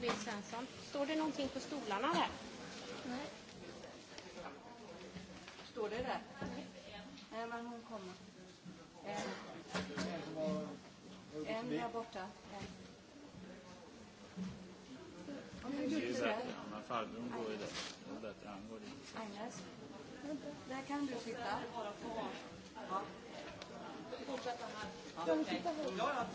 Britt Svensson. Står det någonting på stolarna där? Nej. Står det där? Nej, Nej men hon kommer. En, en där borta. En. Hon gjorde ju där. Farbror går ju där. Bättre, han går dit. Agnes, där kan du sitta. Ja. Fortsätta här. Ja, ja.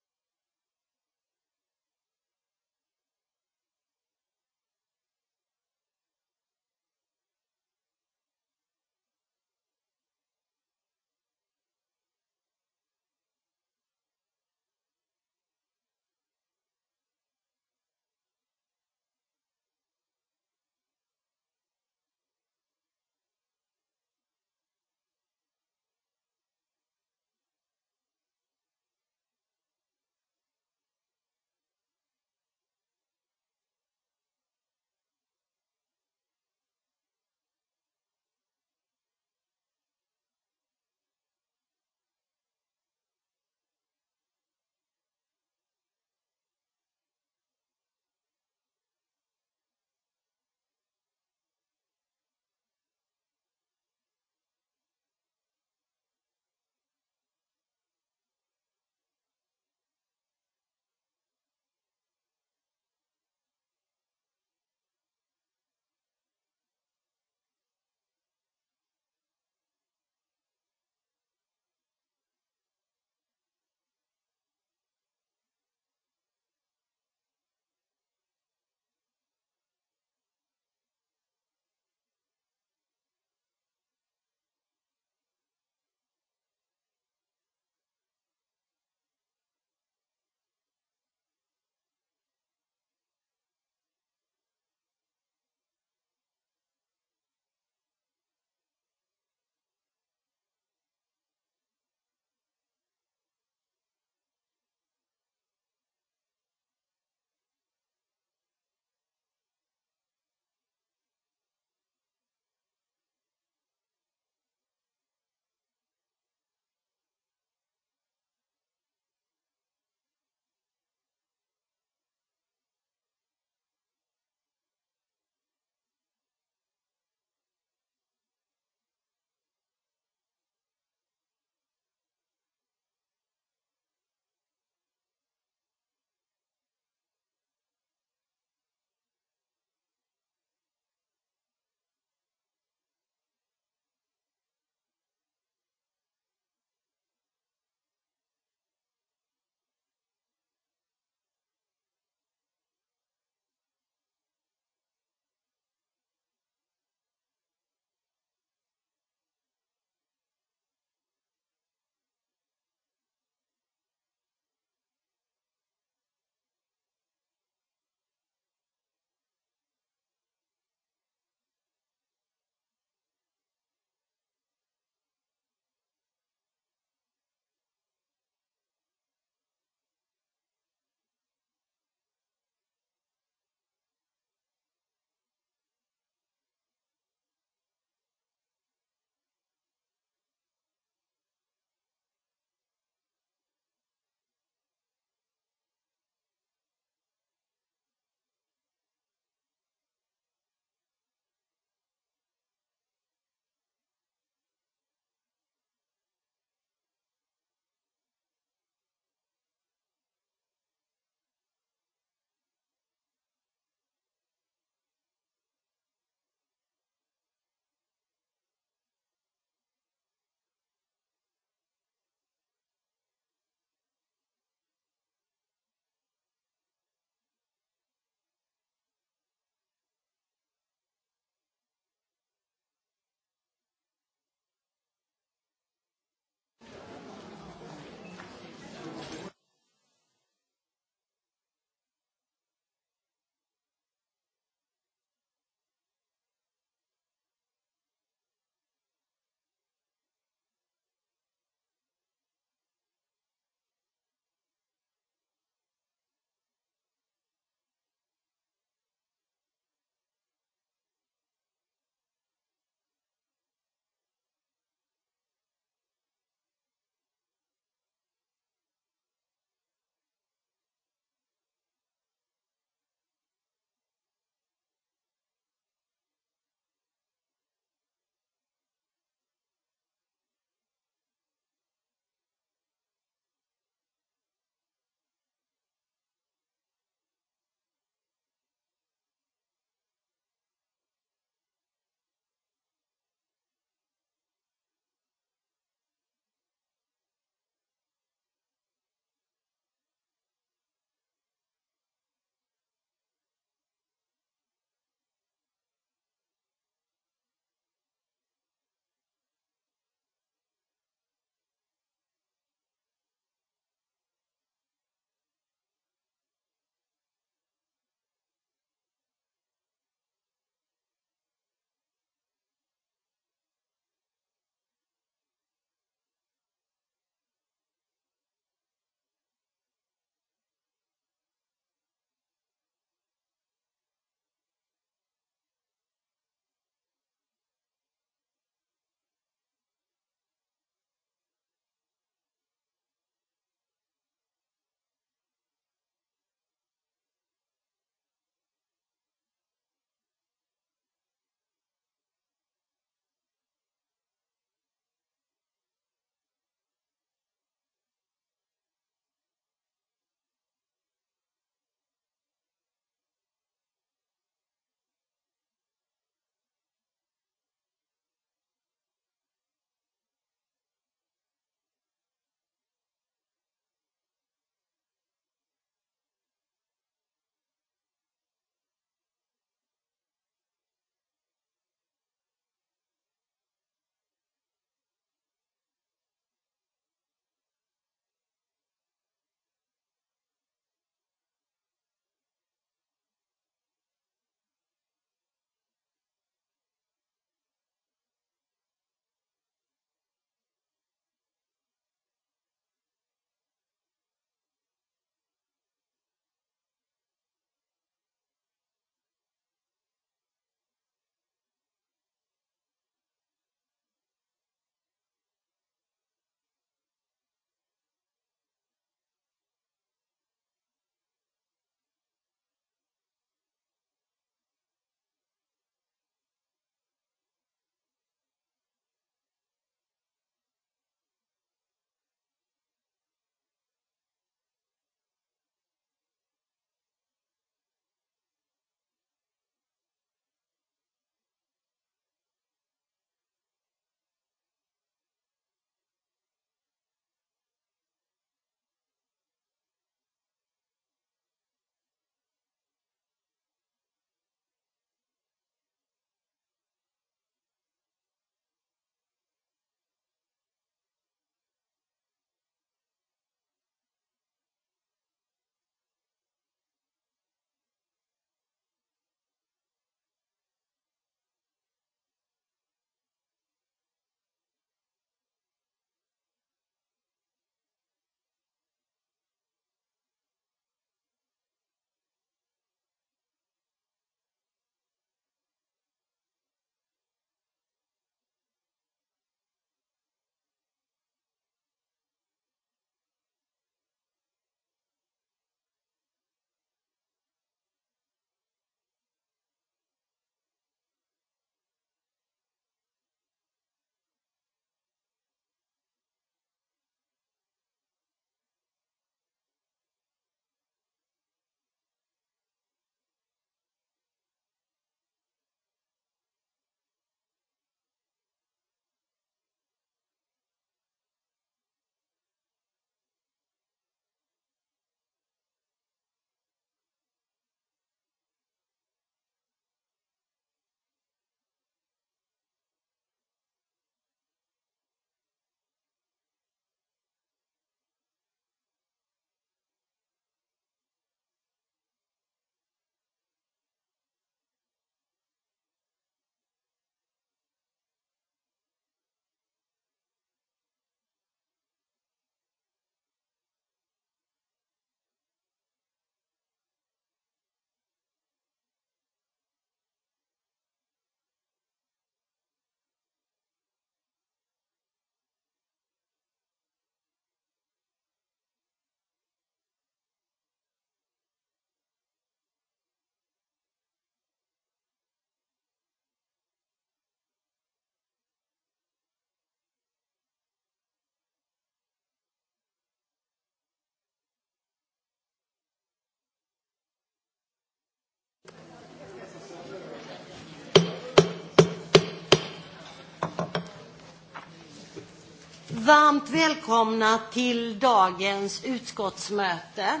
Varmt välkomna till dagens utskottsmöte.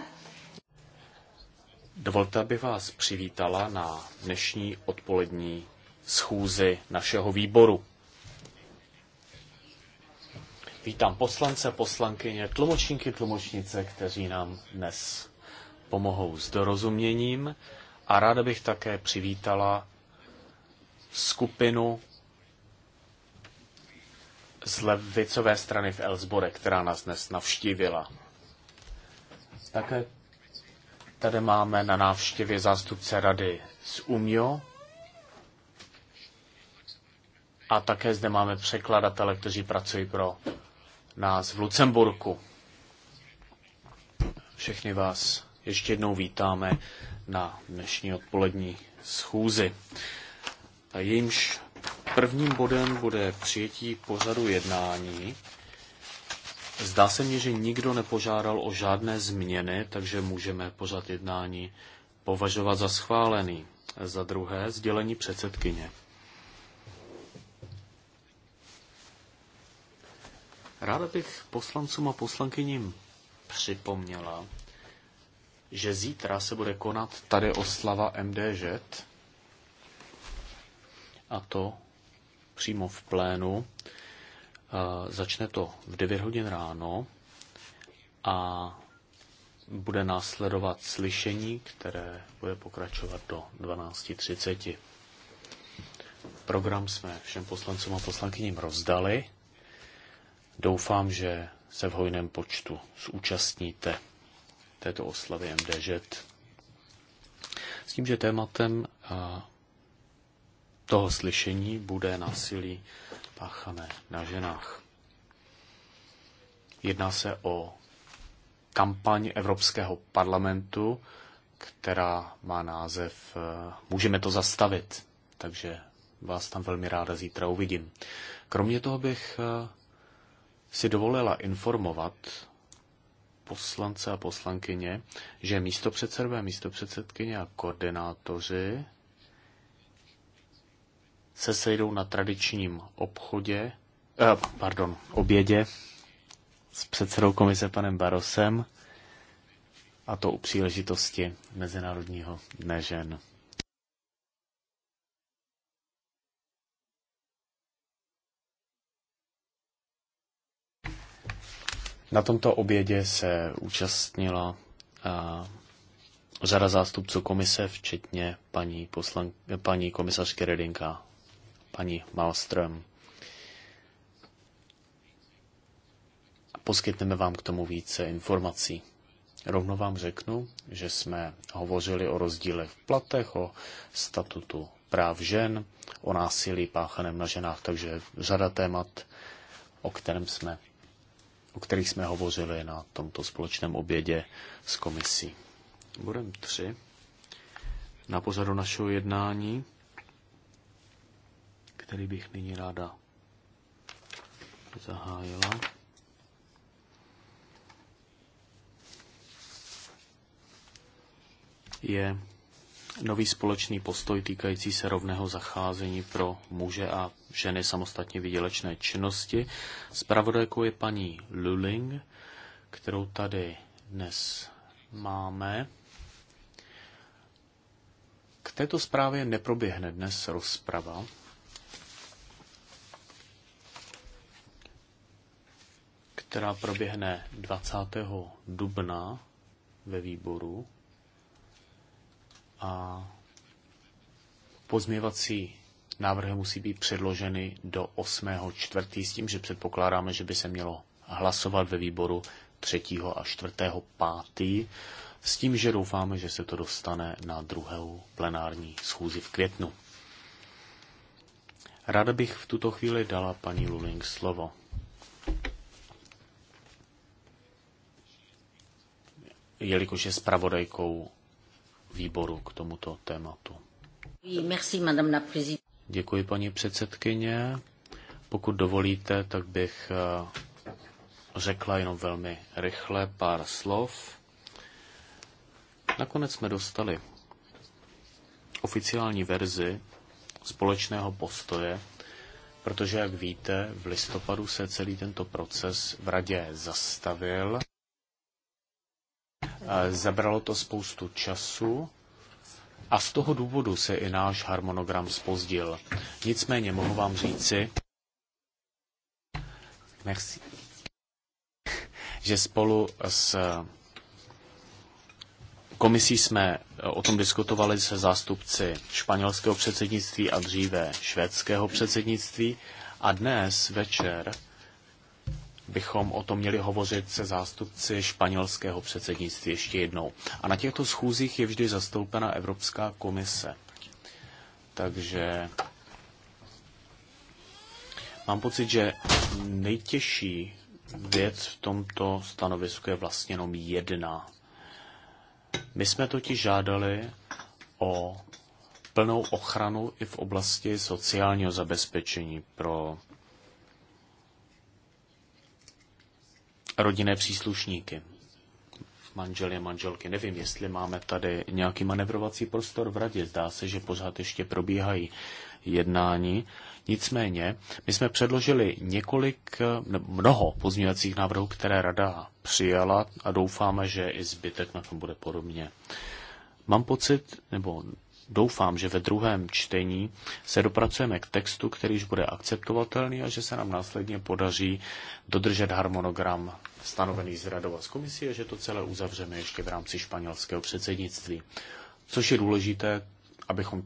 Dovolte, aby vás přivítala na dnešní odpolední schůzi našeho výboru. Vítám poslance, poslankyně, tlumočníky, tlumočnice, kteří nám dnes pomohou s dorozuměním a ráda bych také přivítala skupinu z levicové strany v Elsbore, která nás dnes navštívila. Také tady máme na návštěvě zástupce rady z UMIO a také zde máme překladatele, kteří pracují pro nás v Lucemburku. Všechny vás ještě jednou vítáme na dnešní odpolední schůzi. Jejímž Prvním bodem bude přijetí pořadu jednání. Zdá se mně, že nikdo nepožádal o žádné změny, takže můžeme pořad jednání považovat za schválený. Za druhé, sdělení předsedkyně. Ráda bych poslancům a poslankyním připomněla, že zítra se bude konat tady oslava MDŽ a to přímo v plénu. Začne to v 9 hodin ráno a bude následovat slyšení, které bude pokračovat do 12.30. Program jsme všem poslancům a poslankyním rozdali. Doufám, že se v hojném počtu zúčastníte této oslavy MDŽ. E S tím, že tématem toho slyšení bude násilí páchané na ženách. Jedná se o kampaň Evropského parlamentu, která má název eh, Můžeme to zastavit. Takže vás tam velmi ráda zítra uvidím. Kromě toho bych eh, si dovolila informovat poslance a poslankyně, že místo předsedové, místo předsedkyně a koordinátoři se sejdou na tradičním obchodě, eh, pardon, obědě s předsedou komise panem Barosem a to u příležitosti Mezinárodního dne žen. Na tomto obědě se účastnila eh, řada zástupců komise, včetně paní, poslank- paní komisařky Redinka paní Malström. Poskytneme vám k tomu více informací. Rovno vám řeknu, že jsme hovořili o rozdílech v platech, o statutu práv žen, o násilí páchaném na ženách, takže řada témat, o, kterém jsme, o kterých jsme hovořili na tomto společném obědě s komisí. Budem tři. Na pořadu našeho jednání který bych nyní ráda zahájila. Je nový společný postoj týkající se rovného zacházení pro muže a ženy samostatně vydělečné činnosti. Spravodajkou je paní Luling, kterou tady dnes máme. K této zprávě neproběhne dnes rozprava, která proběhne 20. dubna ve výboru a pozměvací návrhy musí být předloženy do 8. čtvrtý s tím, že předpokládáme, že by se mělo hlasovat ve výboru 3. a 4. 5. s tím, že doufáme, že se to dostane na druhou plenární schůzi v květnu. Ráda bych v tuto chvíli dala paní Luling slovo. jelikož je zpravodajkou výboru k tomuto tématu. Děkuji, paní předsedkyně. Pokud dovolíte, tak bych eh, řekla jenom velmi rychle pár slov. Nakonec jsme dostali oficiální verzi společného postoje, protože, jak víte, v listopadu se celý tento proces v radě zastavil. Zabralo to spoustu času a z toho důvodu se i náš harmonogram spozdil. Nicméně mohu vám říci, merci, že spolu s komisí jsme o tom diskutovali se zástupci španělského předsednictví a dříve švédského předsednictví a dnes večer bychom o tom měli hovořit se zástupci španělského předsednictví ještě jednou. A na těchto schůzích je vždy zastoupena Evropská komise. Takže mám pocit, že nejtěžší věc v tomto stanovisku je vlastně jenom jedna. My jsme totiž žádali o plnou ochranu i v oblasti sociálního zabezpečení pro rodinné příslušníky, manželé, manželky. Nevím, jestli máme tady nějaký manevrovací prostor v radě. Zdá se, že pořád ještě probíhají jednání. Nicméně, my jsme předložili několik, mnoho pozměňovacích návrhů, které rada přijala a doufáme, že i zbytek na tom bude podobně. Mám pocit, nebo doufám, že ve druhém čtení se dopracujeme k textu, který už bude akceptovatelný a že se nám následně podaří dodržet harmonogram stanovený z Radova z komisí a že to celé uzavřeme ještě v rámci španělského předsednictví. Což je důležité, abychom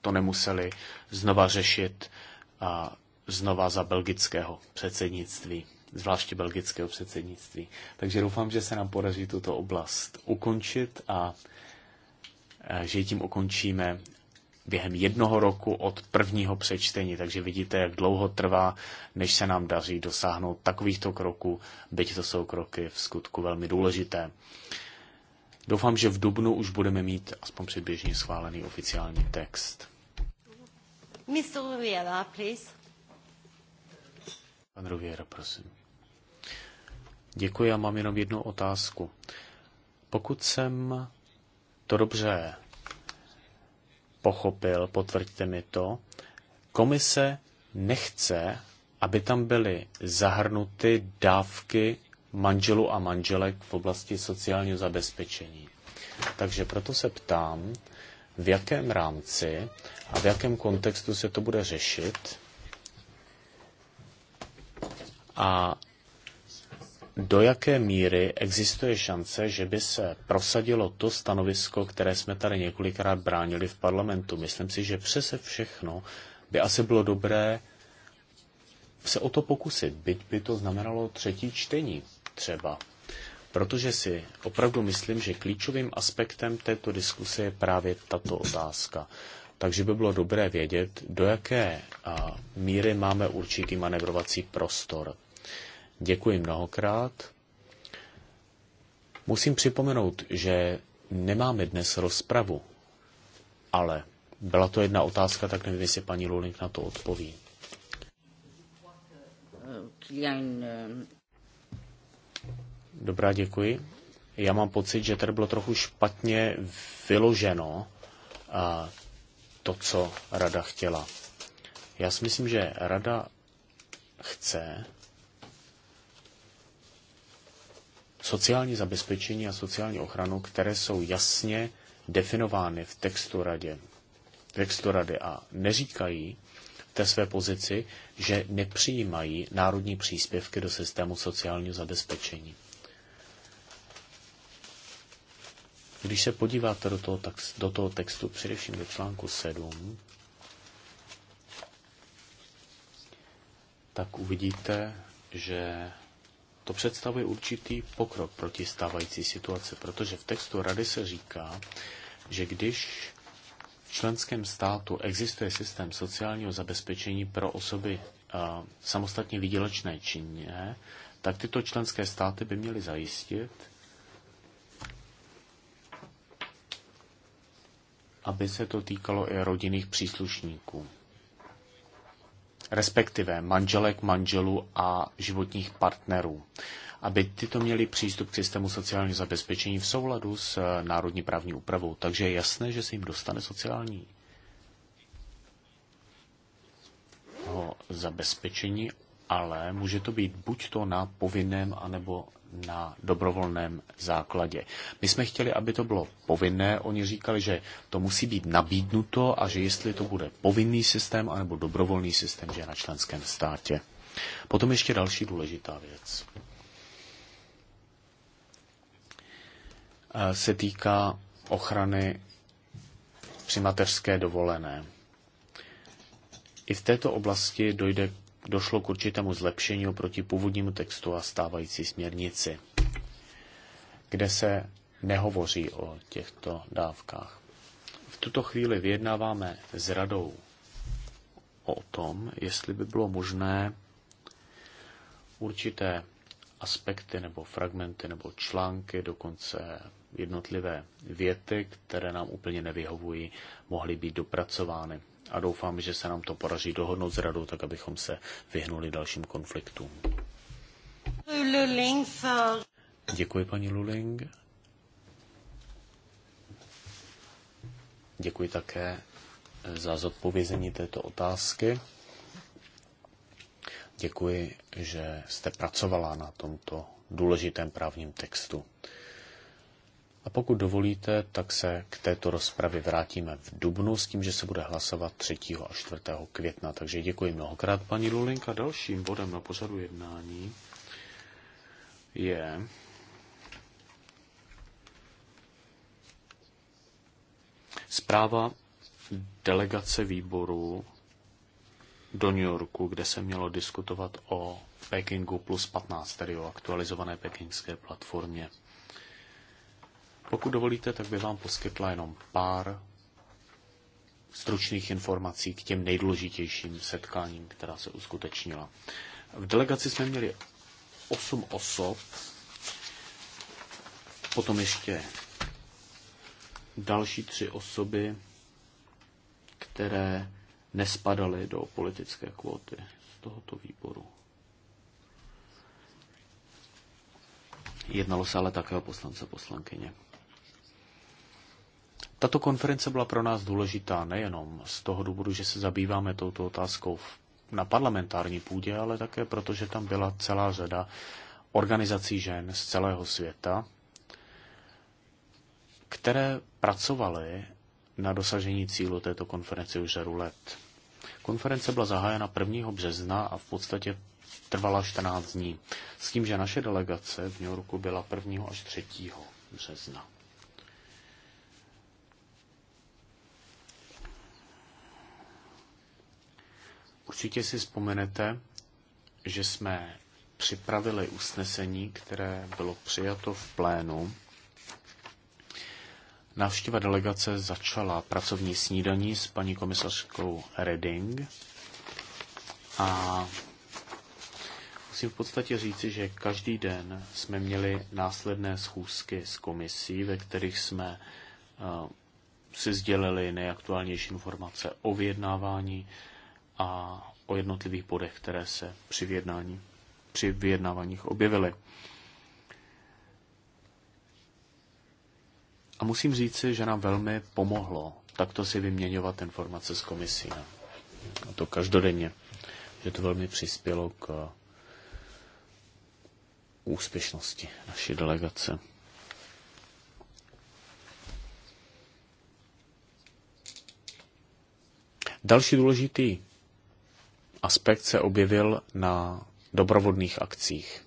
to nemuseli znova řešit a znova za belgického předsednictví, zvláště belgického předsednictví. Takže doufám, že se nám podaří tuto oblast ukončit a Eh, že tím ukončíme během jednoho roku od prvního přečtení, takže vidíte, jak dlouho trvá, než se nám daří dosáhnout takovýchto kroků, byť to jsou kroky v skutku velmi důležité. Doufám, že v Dubnu už budeme mít aspoň předběžně schválený oficiální text. Mr. Ruviera, please. Pan Ruviera, prosím. Děkuji, já mám jenom jednu otázku. Pokud jsem to dobře pochopil, potvrďte mi to, komise nechce, aby tam byly zahrnuty dávky manželů a manželek v oblasti sociálního zabezpečení. Takže proto se ptám, v jakém rámci a v jakém kontextu se to bude řešit a do jaké míry existuje šance, že by se prosadilo to stanovisko, které jsme tady několikrát bránili v parlamentu. Myslím si, že přese všechno by asi bylo dobré se o to pokusit, byť by to znamenalo třetí čtení třeba. Protože si opravdu myslím, že klíčovým aspektem této diskuse je právě tato otázka. Takže by bylo dobré vědět, do jaké míry máme určitý manevrovací prostor. Děkuji mnohokrát. Musím připomenout, že nemáme dnes rozpravu, ale byla to jedna otázka, tak nevím, jestli paní Lulink na to odpoví. Dobrá, děkuji. Já mám pocit, že tady bylo trochu špatně vyloženo a to, co rada chtěla. Já si myslím, že rada chce, sociální zabezpečení a sociální ochranu, které jsou jasně definovány v textu, radě, textu rady a neříkají v té své pozici, že nepřijímají národní příspěvky do systému sociálního zabezpečení. Když se podíváte do toho, tak, do toho textu, především do článku 7, tak uvidíte, že to představuje určitý pokrok proti stávající situaci, protože v textu rady se říká, že když v členském státu existuje systém sociálního zabezpečení pro osoby samostatně výdělečné činně, tak tyto členské státy by měly zajistit, aby se to týkalo i rodinných příslušníků respektive manželek, manželů a životních partnerů, aby tyto měli přístup k systému sociálního zabezpečení v souladu s eh, národní právní úpravou. Takže je jasné, že se jim dostane sociální zabezpečení, ale může to být buď to na povinném anebo na dobrovolném základě. My jsme chtěli, aby to bylo povinné. Oni říkali, že to musí být nabídnuto a že jestli to bude povinný systém anebo dobrovolný systém, že je na členském státě. Potom ještě další důležitá věc. Se týká ochrany při mateřské dovolené. I v této oblasti dojde došlo k určitému zlepšení oproti původnímu textu a stávající směrnici, kde se nehovoří o těchto dávkách. V tuto chvíli vyjednáváme s radou o tom, jestli by bylo možné určité aspekty nebo fragmenty nebo články, dokonce jednotlivé věty, které nám úplně nevyhovují, mohly být dopracovány a doufám, že se nám to podaří dohodnout s radou, tak abychom se vyhnuli dalším konfliktům. Děkuji, paní Luling. Děkuji také za zodpovězení této otázky. Děkuji, že jste pracovala na tomto důležitém právním textu. A pokud dovolíte, tak se k této rozpravě vrátíme v Dubnu s tím, že se bude hlasovat 3. a 4. května. Takže děkuji mnohokrát, paní Lulinka. Dalším bodem na pořadu jednání je zpráva delegace výboru do New Yorku, kde se mělo diskutovat o Pekingu plus 15, tedy o aktualizované pekingské platformě. Pokud dovolíte, tak bych vám poskytla jenom pár stručných informací k těm nejdůležitějším setkáním, která se uskutečnila. V delegaci jsme měli 8 osob, potom ještě další tři osoby, které nespadaly do politické kvóty z tohoto výboru. Jednalo se ale také o poslance poslankyně. Tato konference byla pro nás důležitá nejenom z toho důvodu, že se zabýváme touto otázkou na parlamentární půdě, ale také proto, že tam byla celá řada organizací žen z celého světa, které pracovaly na dosažení cílu této konference už řadu let. Konference byla zahájena 1. března a v podstatě trvala 14 dní, s tím, že naše delegace v New Yorku byla 1. až 3. března. Určitě si vzpomenete, že jsme připravili usnesení, které bylo přijato v plénu. Návštěva delegace začala pracovní snídaní s paní komisařkou Reding a musím v podstatě říci, že každý den jsme měli následné schůzky s komisí, ve kterých jsme eh, si sdělili nejaktuálnější informace o vyjednávání a o jednotlivých bodech, které se při, vyjednání, při vyjednávaních objevily. A musím říci, že nám velmi pomohlo takto si vyměňovat informace s komisí. A to každodenně. Že to velmi přispělo k úspěšnosti naší delegace. Další důležitý aspekt se objevil na dobrovodných akcích.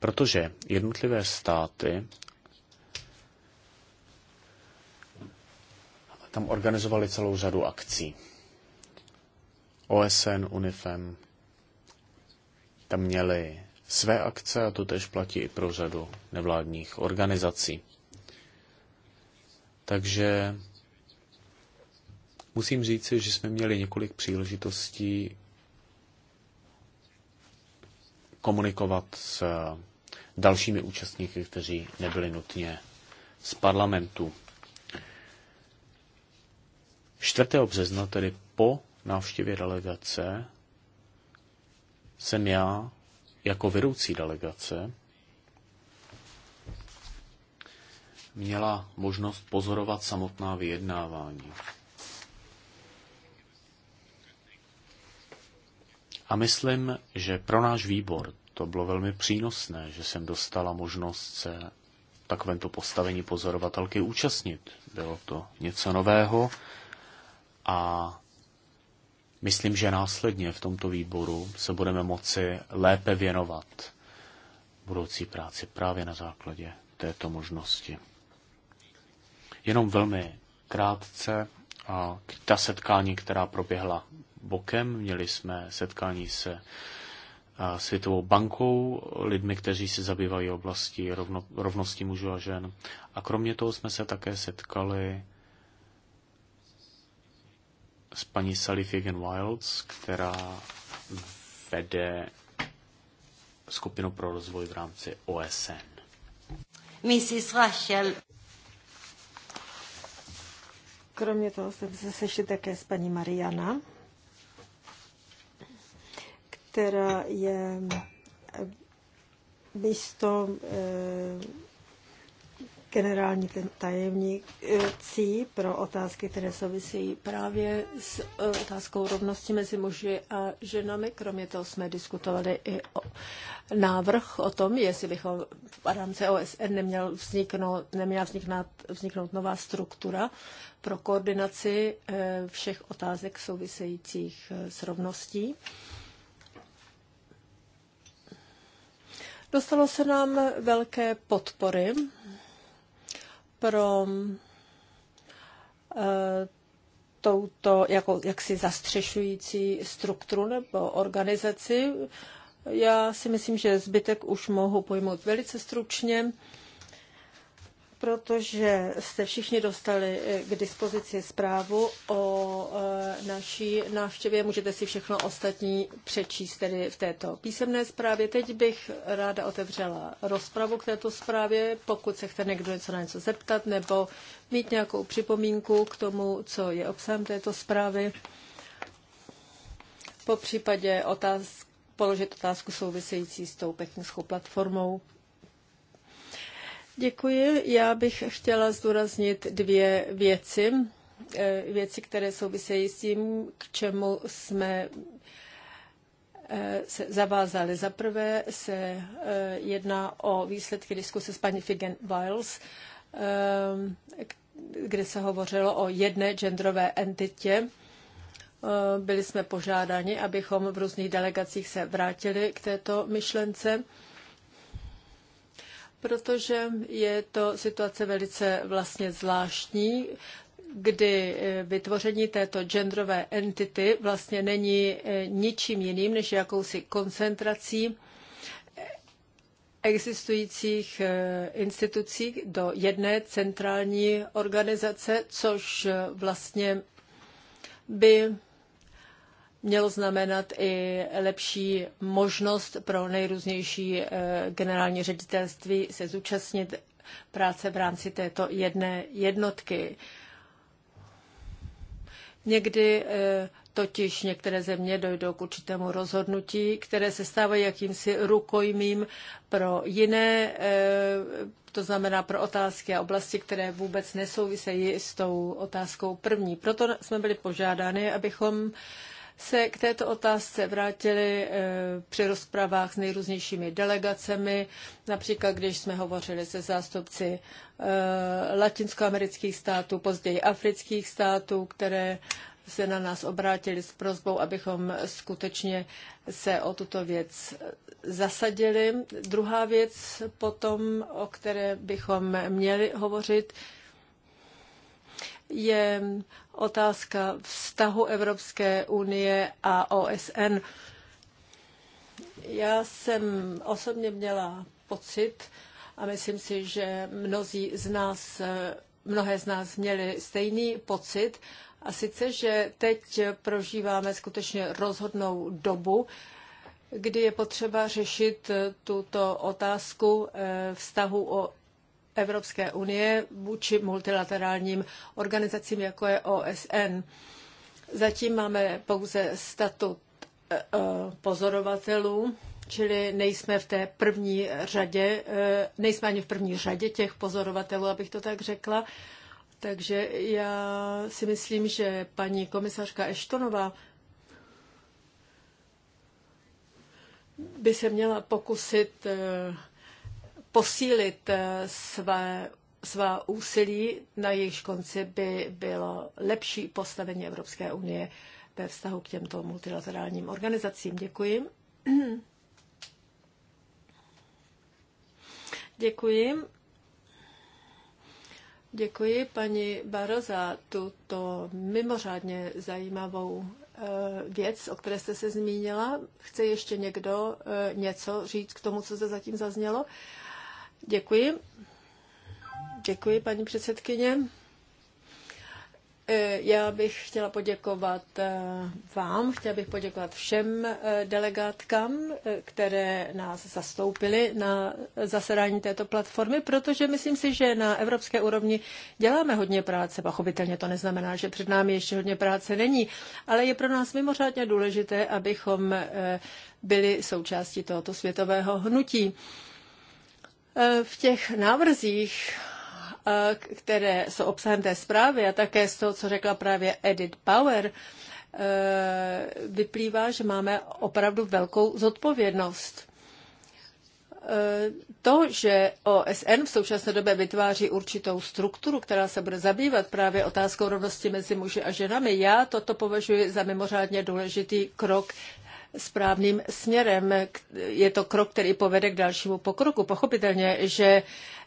Protože jednotlivé státy tam organizovali celou řadu akcí. OSN, UNIFEM, tam měli své akce a to tež platí i pro řadu nevládních organizací. Takže musím říci, že jsme měli několik příležitostí komunikovat s eh, dalšími účastníky, kteří nebyli nutně z parlamentu. 4. března, tedy po návštěvě delegace, jsem já jako vedoucí delegace měla možnost pozorovat samotná vyjednávání. A myslím, že pro náš výbor to bylo velmi přínosné, že jsem dostala možnost se takovémto postavení pozorovatelky účastnit. Bylo to něco nového a myslím, že následně v tomto výboru se budeme moci lépe věnovat budoucí práci právě na základě této možnosti. Jenom velmi krátce a ta setkání, která proběhla bokem. Měli jsme setkání se Světovou bankou, lidmi, kteří se zabývají oblasti rovno, rovnosti mužů a žen. A kromě toho jsme se také setkali s paní Sally Fagan Wilds, která vede skupinu pro rozvoj v rámci OSN. Mrs. Rachel. Kromě toho jsme se sešli také s paní Mariana, která je eh, místo eh, generální tajemnící eh, pro otázky, které souvisí právě s otázkou rovnosti mezi muži a ženami. Kromě toho jsme diskutovali i o návrh o tom, jestli bychom v rámci OSN neměl vzniknout, neměla vzniknout, vzniknout nová struktura pro koordinaci všech otázek souvisejících s rovností. Dostalo se nám velké podpory pro eh, touto jako, jaksi zastřešující strukturu nebo organizaci. Já si myslím, že zbytek už mohu pojmout velice stručně protože jste všichni dostali eh, k dispozici zprávu o eh, naší návštěvě. Můžete si všechno ostatní přečíst tedy v této písemné zprávě. Teď bych ráda otevřela rozpravu k této zprávě, pokud se chce někdo něco na něco zeptat nebo mít nějakou připomínku k tomu, co je obsahem této zprávy. Po případě otázk, položit otázku související s tou pekinskou platformou. Děkuji. Já bych chtěla zdůraznit dvě věci. Eh, věci, které souvisejí s tím, k čemu jsme eh, se zavázali. Za prvé se eh, jedná o výsledky diskuse s paní Figen Wiles, kde se hovořilo o jedné genderové entitě. Byli jsme požádáni, abychom v různých delegacích se vrátili k této myšlence protože je to situace velice vlastně zvláštní, kdy eh, vytvoření této genderové entity vlastně není eh, ničím jiným než jakousi koncentrací eh, existujících institucí do jedné centrální organizace, což vlastně by mělo znamenat i lepší možnost pro nejrůznější eh, generální ředitelství se zúčastnit práce v rámci této jedné jednotky. Někdy eh, totiž některé země dojdou k určitému rozhodnutí, které se stávají jakýmsi rukojmím pro jiné, eh, to znamená pro otázky a oblasti, které vůbec nesouvisejí s tou otázkou první. Proto jsme byli požádány, abychom se k této otázce vrátili eh, při rozpravách s nejrůznějšími delegacemi, například když jsme hovořili se zástupci eh, latinskoamerických států, později afrických států, které se na nás obrátili s prozbou, abychom skutečně se o tuto věc zasadili. Druhá věc potom, o které bychom měli hovořit, je otázka vztahu Evropské unie a OSN. Já jsem osobně měla pocit a myslím si, že mnozí z nás, mnohé z nás měli stejný pocit, a sice, že teď prožíváme skutečně rozhodnou dobu, kdy je potřeba řešit tuto otázku eh, vztahu Evropské unie vůči multilaterálním organizacím, jako je OSN. Zatím máme pouze statut eh, pozorovatelů, čili nejsme v té první řadě, eh, nejsme ani v první řadě těch pozorovatelů, abych to tak řekla. Takže já si myslím, že paní komisařka Eštonová by se měla pokusit eh, posílit eh, své, svá úsilí, na jejichž konci by bylo lepší postavení Evropské unie ve vztahu k těmto multilaterálním organizacím. Děkuji. Děkuji. Děkuji paní Baro za tuto mimořádně zajímavou eh, věc, o které jste se zmínila. Chce ještě někdo eh, něco říct k tomu, co se zatím zaznělo? Děkuji. Děkuji, paní předsedkyně. Eh, já bych chtěla poděkovat eh, vám, chtěla bych poděkovat všem eh, delegátkám, které nás zastoupily na zasedání této platformy, protože myslím si, že na evropské úrovni děláme hodně práce. Pochopitelně to neznamená, že před námi ještě hodně práce není, ale je pro nás mimořádně důležité, abychom byli součástí tohoto světového hnutí. Eh, v těch návrzích, eh, které jsou obsahem té zprávy a také z toho, co řekla právě Edith Power, eh, vyplývá, že máme opravdu velkou zodpovědnost. To, že OSN v současné době vytváří určitou strukturu, která se bude zabývat právě otázkou rovnosti mezi muži a ženami, já toto považuji za mimořádně důležitý krok správným směrem. Je to krok, který povede k dalšímu pokroku. Pochopitelně, že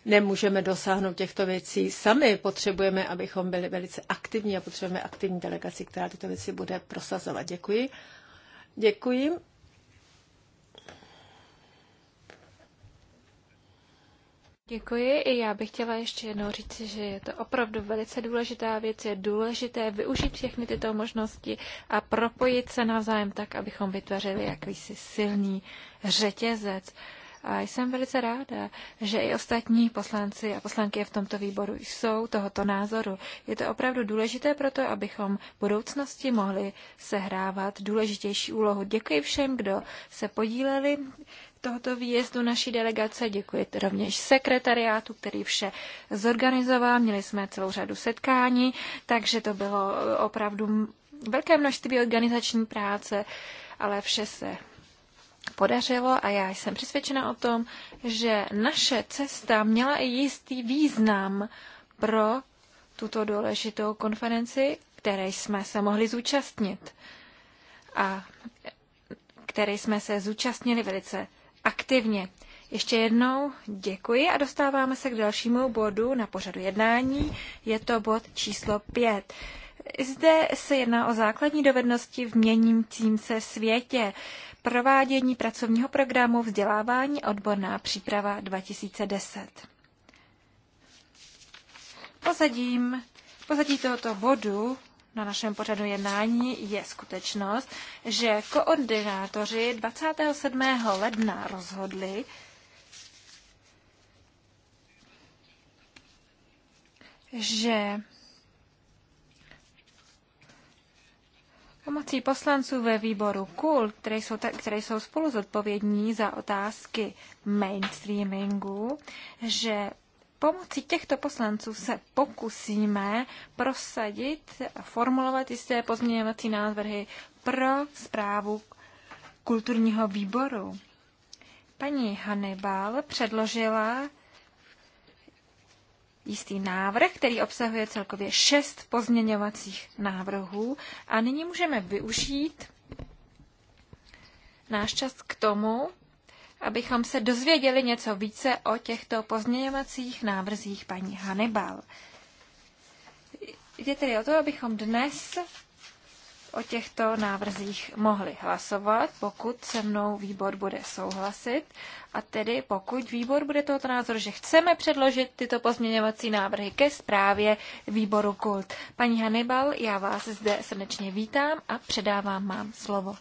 nemůžeme dosáhnout těchto věcí sami. Potřebujeme, abychom byli velice aktivní a potřebujeme aktivní delegaci, která tyto věci bude prosazovat. Děkuji. Děkuji. Děkuji. I já bych chtěla ještě jednou říct, že je to opravdu velice důležitá věc. Je důležité využít všechny tyto možnosti a propojit se navzájem tak, abychom vytvořili jakýsi silný řetězec. A jsem velice ráda, že i ostatní poslanci a poslanky v tomto výboru jsou tohoto názoru. Je to opravdu důležité pro to, abychom v budoucnosti mohli sehrávat důležitější úlohu. Děkuji všem, kdo se podíleli tohoto výjezdu naší delegace. Děkuji rovněž sekretariátu, který vše zorganizoval. Měli jsme celou řadu setkání, takže to bylo opravdu velké množství organizační práce, ale vše se podařilo a já jsem přesvědčena o tom, že naše cesta měla i jistý význam pro tuto důležitou konferenci, které jsme se mohli zúčastnit a které jsme se zúčastnili velice aktivně. Ještě jednou děkuji a dostáváme se k dalšímu bodu na pořadu jednání. Je to bod číslo 5. Zde se jedná o základní dovednosti v měnícím se světě, provádění pracovního programu vzdělávání odborná příprava 2010. Pozadím, pozadí tohoto bodu na našem pořadu jednání je skutečnost, že koordinátoři 27. ledna rozhodli, že pomocí poslanců ve výboru KUL, které jsou, které jsou spolu zodpovědní za otázky mainstreamingu, že pomocí těchto poslanců se pokusíme prosadit a formulovat jisté pozměňovací návrhy pro zprávu kulturního výboru. Paní Hannibal předložila jistý návrh, který obsahuje celkově šest pozměňovacích návrhů a nyní můžeme využít náš čas k tomu, abychom se dozvěděli něco více o těchto pozměňovacích návrzích paní Hannibal. Jde tedy o to, abychom dnes o těchto návrzích mohli hlasovat, pokud se mnou výbor bude souhlasit. A tedy pokud výbor bude tohoto názoru, že chceme předložit tyto pozměňovací návrhy ke zprávě výboru KULT. Paní Hannibal, já vás zde srdečně vítám a předávám vám slovo.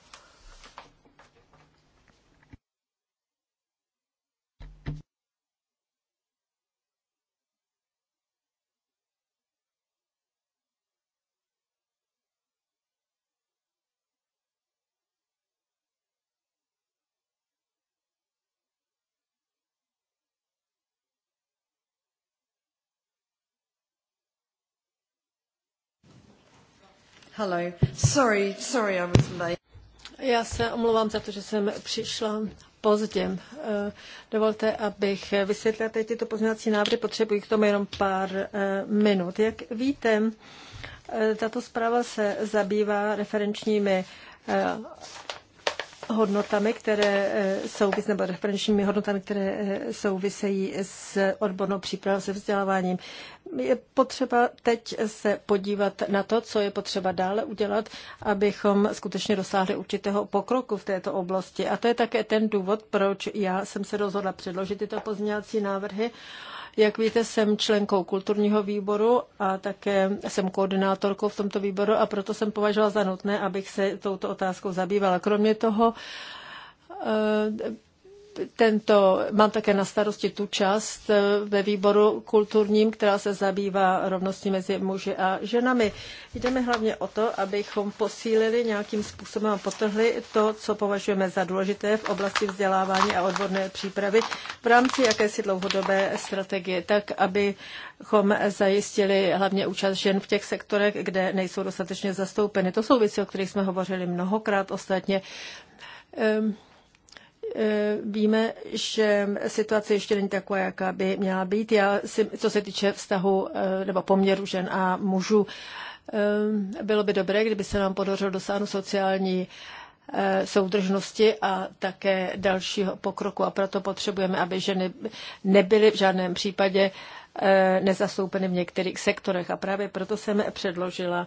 Hello. Sorry, sorry, I was late. Já se omlouvám za to, že jsem přišla pozdě. Eh, dovolte, abych vysvětlila teď tyto pozměňovací návrhy. Potřebuji k tomu jenom pár eh, minut. Jak víte, eh, tato zpráva se zabývá referenčními hodnotami, které eh, souvisí, nebo referenčními hodnotami, které eh, souvisejí s odbornou přípravou, se vzděláváním. Je potřeba teď se podívat na to, co je potřeba dále udělat, abychom skutečně dosáhli určitého pokroku v této oblasti. A to je také ten důvod, proč já jsem se rozhodla předložit tyto pozměňovací návrhy. Uh, jak víte, jsem členkou kulturního výboru a také jsem koordinátorkou v tomto výboru a proto jsem považovala za nutné, abych se touto otázkou zabývala. Kromě toho eh, tento, mám také na starosti tu část eh, ve výboru kulturním, která se zabývá rovností mezi muži a ženami. Jdeme hlavně o to, abychom posílili nějakým způsobem a potrhli to, co považujeme za důležité v oblasti vzdělávání a odborné přípravy v rámci jakési dlouhodobé strategie, tak abychom zajistili hlavně účast žen v těch sektorech, kde nejsou dostatečně zastoupeny. To jsou věci, o kterých jsme hovořili mnohokrát ostatně. Um, Eh, víme, že situace ještě není taková, jaká by měla být. Já si, co se týče vztahu eh, nebo poměru žen a mužů, eh, bylo by dobré, kdyby se nám podařilo dosáhnout sociální soudržnosti a také dalšího pokroku. A proto potřebujeme, aby ženy nebyly v žádném případě nezastoupeny v některých sektorech. A právě proto jsem předložila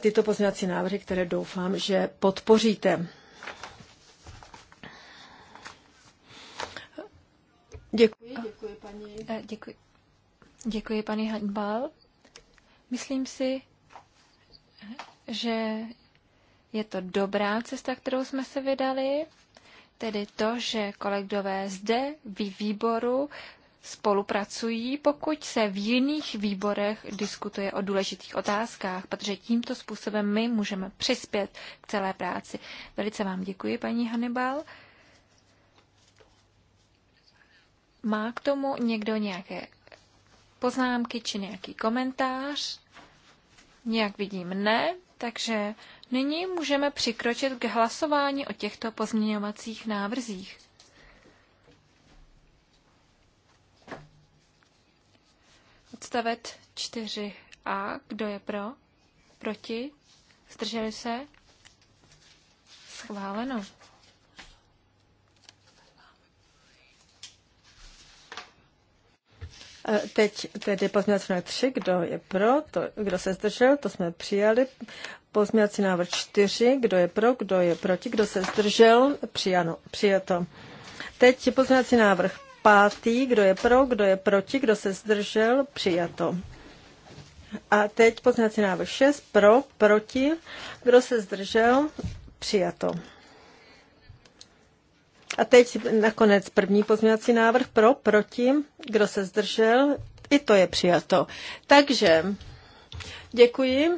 tyto pozměňovací návrhy, které doufám, že podpoříte. Děkuji, děkuji paní. Eh, děkuji, děkuji paní Hanbal. Myslím si, že je to dobrá cesta, kterou jsme se vydali, tedy to, že kolegové zde v výboru spolupracují, pokud se v jiných výborech diskutuje o důležitých otázkách, protože tímto způsobem my můžeme přispět k celé práci. Velice vám děkuji, paní Hannibal. Má k tomu někdo nějaké poznámky či nějaký komentář? Nějak vidím ne, takže nyní můžeme přikročit k hlasování o těchto pozměňovacích návrzích. Odstavec 4a. Kdo je pro? Proti? Zdrželi se? Schváleno. Eh, teď tedy pozměňovací návrh 3, kdo je pro, to, kdo se zdržel, to jsme přijali. Pozměňovací návrh 4, kdo je pro, kdo je proti, kdo se zdržel, přijano, přijato. Teď pozměňovací návrh 5, kdo je pro, kdo je proti, kdo se zdržel, přijato. A teď pozměňovací návrh 6, pro, proti, kdo se zdržel, přijato. A teď nakonec první pozměňovací návrh pro, proti, kdo se zdržel, i to je přijato. Takže děkuji.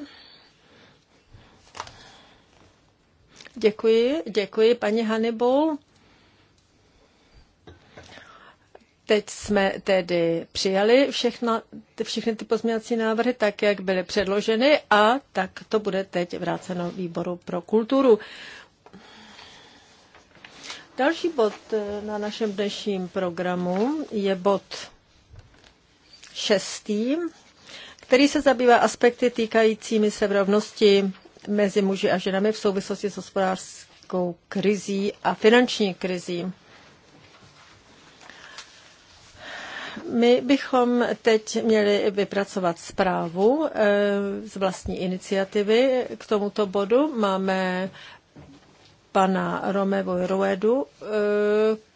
Děkuji, děkuji paní Hannibal. Teď jsme tedy přijali všechna, všechny ty pozměňovací návrhy tak, jak byly předloženy a tak to bude teď vráceno výboru pro kulturu. Další bod eh, na našem dnešním programu je bod šestý, který se zabývá aspekty týkajícími se rovnosti mezi muži a ženami v souvislosti s hospodářskou krizí a finanční krizí. My bychom teď měli vypracovat zprávu eh, z vlastní iniciativy k tomuto bodu. Máme pana Romevo Roedu, eh,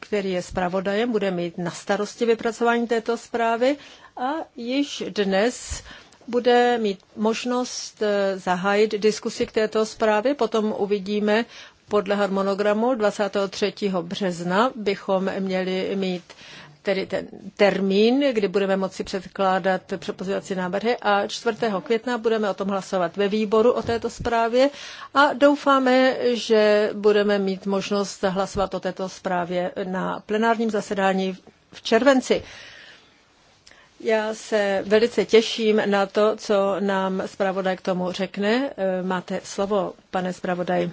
který je zpravodajem, bude mít na starosti vypracování této zprávy a již dnes bude mít možnost eh, zahájit diskusi k této zprávě. Potom uvidíme podle harmonogramu 23. března bychom měli mít tedy ten termín, kdy budeme moci předkládat přepozovací návrhy a 4. května budeme o tom hlasovat ve výboru o této zprávě a doufáme, že budeme mít možnost hlasovat o této zprávě na plenárním zasedání v červenci. Já se velice těším na to, co nám zpravodaj k tomu řekne. Máte slovo, pane zpravodaj.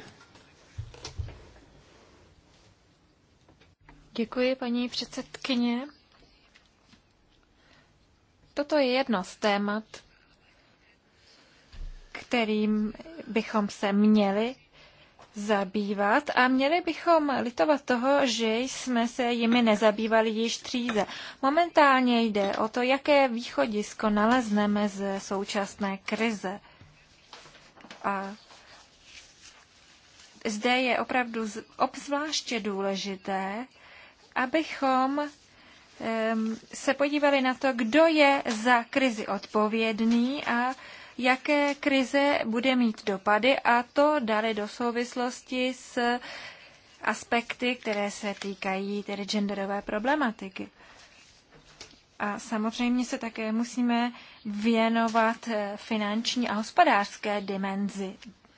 Děkuji, paní předsedkyně. Toto je jedno z témat, kterým bychom se měli zabývat a měli bychom litovat toho, že jsme se jimi nezabývali již tříze. Momentálně jde o to, jaké východisko nalezneme ze současné krize. A zde je opravdu obzvláště důležité, abychom se podívali na to, kdo je za krizi odpovědný a jaké krize bude mít dopady a to dali do souvislosti s aspekty, které se týkají tedy genderové problematiky. A samozřejmě se také musíme věnovat eh, finanční a hospodářské dimenzi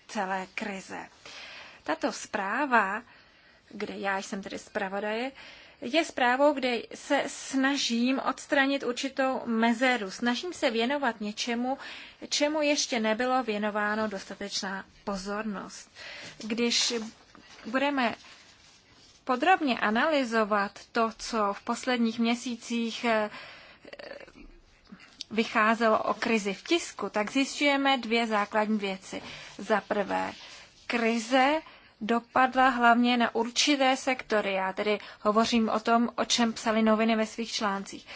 celé krize. Tato zpráva, kde já jsem tedy zpravodaje, je zprávou, kde se snažím odstranit určitou mezeru. Snažím se věnovat něčemu, čemu ještě nebylo věnováno dostatečná pozornost. Když budeme podrobně analyzovat to, co v posledních měsících eh, vycházelo o krizi v tisku, tak zjišťujeme dvě základní věci. Za prvé, krize dopadla hlavně na určité sektory. Já tedy hovořím o tom, o čem psali noviny ve svých článcích.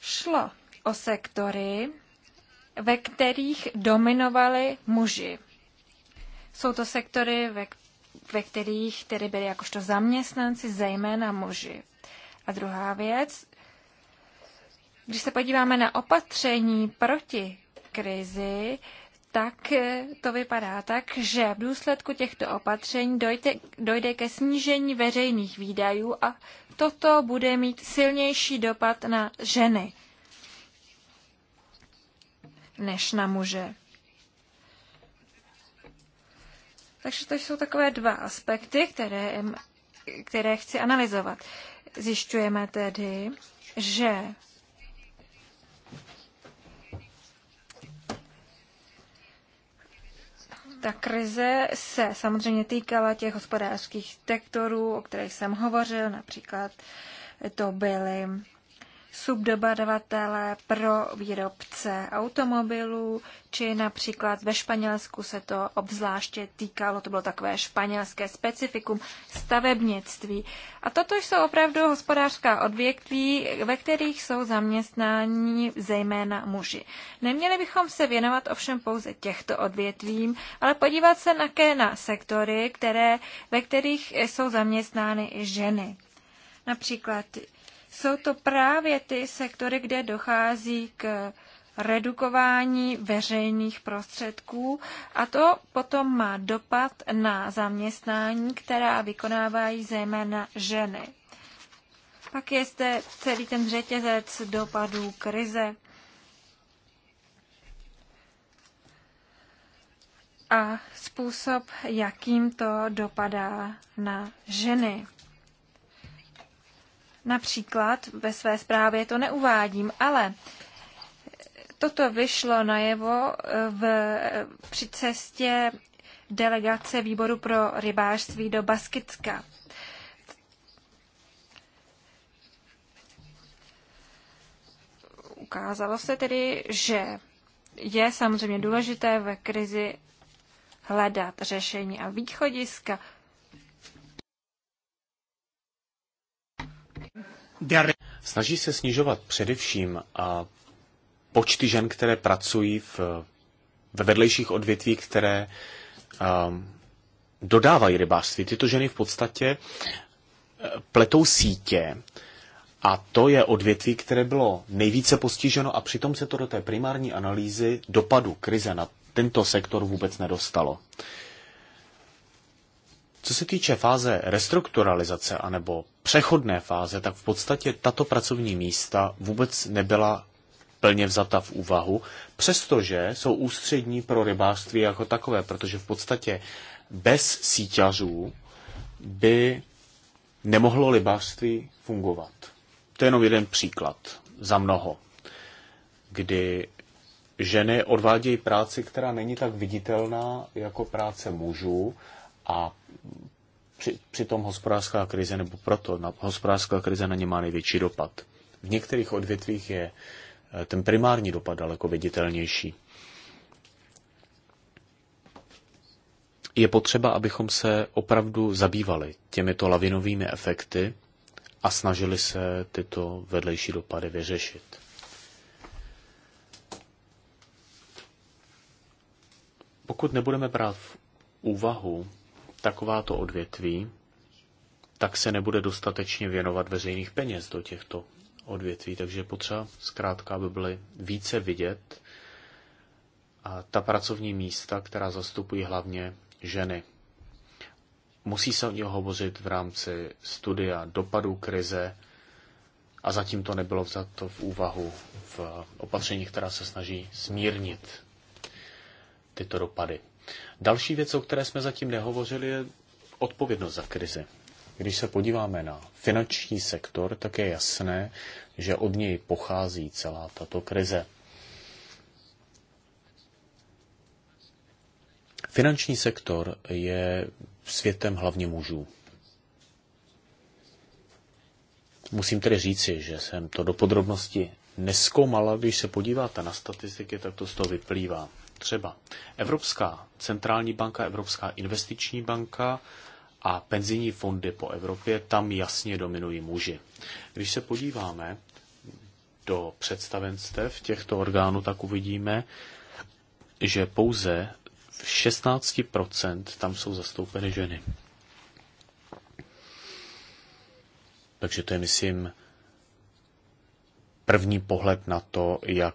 Šlo o sektory, ve kterých dominovali muži. Jsou to sektory, ve, ve kterých tedy byli jakožto zaměstnanci, zejména muži. A druhá věc, když se podíváme na opatření proti krizi, tak eh, to vypadá tak, že v důsledku těchto opatření dojde, dojde ke snížení veřejných výdajů a toto bude mít silnější dopad na ženy než na muže. Takže to jsou takové dva aspekty, které, které chci analyzovat. Zjišťujeme tedy, že Ta krize se samozřejmě týkala těch hospodářských sektorů, o kterých jsem hovořil, například to byly subdobadavatele pro výrobce automobilů, či například ve Španělsku se to obzvláště týkalo, to bylo takové španělské specifikum stavebnictví. A toto jsou opravdu hospodářská odvětví, ve kterých jsou zaměstnání zejména muži. Neměli bychom se věnovat ovšem pouze těchto odvětvím, ale podívat se také na sektory, které, ve kterých jsou zaměstnány i ženy. Například jsou to právě ty sektory, kde dochází k redukování veřejných prostředků a to potom má dopad na zaměstnání, která vykonávají zejména ženy. Pak je zde celý ten řetězec dopadů krize. A způsob, jakým to dopadá na ženy. Například ve své zprávě to neuvádím, ale toto vyšlo najevo eh, v, eh, při cestě delegace výboru pro rybářství do Baskicka. Ukázalo se tedy, že je samozřejmě důležité ve krizi hledat řešení a východiska. Snaží se snižovat především a počty žen, které pracují v, ve vedlejších odvětví, které um, dodávají rybářství. Tyto ženy v podstatě e, pletou sítě a to je odvětví, které bylo nejvíce postiženo a přitom se to do té primární analýzy dopadu krize na tento sektor vůbec nedostalo. Uh, co se týče fáze restrukturalizace anebo přechodné fáze, tak v podstatě tato pracovní místa vůbec nebyla plně vzata v úvahu, přestože jsou ústřední pro rybářství jako takové, protože v podstatě bez síťařů by nemohlo rybářství fungovat. To je jenom jeden příklad za mnoho, kdy ženy odvádějí práci, která není tak viditelná jako práce mužů a při, hospodářská krize, nebo proto na, hospodářská krize na ně má největší dopad. V některých odvětvích je eh, ten primární dopad daleko viditelnější. Je potřeba, abychom se opravdu zabývali těmito lavinovými efekty a snažili se tyto vedlejší dopady vyřešit. Pokud nebudeme brát v úvahu takováto odvětví, tak se nebude dostatečně věnovat veřejných peněz do těchto odvětví, takže je potřeba zkrátka, aby byly více vidět a ta pracovní místa, která zastupují hlavně ženy. Musí se o něho hovořit v rámci studia dopadů krize a zatím to nebylo vzato v úvahu v opatření, která se snaží smírnit tyto dopady. Další věc, o které jsme zatím nehovořili, je odpovědnost za krizi. Když se podíváme na finanční sektor, tak je jasné, že od něj pochází celá tato krize. Finanční sektor je světem hlavně mužů. Musím tedy říci, že jsem to do podrobnosti neskoumala, když se podíváte na statistiky, tak to z toho vyplývá třeba. Evropská centrální banka, Evropská investiční banka a penzijní fondy po Evropě, tam jasně dominují muži. Když se podíváme do představenstev těchto orgánů, tak uvidíme, že pouze v 16% tam jsou zastoupeny ženy. Takže to je, myslím, první pohled na to, jak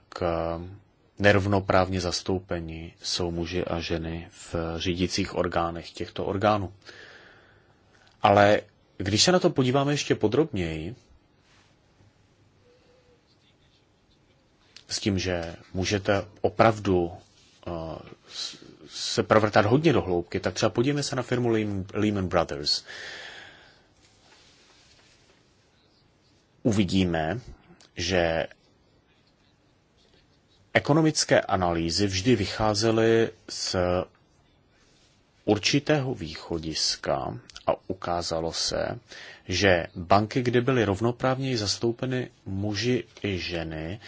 nerovnoprávně zastoupeni jsou muži a ženy v řídících orgánech těchto orgánů. Ale když se na to podíváme ještě podrobněji, s tím, že můžete opravdu eh, se provrtat hodně do hloubky, tak třeba podívejme se na firmu Lehman Brothers. Uvidíme, že Ekonomické analýzy vždy vycházely z určitého východiska a ukázalo se, že banky, kde byly rovnoprávněji zastoupeny muži i ženy,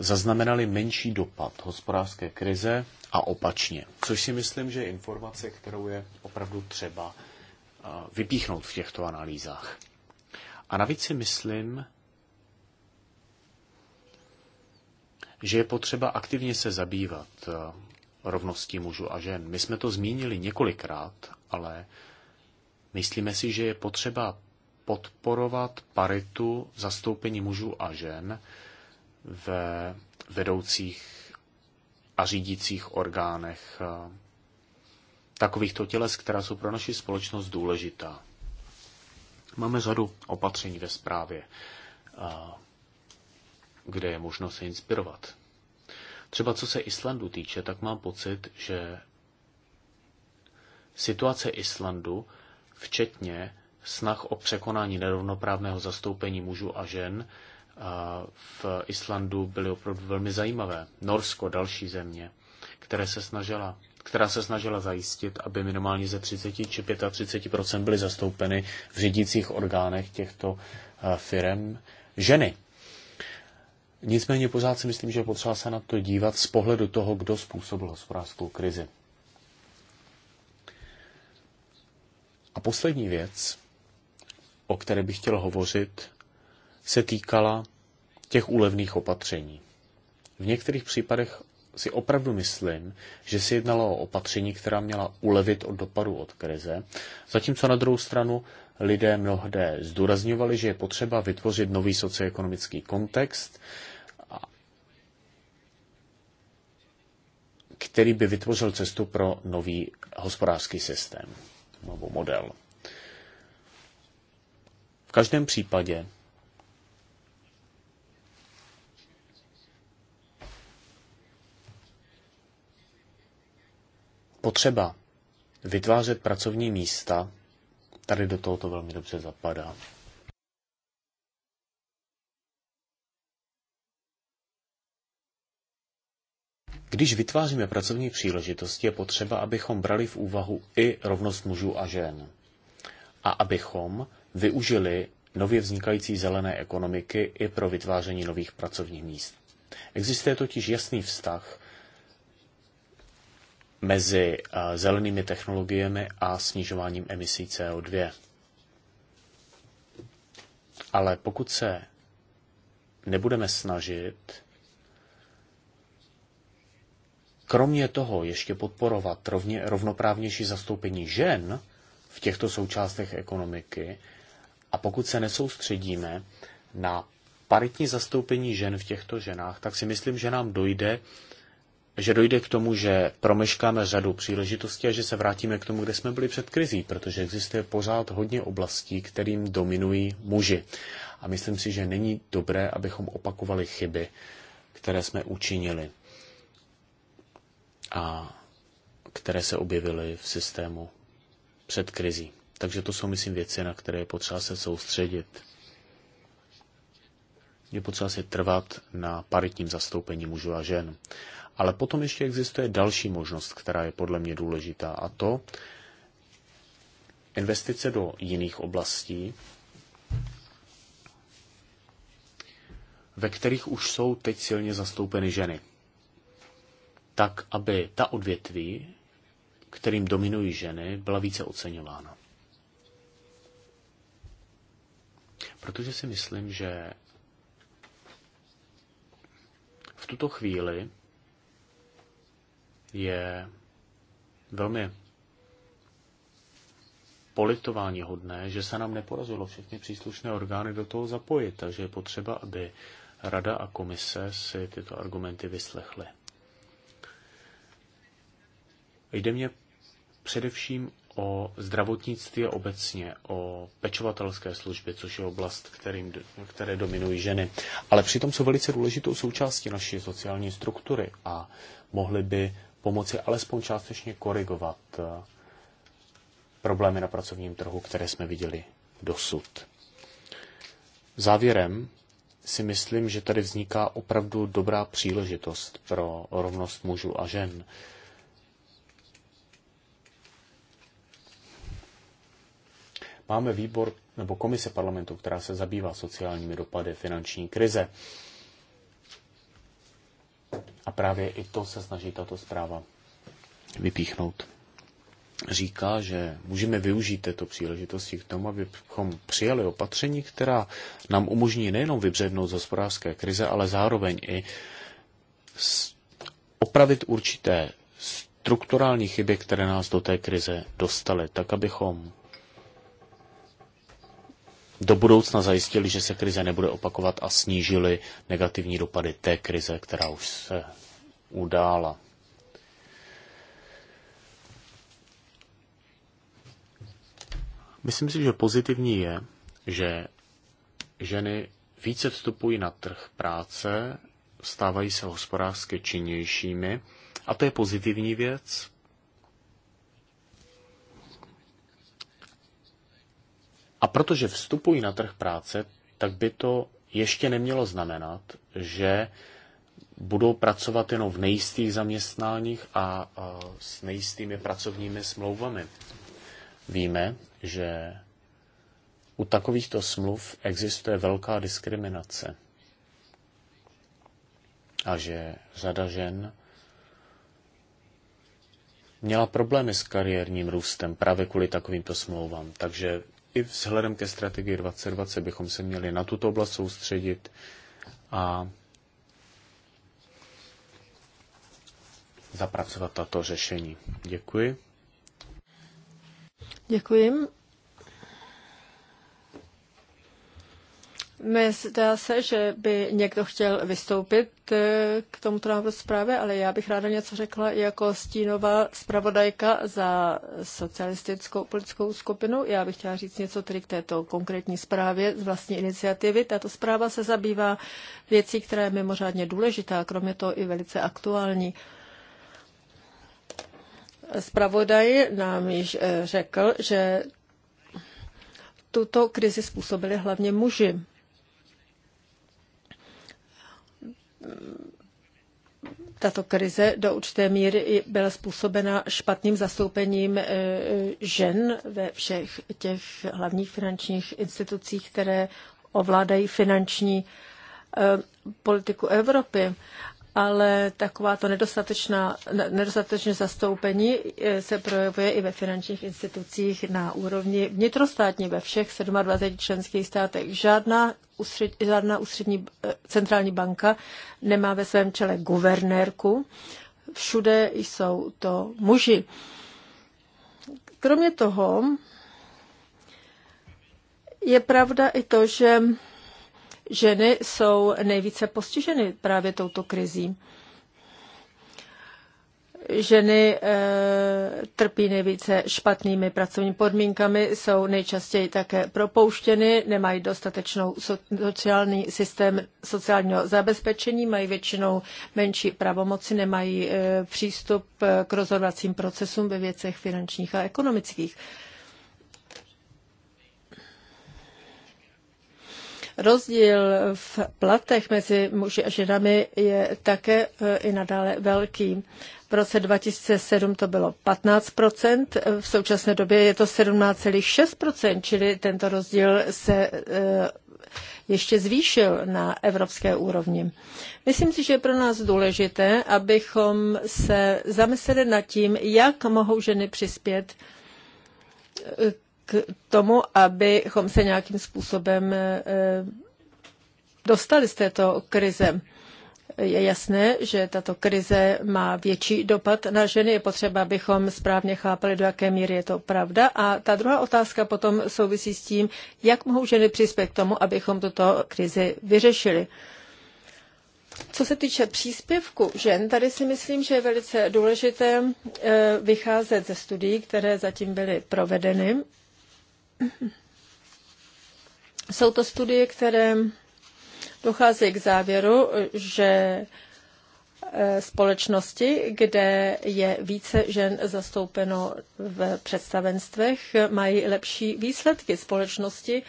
zaznamenaly menší dopad hospodářské krize a opačně. Což si myslím, že je informace, kterou je opravdu třeba vypíchnout v těchto analýzách. A navíc si myslím, že je potřeba aktivně se zabývat eh, rovností mužů a žen. My jsme to zmínili několikrát, ale myslíme si, že je potřeba podporovat paritu zastoupení mužů a žen ve vedoucích a řídících orgánech eh, takovýchto těles, která jsou pro naši společnost důležitá. Máme řadu opatření ve zprávě. Eh, kde je možno se inspirovat. Třeba co se Islandu týče, tak mám pocit, že situace Islandu, včetně snah o překonání nerovnoprávného zastoupení mužů a žen, v Islandu byly opravdu velmi zajímavé. Norsko, další země, které se snažila, která se snažila zajistit, aby minimálně ze 30 či 35 byly zastoupeny v řídících orgánech těchto firm ženy. Nicméně pořád si myslím, že je potřeba se na to dívat z pohledu toho, kdo způsobil hospodářskou krizi. A poslední věc, o které bych chtěl hovořit, se týkala těch úlevných opatření. V některých případech si opravdu myslím, že se jednalo o opatření, která měla ulevit od dopadu od krize, zatímco na druhou stranu lidé mnohde zdůrazňovali, že je potřeba vytvořit nový socioekonomický kontext, který by vytvořil cestu pro nový hospodářský systém nebo model. V každém případě potřeba vytvářet pracovní místa tady do tohoto velmi dobře zapadá. Když vytváříme pracovní příležitosti, je potřeba, abychom brali v úvahu i rovnost mužů a žen. A abychom využili nově vznikající zelené ekonomiky i pro vytváření nových pracovních míst. Existuje totiž jasný vztah mezi eh, zelenými technologiemi a snižováním emisí CO2. Ale pokud se nebudeme snažit kromě toho ještě podporovat rovně, rovnoprávnější zastoupení žen v těchto součástech ekonomiky a pokud se nesoustředíme na paritní zastoupení žen v těchto ženách, tak si myslím, že nám dojde, že dojde k tomu, že promeškáme řadu příležitostí a že se vrátíme k tomu, kde jsme byli před krizí, protože existuje pořád hodně oblastí, kterým dominují muži. A myslím si, že není dobré, abychom opakovali chyby, které jsme učinili a které se objevily v systému před krizí. Takže to jsou, myslím, věci, na které je potřeba se soustředit. Je potřeba se trvat na paritním zastoupení mužů a žen. Ale potom ještě existuje další možnost, která je podle mě důležitá, a to investice do jiných oblastí, ve kterých už jsou teď silně zastoupeny ženy tak aby ta odvětví, kterým dominují ženy, byla více oceňována. Protože si myslím, že v tuto chvíli je velmi politování hodné, že se nám neporazilo všechny příslušné orgány do toho zapojit, takže je potřeba, aby Rada a komise si tyto argumenty vyslechly. Jde mě především o zdravotnictví a obecně, o pečovatelské služby, což je oblast, kterým, které dominují ženy. Ale přitom jsou velice důležitou součástí naší sociální struktury a mohly by pomoci alespoň částečně korigovat eh, problémy na pracovním trhu, které jsme viděli dosud. Závěrem si myslím, že tady vzniká opravdu dobrá příležitost pro rovnost mužů a žen. Máme výbor nebo komise parlamentu, která se zabývá sociálními dopady finanční krize. A právě i to se snaží tato zpráva vypíchnout. Říká, že můžeme využít této příležitosti k tomu, abychom přijali opatření, která nám umožní nejenom vybřednout z hospodářské krize, ale zároveň i opravit určité strukturální chyby, které nás do té krize dostaly, tak abychom do budoucna zajistili, že se krize nebude opakovat a snížili negativní dopady té krize, která už se udála. Myslím si, že pozitivní je, že ženy více vstupují na trh práce, stávají se hospodářsky činnějšími a to je pozitivní věc, A protože vstupují na trh práce, tak by to ještě nemělo znamenat, že budou pracovat jenom v nejistých zaměstnáních a s nejistými pracovními smlouvami. Víme, že u takovýchto smluv existuje velká diskriminace a že řada žen měla problémy s kariérním růstem právě kvůli takovýmto smlouvám. Takže i vzhledem ke strategii 2020 bychom se měli na tuto oblast soustředit a zapracovat tato řešení. Děkuji. Děkuji. Zdá se, že by někdo chtěl vystoupit eh, k tomuto návrhu zprávy, ale já bych ráda něco řekla jako stínová zpravodajka za socialistickou politickou skupinu. Já bych chtěla říct něco tedy k této konkrétní zprávě z vlastní iniciativy. Tato zpráva se zabývá věcí, která je mimořádně důležitá, kromě toho i velice aktuální. Zpravodaj nám již eh, řekl, že tuto krizi způsobili hlavně muži. tato krize do určité míry byla způsobena špatným zastoupením eh, žen ve všech těch hlavních finančních institucích, které ovládají finanční eh, politiku Evropy ale taková to nedostatečná, nedostatečné zastoupení eh, se projevuje i ve finančních institucích na úrovni vnitrostátní ve všech 27 členských státech. Žádná, ústřed, žádná ústřední eh, centrální banka nemá ve svém čele guvernérku. Všude jsou to muži. Kromě toho je pravda i to, že ženy jsou nejvíce postiženy právě touto krizí. Ženy e, trpí nejvíce špatnými pracovními podmínkami, jsou nejčastěji také propouštěny, nemají dostatečnou sociální systém sociálního zabezpečení, mají většinou menší pravomoci, nemají e, přístup eh, k rozhodovacím procesům ve věcech finančních a ekonomických. E, Rozdíl v platech mezi muži a ženami je také eh, i nadále velký. V roce 2007 to bylo 15 v současné době je to 17,6 čili tento rozdíl se eh, ještě zvýšil na evropské úrovni. Myslím si, že je pro nás důležité, abychom se zamysleli nad tím, jak mohou ženy přispět eh, k tomu, abychom se nějakým způsobem eh, dostali z této krize. Je jasné, že tato krize má větší dopad na ženy. Je potřeba, abychom správně chápali, do jaké míry je to pravda. A ta druhá otázka potom souvisí s tím, jak mohou ženy přispět k tomu, abychom tuto krizi vyřešili. Co se týče příspěvku žen, tady si myslím, že je velice důležité eh, vycházet ze studií, které zatím byly provedeny jsou to studie, které docházejí k závěru, že eh, společnosti, kde je více žen zastoupeno v představenstvech, mají lepší výsledky společnosti,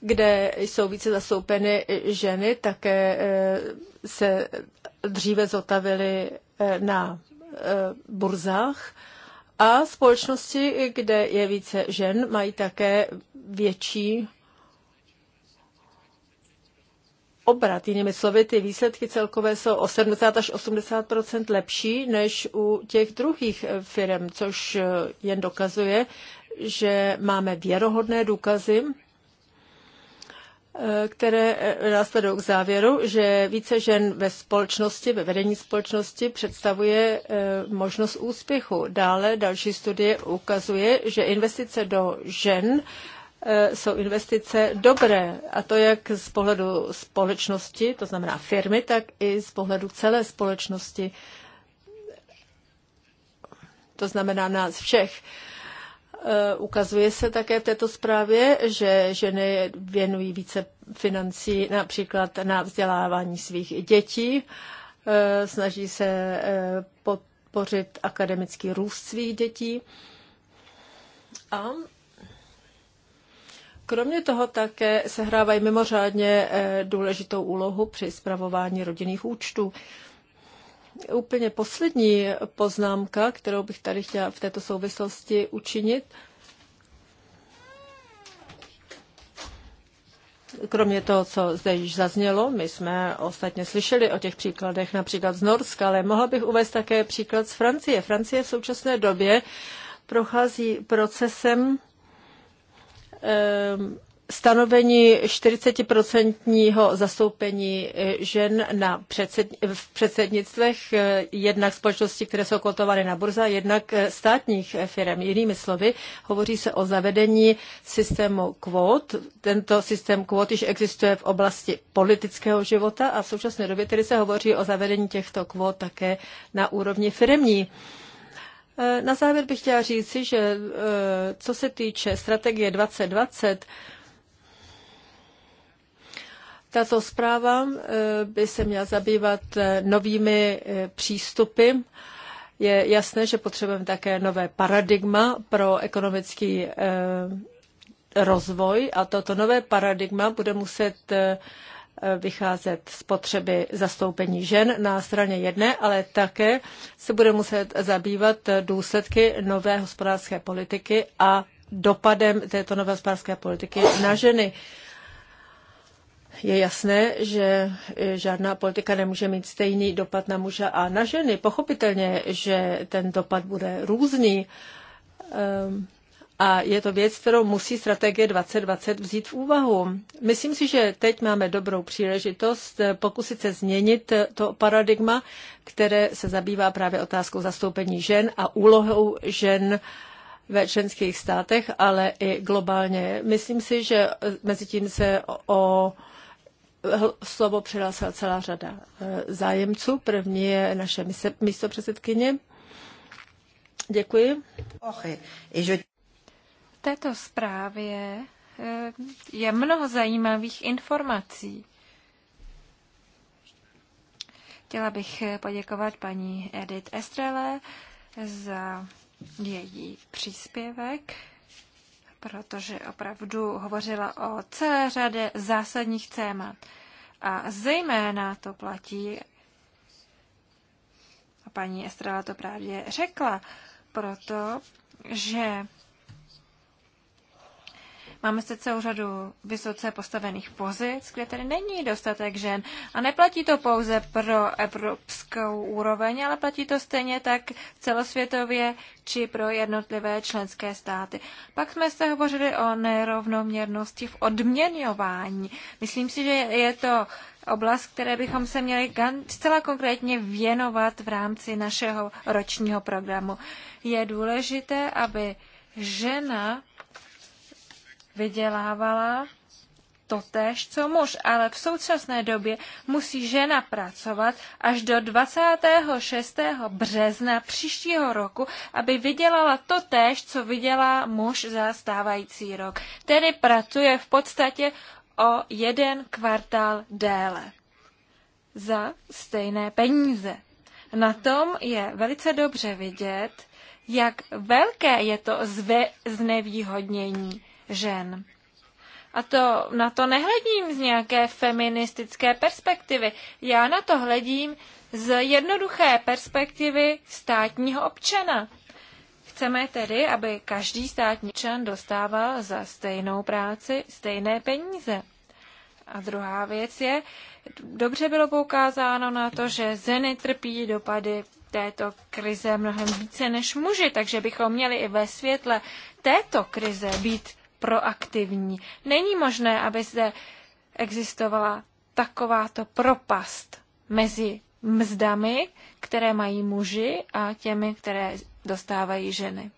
kde jsou více zastoupeny ženy, také eh, se dříve zotavily eh, na burzách a společnosti, kde je více žen, mají také větší obrat. Jinými slovy, ty výsledky celkové jsou o 70 až 80 lepší než u těch druhých firm, což jen dokazuje, že máme věrohodné důkazy Eh, které eh, nás vedou k závěru, že více žen ve společnosti, ve vedení společnosti představuje eh, možnost úspěchu. Dále další studie ukazuje, že investice do žen jsou investice dobré, a to jak z pohledu společnosti, to znamená firmy, tak i z pohledu celé společnosti, to znamená nás všech. Eh, ukazuje se také v této zprávě, že ženy věnují více financí například na vzdělávání svých dětí, eh, snaží se eh, podpořit akademický růst svých dětí. A kromě toho také sehrávají mimořádně důležitou úlohu při zpravování rodinných účtů úplně poslední poznámka, kterou bych tady chtěla v této souvislosti učinit. Kromě toho, co zde již zaznělo, my jsme ostatně slyšeli o těch příkladech například z Norska, ale mohla bych uvést také příklad z Francie. Francie v současné době prochází procesem stanovení 40% zastoupení eh, žen na předsed, v předsednictvech eh, jednak společností, které jsou kotovány na burza, jednak eh, státních firm. Jinými slovy, hovoří se o zavedení systému kvót. Tento systém kvót již existuje v oblasti politického života a v současné době tedy se hovoří o zavedení těchto kvót také na úrovni firmní. Na závěr bych chtěla říci, že co se týče strategie 2020, tato zpráva eh, by se měla zabývat eh, novými eh, přístupy. Je jasné, že potřebujeme také nové paradigma pro ekonomický rozvoj a toto nové paradigma bude muset vycházet z potřeby zastoupení žen na straně jedné, ale také se bude muset zabývat důsledky nové hospodářské politiky a dopadem této nové hospodářské politiky na ženy. Je jasné, že eh, žádná politika nemůže mít stejný dopad na muže a na ženy. Pochopitelně, že ten dopad bude různý. Ehm, a je to věc, kterou musí strategie 2020 vzít v úvahu. Myslím si, že teď máme dobrou příležitost eh, pokusit se změnit eh, to paradigma, které se zabývá právě otázkou zastoupení žen a úlohou žen ve členských státech, ale i globálně. Myslím si, že mezi tím se o slovo přihlásila celá řada e, zájemců. První je naše místo předsedkyně. Děkuji. V této zprávě e, je mnoho zajímavých informací. Chtěla bych poděkovat paní Edith Estrele za její příspěvek protože opravdu hovořila o celé řadě zásadních témat. A zejména to platí, a paní Estrela to právě řekla, proto, že Máme se celou řadu vysoce postavených pozic, kde tedy není dostatek žen. A neplatí to pouze pro evropskou úroveň, ale platí to stejně tak celosvětově či pro jednotlivé členské státy. Pak jsme se hovořili o nerovnoměrnosti v odměňování. Myslím si, že je to oblast, které bychom se měli zcela konkrétně věnovat v rámci našeho ročního programu. Je důležité, aby žena vydělávala též, co muž, ale v současné době musí žena pracovat až do 26. března příštího roku, aby vydělala též, co vydělá muž za stávající rok. Tedy pracuje v podstatě o jeden kvartál déle za stejné peníze. Na tom je velice dobře vidět, jak velké je to zve- znevýhodnění žen. A to na to nehledím z nějaké feministické perspektivy. Já na to hledím z jednoduché perspektivy státního občana. Chceme tedy, aby každý státní občan dostával za stejnou práci stejné peníze. A druhá věc je, dobře bylo poukázáno na to, že ženy trpí dopady této krize mnohem více než muži, takže bychom měli i ve světle této krize být proaktivní. Není možné, aby zde existovala takováto propast mezi mzdami, které mají muži a těmi, které dostávají ženy.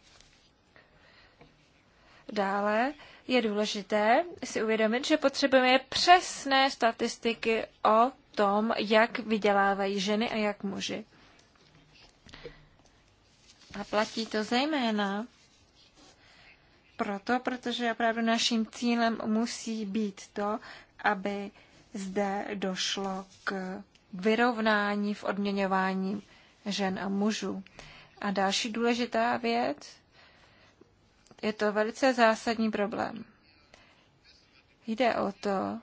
Dále je důležité si uvědomit, že potřebujeme přesné statistiky o tom, jak vydělávají ženy a jak muži. A platí to zejména proto, protože opravdu naším cílem musí být to, aby zde došlo k vyrovnání v odměňování žen a mužů. A další důležitá věc, je to velice zásadní problém. Jde o to,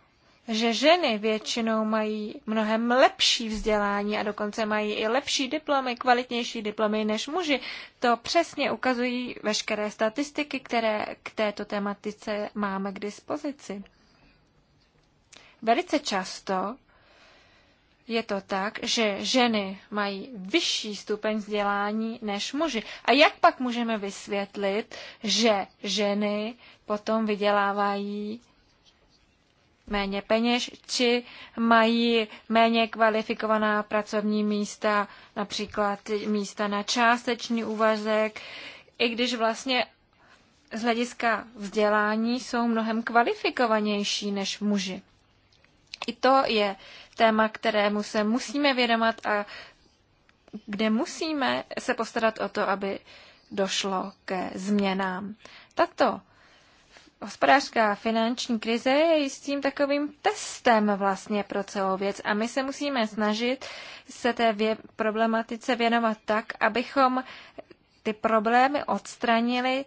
že ženy většinou mají mnohem lepší vzdělání a dokonce mají i lepší diplomy, kvalitnější diplomy než muži. To přesně ukazují veškeré statistiky, které k této tematice máme k dispozici. Velice často je to tak, že ženy mají vyšší stupeň vzdělání než muži. A jak pak můžeme vysvětlit, že ženy potom vydělávají méně peněz, či mají méně kvalifikovaná pracovní místa, například místa na částečný úvazek, i když vlastně z hlediska vzdělání jsou mnohem kvalifikovanější než muži. I to je téma, kterému se musíme vědomat a kde musíme se postarat o to, aby došlo ke změnám. Tato hospodářská a finanční krize je jistým takovým testem vlastně pro celou věc a my se musíme snažit se té vě- problematice věnovat tak, abychom ty problémy odstranili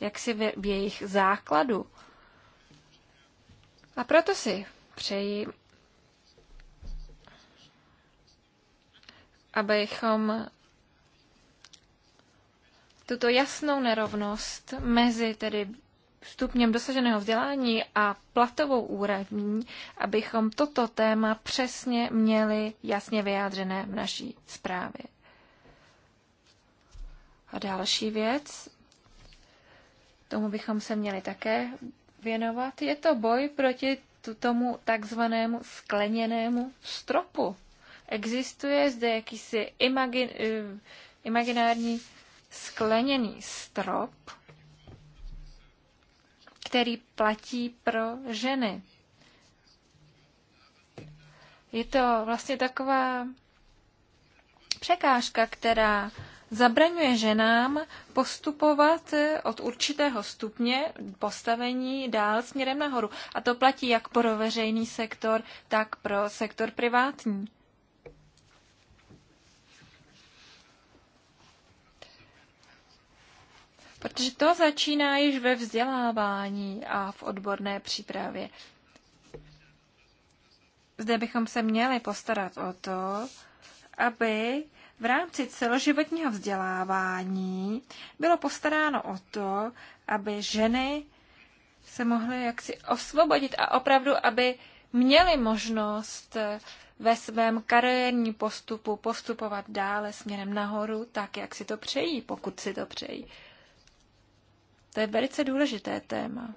jaksi v jejich základu. A proto si přeji, abychom tuto jasnou nerovnost mezi tedy stupněm dosaženého vzdělání a platovou úrovní, abychom toto téma přesně měli jasně vyjádřené v naší zprávě. A další věc, tomu bychom se měli také věnovat, je to boj proti tomu takzvanému skleněnému stropu. Existuje zde jakýsi imagin, eh, imaginární skleněný strop, který platí pro ženy. Je to vlastně taková překážka, která zabraňuje ženám postupovat eh, od určitého stupně postavení dál směrem nahoru. A to platí jak pro veřejný sektor, tak pro sektor privátní. protože to začíná již ve vzdělávání a v odborné přípravě. Zde bychom se měli postarat o to, aby v rámci celoživotního vzdělávání bylo postaráno o to, aby ženy se mohly jaksi osvobodit a opravdu, aby měly možnost eh, ve svém kariérním postupu postupovat dále směrem nahoru, tak jak si to přejí, pokud si to přejí. To je velice důležité téma.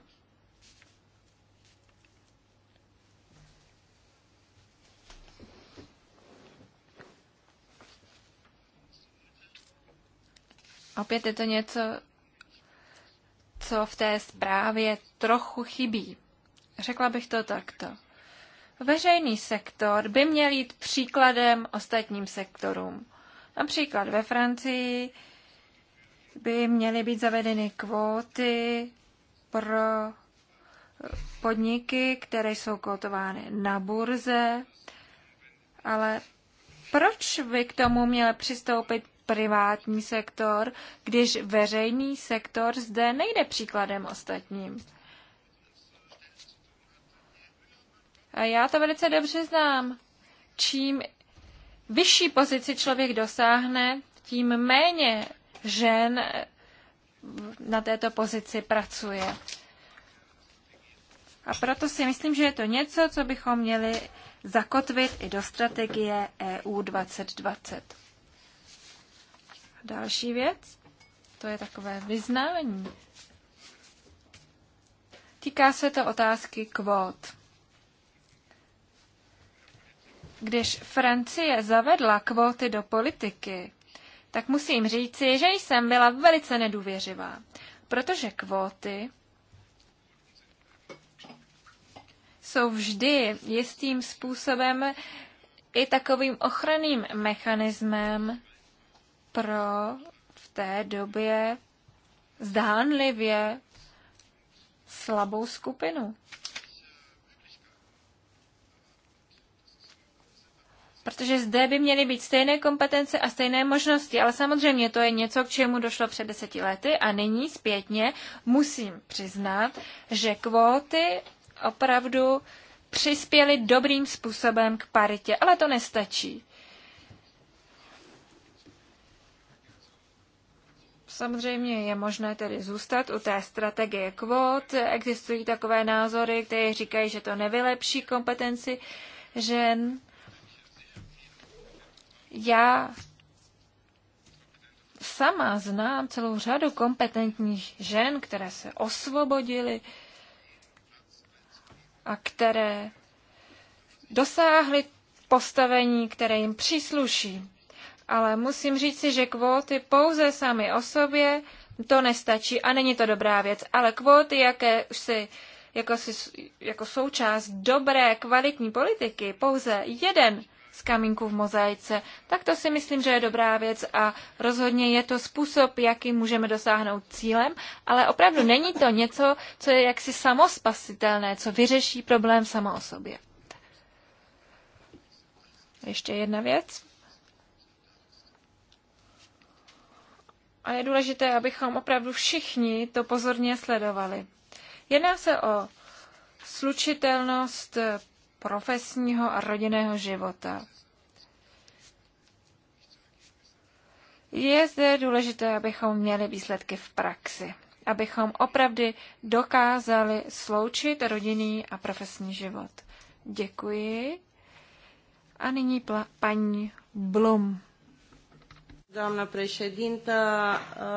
Opět je to něco, co v té zprávě trochu chybí. Řekla bych to takto. Veřejný sektor by měl jít příkladem ostatním sektorům. Například ve Francii by měly být zavedeny kvóty pro podniky, které jsou kotovány na burze, ale proč by k tomu měl přistoupit privátní sektor, když veřejný sektor zde nejde příkladem ostatním? A já to velice dobře znám. Čím vyšší pozici člověk dosáhne, tím méně žen na této pozici pracuje. A proto si myslím, že je to něco, co bychom měli zakotvit i do strategie EU 2020. Další věc, to je takové vyznání. Týká se to otázky kvót. Když Francie zavedla kvóty do politiky, tak musím říci, že jsem byla velice nedůvěřivá, protože kvóty jsou vždy jistým způsobem i takovým ochranným mechanismem pro v té době zdánlivě slabou skupinu. protože zde by měly být stejné kompetence a stejné možnosti, ale samozřejmě to je něco, k čemu došlo před deseti lety a nyní zpětně musím přiznat, že kvóty opravdu přispěly dobrým způsobem k paritě, ale to nestačí. Samozřejmě je možné tedy zůstat u té strategie kvót. Existují takové názory, které říkají, že to nevylepší kompetenci žen. Já sama znám celou řadu kompetentních žen, které se osvobodily a které dosáhly postavení, které jim přísluší. Ale musím říci, že kvóty pouze sami o sobě to nestačí a není to dobrá věc. Ale kvóty, jaké si jako, si, jako součást dobré, kvalitní politiky, pouze jeden z kamínku v mozaice, tak to si myslím, že je dobrá věc a rozhodně je to způsob, jakým můžeme dosáhnout cílem, ale opravdu není to něco, co je jaksi samospasitelné, co vyřeší problém sama o sobě. Ještě jedna věc. A je důležité, abychom opravdu všichni to pozorně sledovali. Jedná se o slučitelnost profesního a rodinného života. Je zde důležité, abychom měli výsledky v praxi, abychom opravdu dokázali sloučit rodinný a profesní život. Děkuji. A nyní pla- paní Blum. Doamna președintă,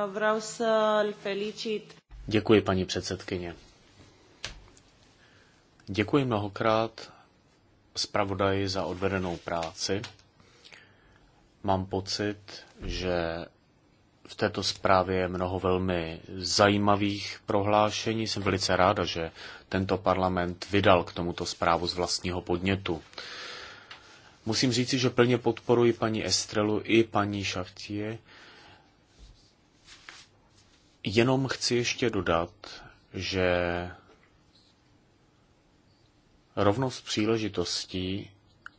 vreau să felicit. Děkuji, paní předsedkyně. Děkuji mnohokrát zpravodaji za odvedenou práci. Mám pocit, že v této zprávě je mnoho velmi zajímavých prohlášení. Jsem velice ráda, že tento parlament vydal k tomuto zprávu z vlastního podnětu. Musím říci, že plně podporuji paní Estrelu i paní Šachtie. Jenom chci ještě dodat, že Rovnost příležitostí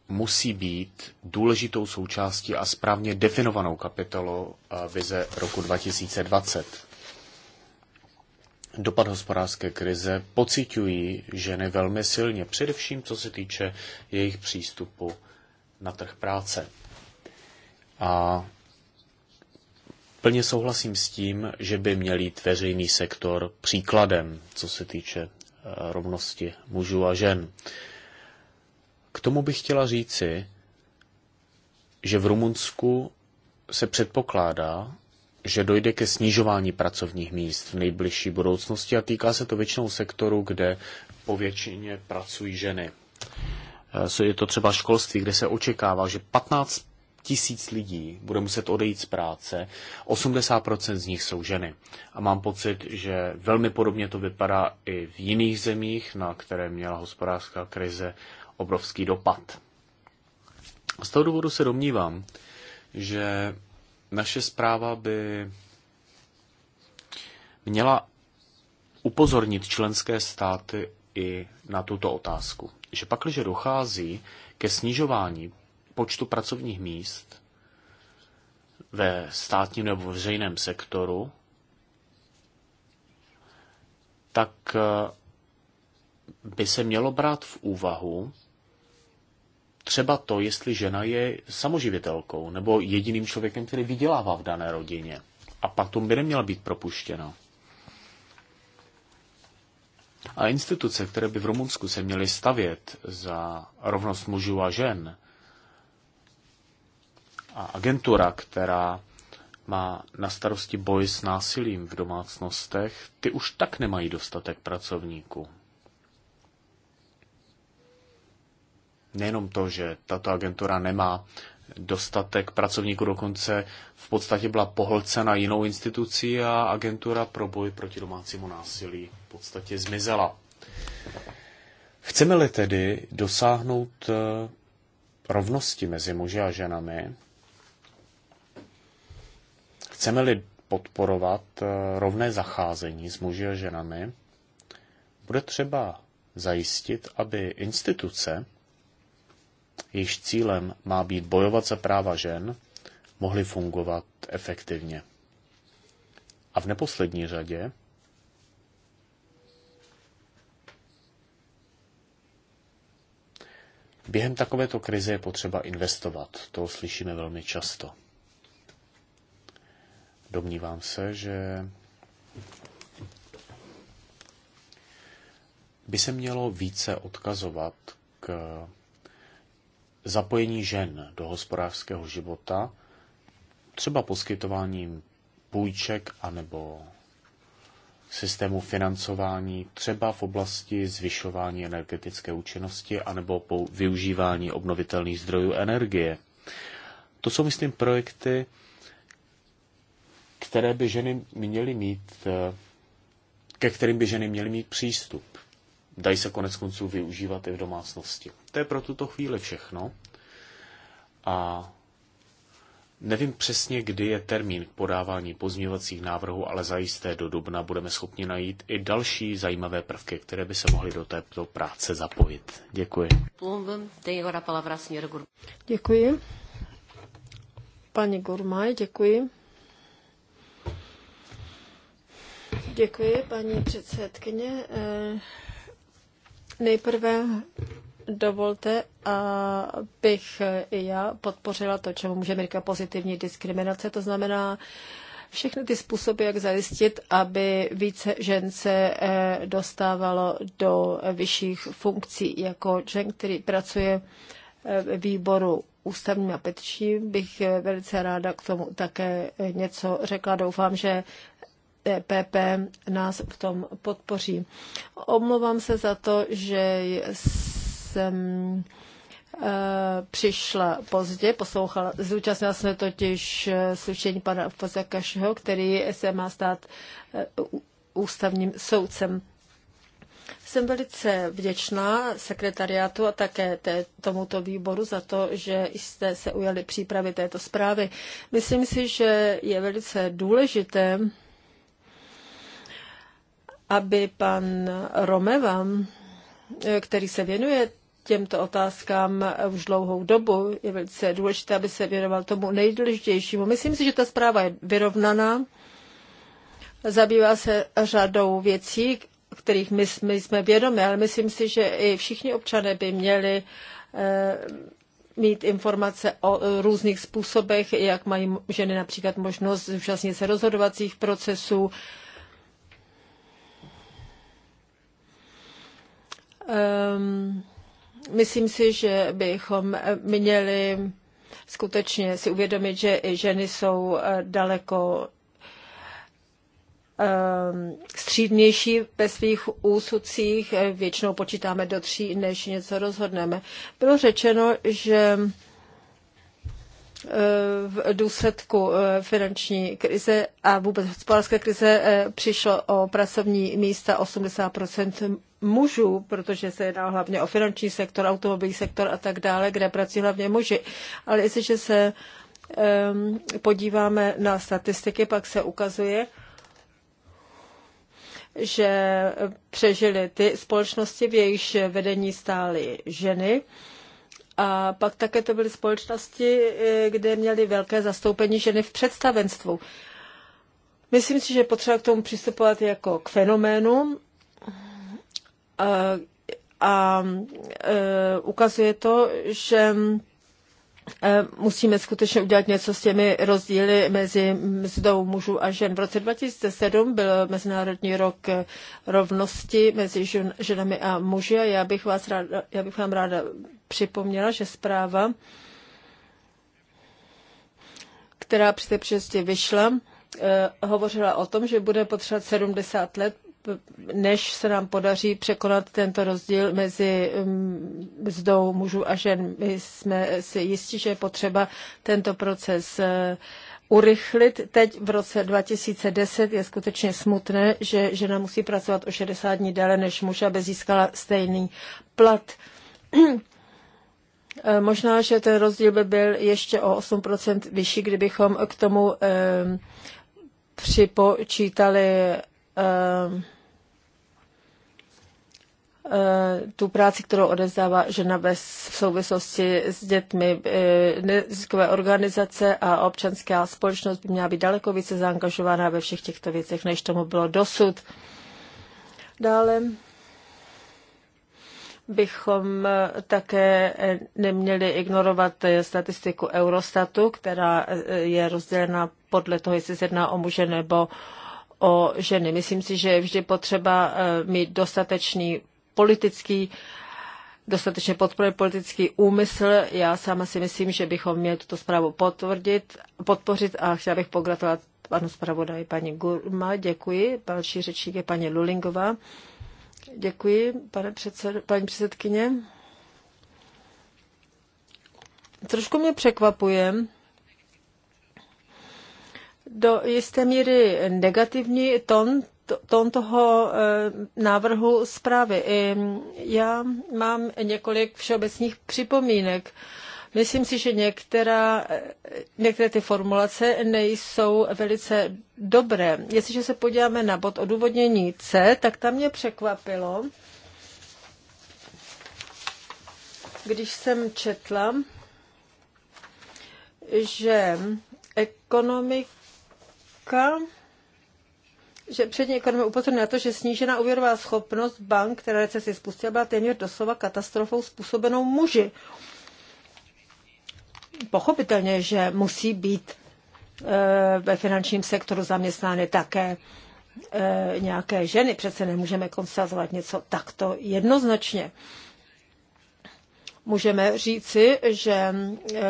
musí být důležitou součástí a správně definovanou kapitolou eh, vize roku 2020. Dopad hospodářské krize pociťují ženy velmi silně, především co se týče jejich přístupu na trh práce. A plně souhlasím s tím, že by měl jít veřejný sektor příkladem, co se týče Eh, rovnosti mužů a žen. K tomu bych chtěla říci, že v Rumunsku se předpokládá, že dojde ke snižování pracovních míst v nejbližší budoucnosti a týká se to většinou sektoru, kde povětšině pracují ženy. Eh, je to třeba školství, kde se očekává, že 15 tisíc lidí bude muset odejít z práce, 80% z nich jsou ženy. A mám pocit, že velmi podobně to vypadá i v jiných zemích, na které měla hospodářská krize obrovský dopad. Z toho důvodu se domnívám, že naše zpráva by měla upozornit členské státy i na tuto otázku. Že pakliže dochází ke snižování počtu pracovních míst ve státním nebo veřejném sektoru, tak eh, by se mělo brát v úvahu třeba to, jestli žena je samoživitelkou nebo jediným člověkem, který vydělává v dané rodině. A pak tomu by neměla být propuštěna. A instituce, které by v Rumunsku se měly stavět za rovnost mužů a žen, a agentura, která má na starosti boj s násilím v domácnostech, ty už tak nemají dostatek pracovníků. Nejenom to, že tato agentura nemá dostatek pracovníků, dokonce v podstatě byla pohlcena jinou institucí a agentura pro boj proti domácímu násilí v podstatě zmizela. Chceme-li tedy dosáhnout eh, rovnosti mezi muži a ženami, Chceme-li podporovat eh, rovné zacházení s muži a ženami, bude třeba zajistit, aby instituce, jejíž cílem má být bojovat za práva žen, mohly fungovat efektivně. A v neposlední řadě během takovéto krize je potřeba investovat. To slyšíme velmi často. Domnívám se, že by se mělo více odkazovat k zapojení žen do hospodářského života, třeba poskytováním půjček anebo systému financování, třeba v oblasti zvyšování energetické účinnosti anebo po využívání obnovitelných zdrojů energie. To jsou, myslím, projekty, které by ženy měly mít, eh, ke kterým by ženy měly mít přístup. Dají se konec konců využívat i v domácnosti. To je pro tuto chvíli všechno. A nevím přesně, kdy je termín k podávání pozměňovacích návrhů, ale zajisté do dubna budeme schopni najít i další zajímavé prvky, které by se mohly do této práce zapojit. Děkuji. Děkuji. Pani Gurmaj, děkuji. Děkuji, paní předsedkyně. Eh, nejprve dovolte, abych i já podpořila to, čemu můžeme říkat pozitivní diskriminace, to znamená všechny ty způsoby, jak zajistit, aby více žen se eh, dostávalo do vyšších funkcí. Jako žen, který pracuje eh, v výboru ústavním a petičním, bych velice ráda k tomu také něco řekla. Doufám, že EPP nás v tom podpoří. Omlouvám se za to, že jsem e, přišla pozdě, poslouchala, zúčastnila jsme totiž e, slyšení pana Pozakašho, který se má stát e, ústavním soudcem. Jsem velice vděčná sekretariátu a také té, tomuto výboru za to, že jste se ujali přípravy této zprávy. Myslím si, že je velice důležité, aby pan Romeva, který se věnuje těmto otázkám už dlouhou dobu. Je velice důležité, aby se věnoval tomu nejdůležitějšímu. Myslím si, že ta zpráva je vyrovnaná. Zabývá se řadou věcí, kterých my, my jsme vědomi, ale myslím si, že i všichni občané by měli e, mít informace o eh, různých způsobech, jak mají ženy například možnost zúčastnit se rozhodovacích procesů, e, Ehm, myslím si, že bychom eh, měli skutečně si uvědomit, že i ženy jsou eh, daleko ehm, střídnější ve svých úsudcích. Většinou počítáme do tří, než něco rozhodneme. Bylo řečeno, že eh, v důsledku finanční krize a vůbec hospodářské krize přišlo o pracovní místa 80 mužů, protože se jedná hlavně o finanční sektor, automobilní sektor a tak dále, kde pracují hlavně muži. Ale jestliže se podíváme na statistiky, pak se ukazuje, že přežily ty společnosti, v jejichž vedení stály ženy. A pak také to byly společnosti, eh, kde měly velké zastoupení ženy v představenstvu. Myslím si, že potřeba k tomu přistupovat jako k fenoménu a e, ukazuje to, že e, musíme skutečně udělat něco s těmi rozdíly mezi mzdou mužů a žen. V roce 2007 byl Mezinárodní rok rovnosti mezi žen, ženami a muži a já bych, vás ráda, já bych vám ráda připomněla, že zpráva, která při té vyšla, e, hovořila o tom, že bude potřebovat 70 let než se nám podaří překonat tento rozdíl mezi um, mzdou mužů a žen. My jsme si jistí, že je potřeba tento proces eh, urychlit. Teď v roce 2010 je skutečně smutné, že žena musí pracovat o 60 dní déle než muž, aby získala stejný plat. Eh, možná, že ten rozdíl by byl ještě o 8% vyšší, kdybychom k tomu eh, připočítali Ehm, eh, tu práci, kterou odezdává žena bez v souvislosti s dětmi. Eh, neziskové organizace a občanská společnost by měla být daleko více zaangažována ve všech těchto věcech, než tomu bylo dosud. Dále bychom eh, také neměli ignorovat statistiku Eurostatu, která je rozdělena podle toho, jestli se jedná o muže nebo o ženy. Myslím si, že je vždy potřeba eh, mít dostatečný politický dostatečně podporuje politický úmysl. Já sama si myslím, že bychom měli tuto zprávu potvrdit, podpořit a chtěla bych pogratulovat panu zpravodaji paní Gurma. Děkuji. Další řečník je paní Lulingová. Děkuji, pane předsed, paní předsedkyně. Trošku mě překvapuje, do jisté míry negativní tón, tón toho e, návrhu zprávy. I já mám několik všeobecných připomínek. Myslím si, že některá, e, některé ty formulace nejsou velice dobré. Jestliže se podíváme na bod odůvodnění C, tak tam mě překvapilo, když jsem četla, že ekonomik banka, že přední ekonomie upozorňuje na to, že snížená úvěrová schopnost bank, která recesi spustila, byla téměř doslova katastrofou způsobenou muži. Pochopitelně, že musí být eh, ve finančním sektoru zaměstnány také eh, nějaké ženy. Přece nemůžeme konstatovat něco takto jednoznačně. Můžeme říci, že eh,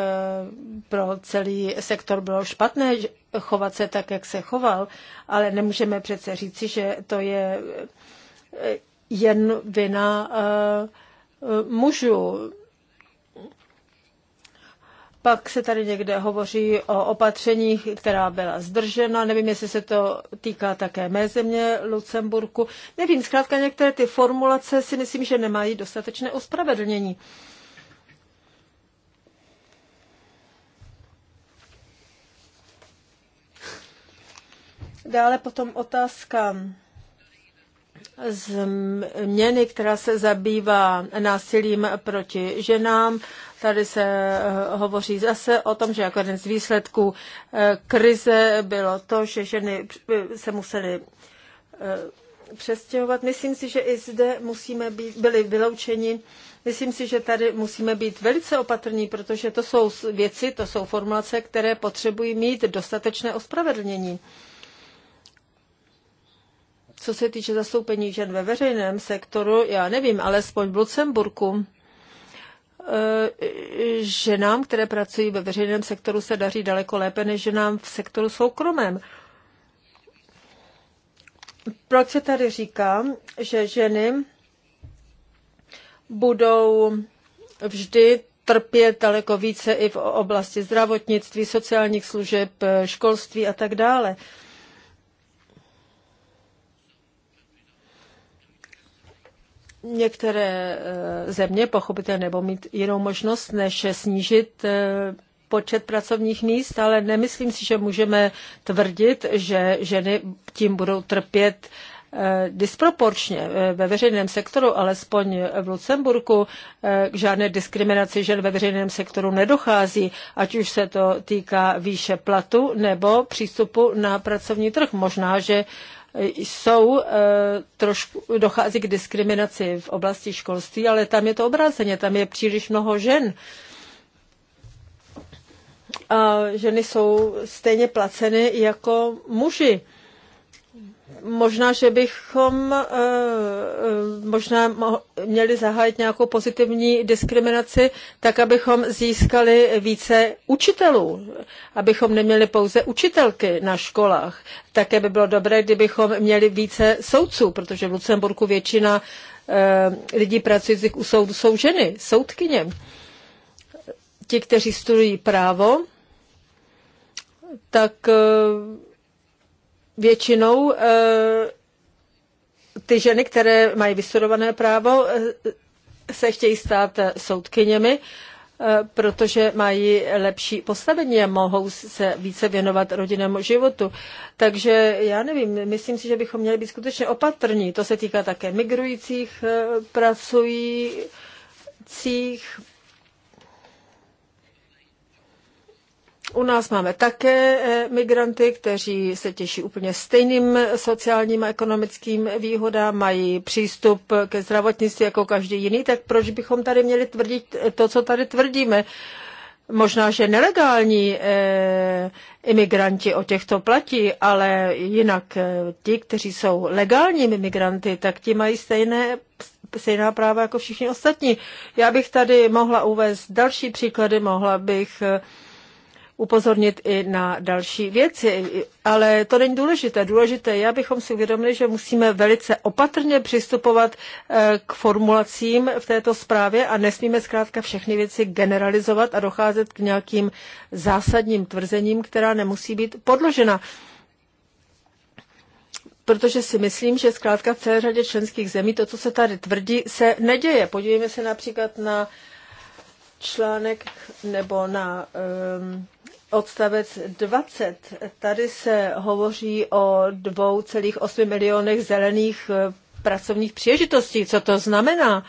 pro celý sektor bylo špatné chovat se tak, jak se choval, ale nemůžeme přece říci, že to je eh, jen vina eh, mužů. Pak se tady někde hovoří o opatřeních, která byla zdržena. Nevím, jestli se to týká také mé země, Lucemburku. Nevím, zkrátka některé ty formulace si myslím, že nemají dostatečné ospravedlnění. Uh, Dále potom otázka změny, která se zabývá násilím proti ženám. Tady se eh, hovoří zase o tom, že jako jeden z výsledků eh, krize bylo to, že ženy eh, se musely přestěhovat. Myslím si, že i zde musíme být, byli vyloučeni. Myslím si, že tady musíme být velice opatrní, protože to jsou věci, to jsou formulace, které potřebují mít dostatečné ospravedlnění. Co se týče zastoupení žen ve veřejném sektoru, já nevím, alespoň v Lucemburku, eh, ženám, které pracují ve veřejném sektoru, se daří daleko lépe než ženám v sektoru soukromém. Proč se tady říkám, že ženy budou vždy trpět daleko více i v oblasti zdravotnictví, sociálních služeb, školství a tak dále. Některé eh, země pochopitelně nebo mít jinou možnost, než snížit eh, počet pracovních míst, ale nemyslím si, že můžeme tvrdit, že ženy tím budou trpět eh, disproporčně ve veřejném sektoru, alespoň v Lucemburku, k žádné diskriminaci žen ve veřejném sektoru nedochází, ať už se to týká výše platu nebo přístupu na pracovní trh. Možná, že jsou eh, trošku, dochází k diskriminaci v oblasti školství, ale tam je to obráceně, tam je příliš mnoho žen. A ženy jsou stejně placeny jako muži. Možná, že bychom eh, eh, možná měli zahájit nějakou pozitivní diskriminaci, tak abychom získali více učitelů, abychom neměli pouze učitelky na školách. Také by bylo dobré, kdybychom měli více soudců, protože v Lucemburku většina eh, lidí pracujících u soudu jsou ženy, soudkyně. Ti, kteří studují právo, tak většinou eh, ty ženy, které mají vysudované právo, eh, se chtějí stát eh, soudkyněmi, protože mají lepší postavení a mohou se více věnovat rodinnému životu. Takže já nevím, myslím si, že bychom měli být skutečně opatrní. To se týká také migrujících pracujících U nás máme také eh, migranty, kteří se těší úplně stejným sociálním a ekonomickým výhodám, mají přístup ke zdravotnictví jako každý jiný, tak proč bychom tady měli tvrdit to, co tady tvrdíme? Možná, že nelegální e, imigranti o těchto platí, ale jinak e, ti, kteří jsou legálními imigranty, tak ti mají stejné stejná práva jako všichni ostatní. Já bych tady mohla uvést další příklady, mohla bych E, upozornit i na další věci, ale to není důležité. Důležité je, abychom si uvědomili, že musíme velice opatrně přistupovat eh, k formulacím v této zprávě a nesmíme zkrátka všechny věci generalizovat a docházet k nějakým zásadním tvrzením, která nemusí být podložena protože si myslím, že zkrátka v celé řadě členských zemí to, co se tady tvrdí, se neděje. Podívejme se například na článek nebo na um, odstavec 20. Tady se hovoří o 2,8 milionech zelených eh, pracovních příležitostí. Co to znamená?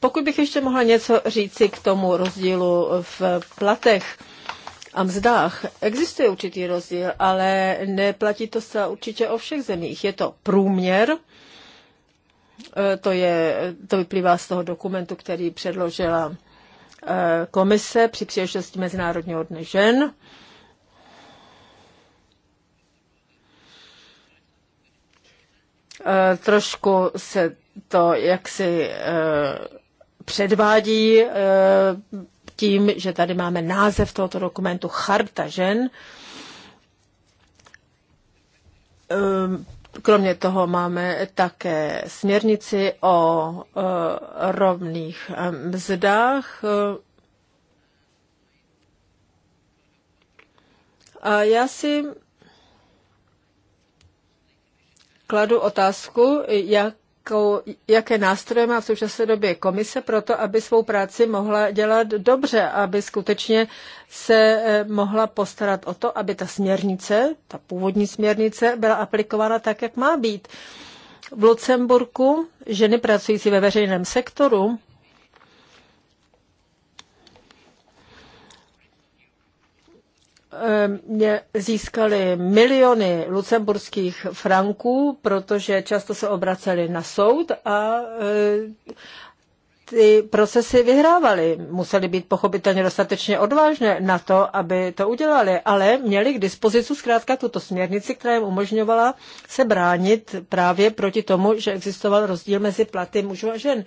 Pokud bych ještě mohla něco říci k tomu rozdílu v platech a mzdách, existuje určitý rozdíl, ale neplatí to se určitě o všech zemích. Je to průměr, eh, to, je, to vyplývá z toho dokumentu, který předložila Eh, komise při příležitosti Mezinárodního dne žen. Eh, trošku se to jaksi eh, předvádí tím, že tady máme název tohoto dokumentu Charta žen Kromě toho máme také směrnici o e, rovných e, mzdách. E, a já si kladu otázku, jak jakou, jaké nástroje má v současné době komise pro to, aby svou práci mohla dělat dobře, aby skutečně se eh, mohla postarat o to, aby ta směrnice, ta původní směrnice, byla aplikována tak, jak má být. V Lucemburku ženy pracující ve veřejném sektoru Ehm, získali miliony lucemburských franků, protože často se obraceli na soud a eh, ty procesy vyhrávali. Museli být pochopitelně dostatečně odvážné na to, aby to udělali, ale měli k dispozici zkrátka tuto směrnici, která jim umožňovala se bránit právě proti tomu, že existoval rozdíl mezi platy mužů a žen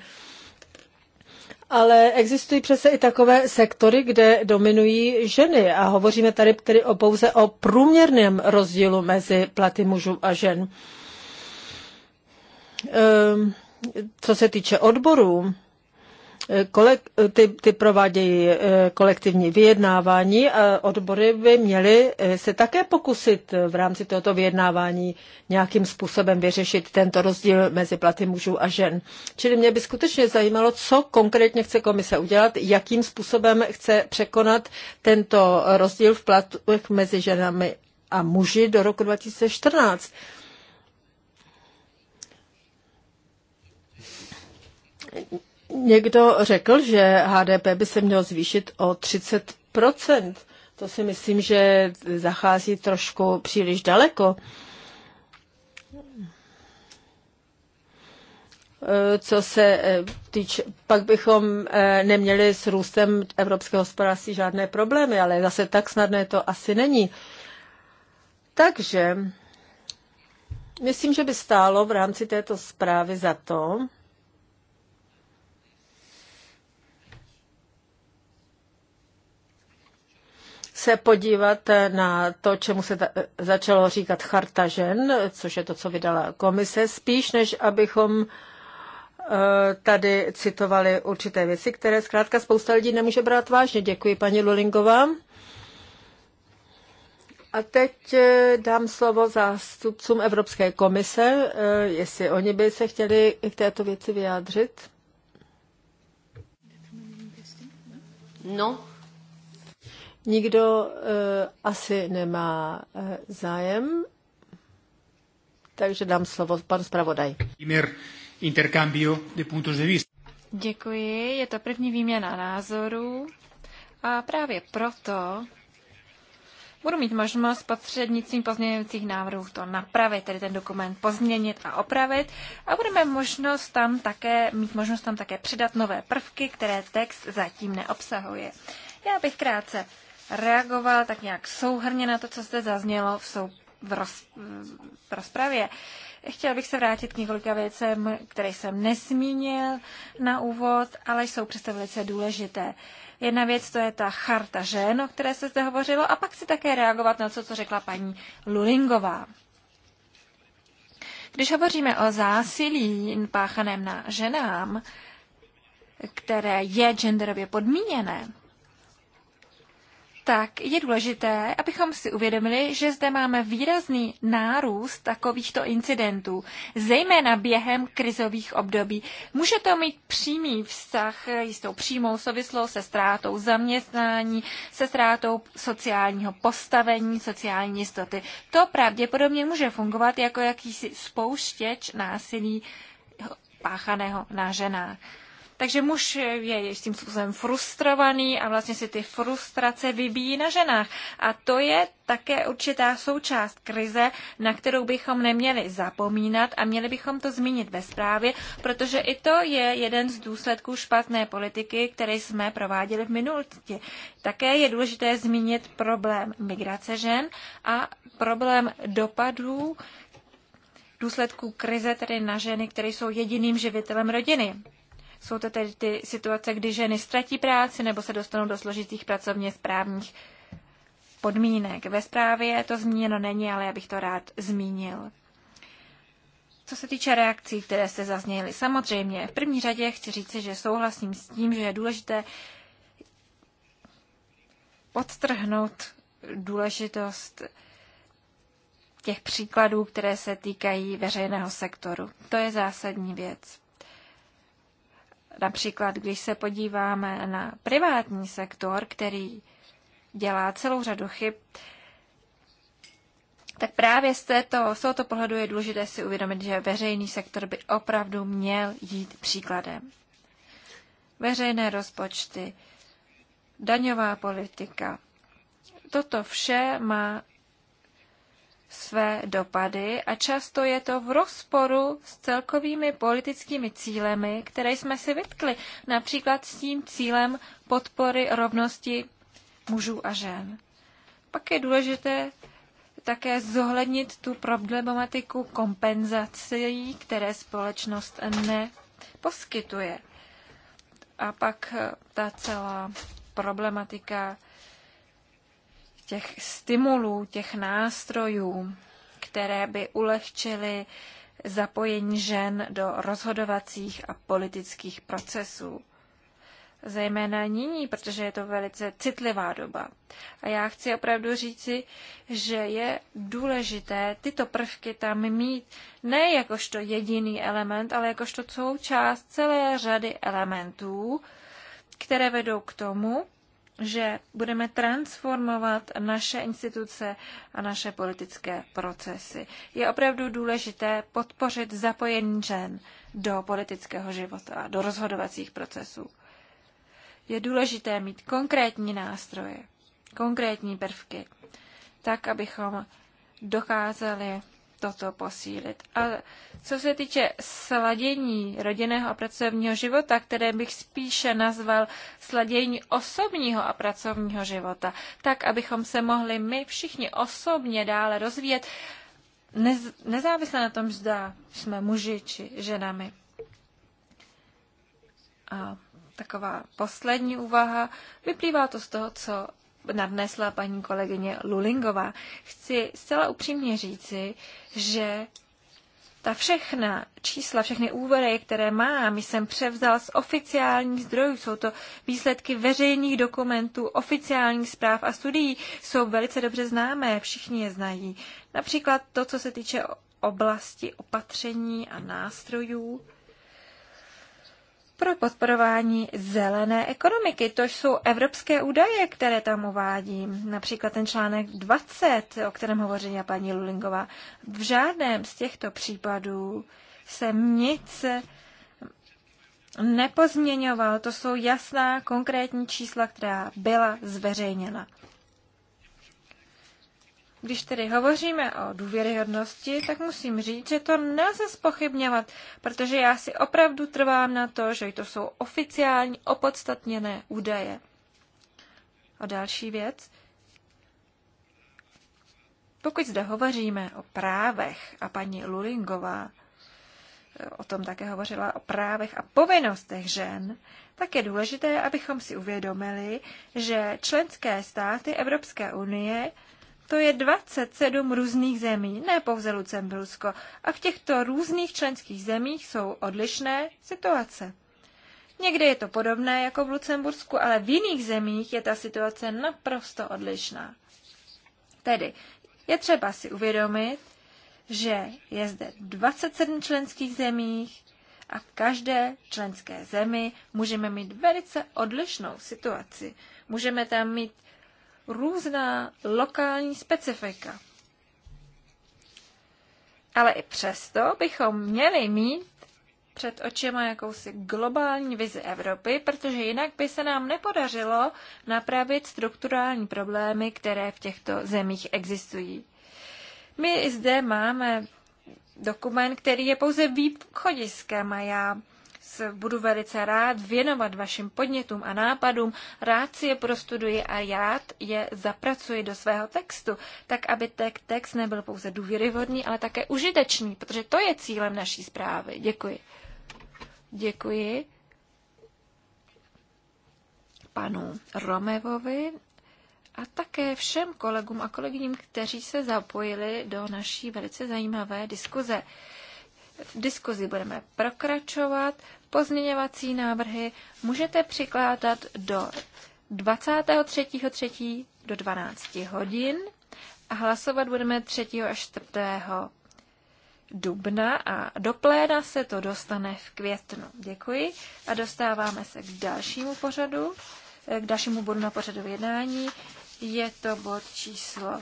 ale existují přece i takové sektory, kde dominují ženy a hovoříme tady tedy o pouze o průměrném rozdílu mezi platy mužů a žen. Ehm, co se týče odborů, ty, provádějí eh, kolektivní vyjednávání a odbory by měly eh, se také pokusit eh, v rámci tohoto vyjednávání nějakým způsobem vyřešit tento rozdíl mezi platy mužů a žen. Čili mě by skutečně zajímalo, co konkrétně chce komise udělat, jakým způsobem chce překonat tento rozdíl v platech mezi ženami a muži do roku 2014. Někdo řekl, že HDP by se mělo zvýšit o 30 To si myslím, že zachází trošku příliš daleko. Eh, co se eh, týče, pak bychom eh, neměli s růstem evropského hospodářství žádné problémy, ale zase tak snadné to asi není. Takže myslím, že by stálo v rámci této zprávy za to, se podívat na to, čemu se začalo říkat charta žen, což je to, co vydala komise, spíš než abychom eh, tady citovali určité věci, které zkrátka spousta lidí nemůže brát vážně. Děkuji paní Lulingová. A teď eh, dám slovo zástupcům Evropské komise, eh, jestli oni by se chtěli k této věci vyjádřit. No, Nikdo eh, asi nemá eh, zájem, takže dám slovo pan zpravodaj. Děkuji, je to první výměna názorů a právě proto budu mít možnost prostřednictvím pozměňujících návrhů to napravit, tedy ten dokument pozměnit a opravit a budeme možnost tam také, mít možnost tam také přidat nové prvky, které text zatím neobsahuje. Já bych krátce reagoval tak nějak souhrně na to, co zde zaznělo v, sou, v, roz, v rozpravě. Chtěl bych se vrátit k několika věcem, které jsem nesmínil na úvod, ale jsou přesto velice důležité. Jedna věc to je ta charta žen, o které se zde hovořilo, a pak si také reagovat na to, co řekla paní Lulingová. Když hovoříme o zásilí páchaném na ženám, které je genderově podmíněné, tak je důležité, abychom si uvědomili, že zde máme výrazný nárůst takovýchto incidentů, zejména během krizových období. Může to mít přímý vztah, jistou přímou souvislost se ztrátou zaměstnání, se ztrátou sociálního postavení, sociální jistoty. To pravděpodobně může fungovat jako jakýsi spouštěč násilí páchaného na ženách. Takže muž je tím způsobem frustrovaný a vlastně si ty frustrace vybíjí na ženách. A to je také určitá součást krize, na kterou bychom neměli zapomínat a měli bychom to zmínit ve zprávě, protože i to je jeden z důsledků špatné politiky, které jsme prováděli v minulosti. Také je důležité zmínit problém migrace žen a problém dopadů důsledků krize tedy na ženy, které jsou jediným živitelem rodiny. Jsou to tedy ty situace, kdy ženy ztratí práci nebo se dostanou do složitých pracovně správních podmínek. Ve zprávě to zmíněno není, ale já bych to rád zmínil. Co se týče reakcí, které se zazněly, samozřejmě v první řadě chci říci, že souhlasím s tím, že je důležité podtrhnout důležitost těch příkladů, které se týkají veřejného sektoru. To je zásadní věc. Například, když se podíváme na privátní sektor, který dělá celou řadu chyb, tak právě z, této, z tohoto pohledu je důležité si uvědomit, že veřejný sektor by opravdu měl jít příkladem. Veřejné rozpočty, daňová politika, toto vše má své dopady a často je to v rozporu s celkovými politickými cílemi, které jsme si vytkli, například s tím cílem podpory rovnosti mužů a žen. Pak je důležité také zohlednit tu problematiku kompenzací, které společnost neposkytuje. A pak ta celá problematika těch stimulů, těch nástrojů, které by ulehčily zapojení žen do rozhodovacích a politických procesů. Zejména nyní, protože je to velice citlivá doba. A já chci opravdu říci, že je důležité tyto prvky tam mít ne jakožto jediný element, ale jakožto součást celé řady elementů, které vedou k tomu, že budeme transformovat naše instituce a naše politické procesy. Je opravdu důležité podpořit zapojení žen do politického života a do rozhodovacích procesů. Je důležité mít konkrétní nástroje, konkrétní prvky, tak, abychom dokázali toto posílit. A co se týče sladění rodinného a pracovního života, které bych spíše nazval sladění osobního a pracovního života, tak, abychom se mohli my všichni osobně dále rozvíjet, nez, nezávisle na tom, zda jsme muži či ženami. A taková poslední úvaha, vyplývá to z toho, co nadnesla paní kolegyně Lulingová. Chci zcela upřímně říci, že ta všechna čísla, všechny úvody, které mám, jsem převzal z oficiálních zdrojů. Jsou to výsledky veřejných dokumentů, oficiálních zpráv a studií. Jsou velice dobře známé, všichni je znají. Například to, co se týče oblasti opatření a nástrojů pro podporování zelené ekonomiky. To jsou evropské údaje, které tam uvádím. Například ten článek 20, o kterém hovořila paní Lulingová. V žádném z těchto případů se nic nepozměňoval. To jsou jasná konkrétní čísla, která byla zveřejněna. Když tedy hovoříme o důvěryhodnosti, tak musím říct, že to nelze spochybňovat, protože já si opravdu trvám na to, že to jsou oficiální, opodstatněné údaje. A další věc. Pokud zde hovoříme o právech, a paní Lulingová eh, o tom také hovořila, o právech a povinnostech žen, tak je důležité, abychom si uvědomili, že členské státy Evropské unie to je 27 různých zemí, ne pouze Lucembursko. A v těchto různých členských zemích jsou odlišné situace. Někde je to podobné jako v Lucembursku, ale v jiných zemích je ta situace naprosto odlišná. Tedy je třeba si uvědomit, že je zde 27 členských zemích a v každé členské zemi můžeme mít velice odlišnou situaci. Můžeme tam mít různá lokální specifika. Ale i přesto bychom měli mít před očima jakousi globální vizi Evropy, protože jinak by se nám nepodařilo napravit strukturální problémy, které v těchto zemích existují. My zde máme dokument, který je pouze východiskem a já budu velice rád věnovat vašim podnětům a nápadům, rád si je prostuduji a rád je zapracuji do svého textu, tak aby ten text nebyl pouze důvěryhodný, ale také užitečný, protože to je cílem naší zprávy. Děkuji. Děkuji panu Romevovi a také všem kolegům a kolegyním, kteří se zapojili do naší velice zajímavé diskuze. V diskuzi budeme pokračovat. Pozměňovací návrhy můžete přikládat do 23.3. do 12 hodin a hlasovat budeme 3. až 4. dubna a do pléna se to dostane v květnu. Děkuji a dostáváme se k dalšímu pořadu, eh, k dalšímu bodu na pořadu jednání. Je to bod číslo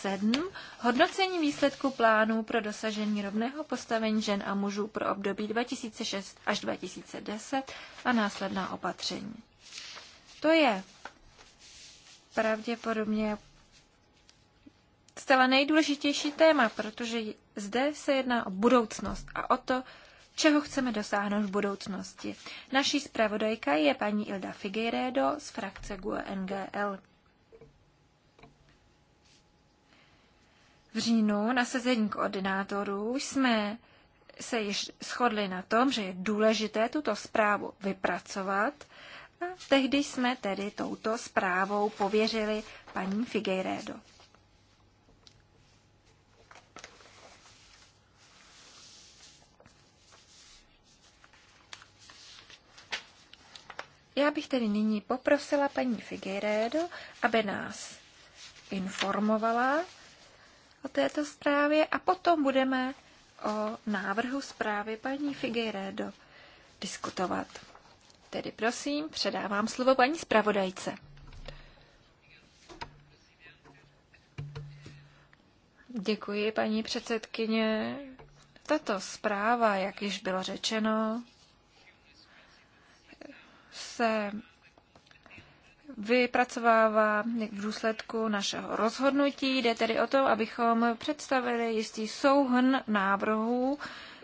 7. Hodnocení výsledku plánů pro dosažení rovného postavení žen a mužů pro období 2006 až 2010 a následná opatření. To je pravděpodobně zcela nejdůležitější téma, protože zde se jedná o budoucnost a o to, čeho chceme dosáhnout v budoucnosti. Naší zpravodajka je paní Ilda Figueiredo z frakce GUE NGL. v říjnu na sezení koordinátorů jsme se již shodli na tom, že je důležité tuto zprávu vypracovat a tehdy jsme tedy touto zprávou pověřili paní Figueiredo. Já bych tedy nyní poprosila paní Figueiredo, aby nás informovala o této zprávě a potom budeme o návrhu zprávy paní Figueiredo diskutovat. Tedy prosím, předávám slovo paní zpravodajce. Děkuji, paní předsedkyně. Tato zpráva, jak již bylo řečeno, se vypracovává v důsledku našeho rozhodnutí. Jde tedy o to, abychom představili jistý souhn návrhů,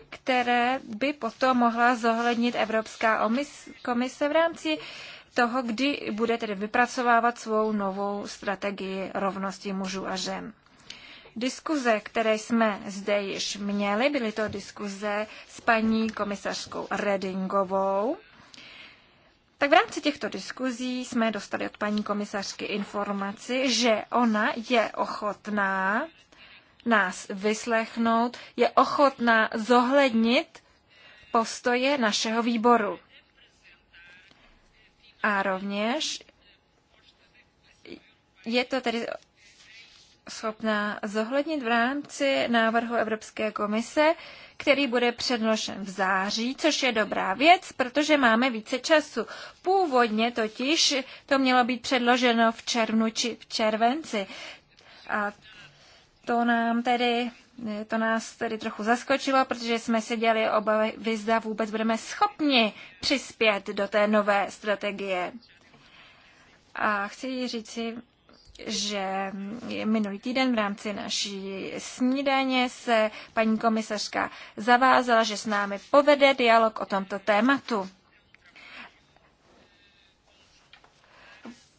které by potom mohla zohlednit Evropská komise v rámci toho, kdy bude tedy vypracovávat svou novou strategii rovnosti mužů a žen. Diskuze, které jsme zde již měli, byly to diskuze s paní komisařskou Redingovou tak v rámci těchto diskuzí jsme dostali od paní komisařky informaci, že ona je ochotná nás vyslechnout, je ochotná zohlednit postoje našeho výboru. A rovněž je to tedy schopná zohlednit v rámci návrhu Evropské komise, který bude předložen v září, což je dobrá věc, protože máme více času. Původně totiž to mělo být předloženo v červnu či v červenci. A to nám tedy to nás tedy trochu zaskočilo, protože jsme se dělali obavy, zda vůbec budeme schopni přispět do té nové strategie. A chci říci, že minulý týden v rámci naší snídaně se paní komisařka zavázala, že s námi povede dialog o tomto tématu.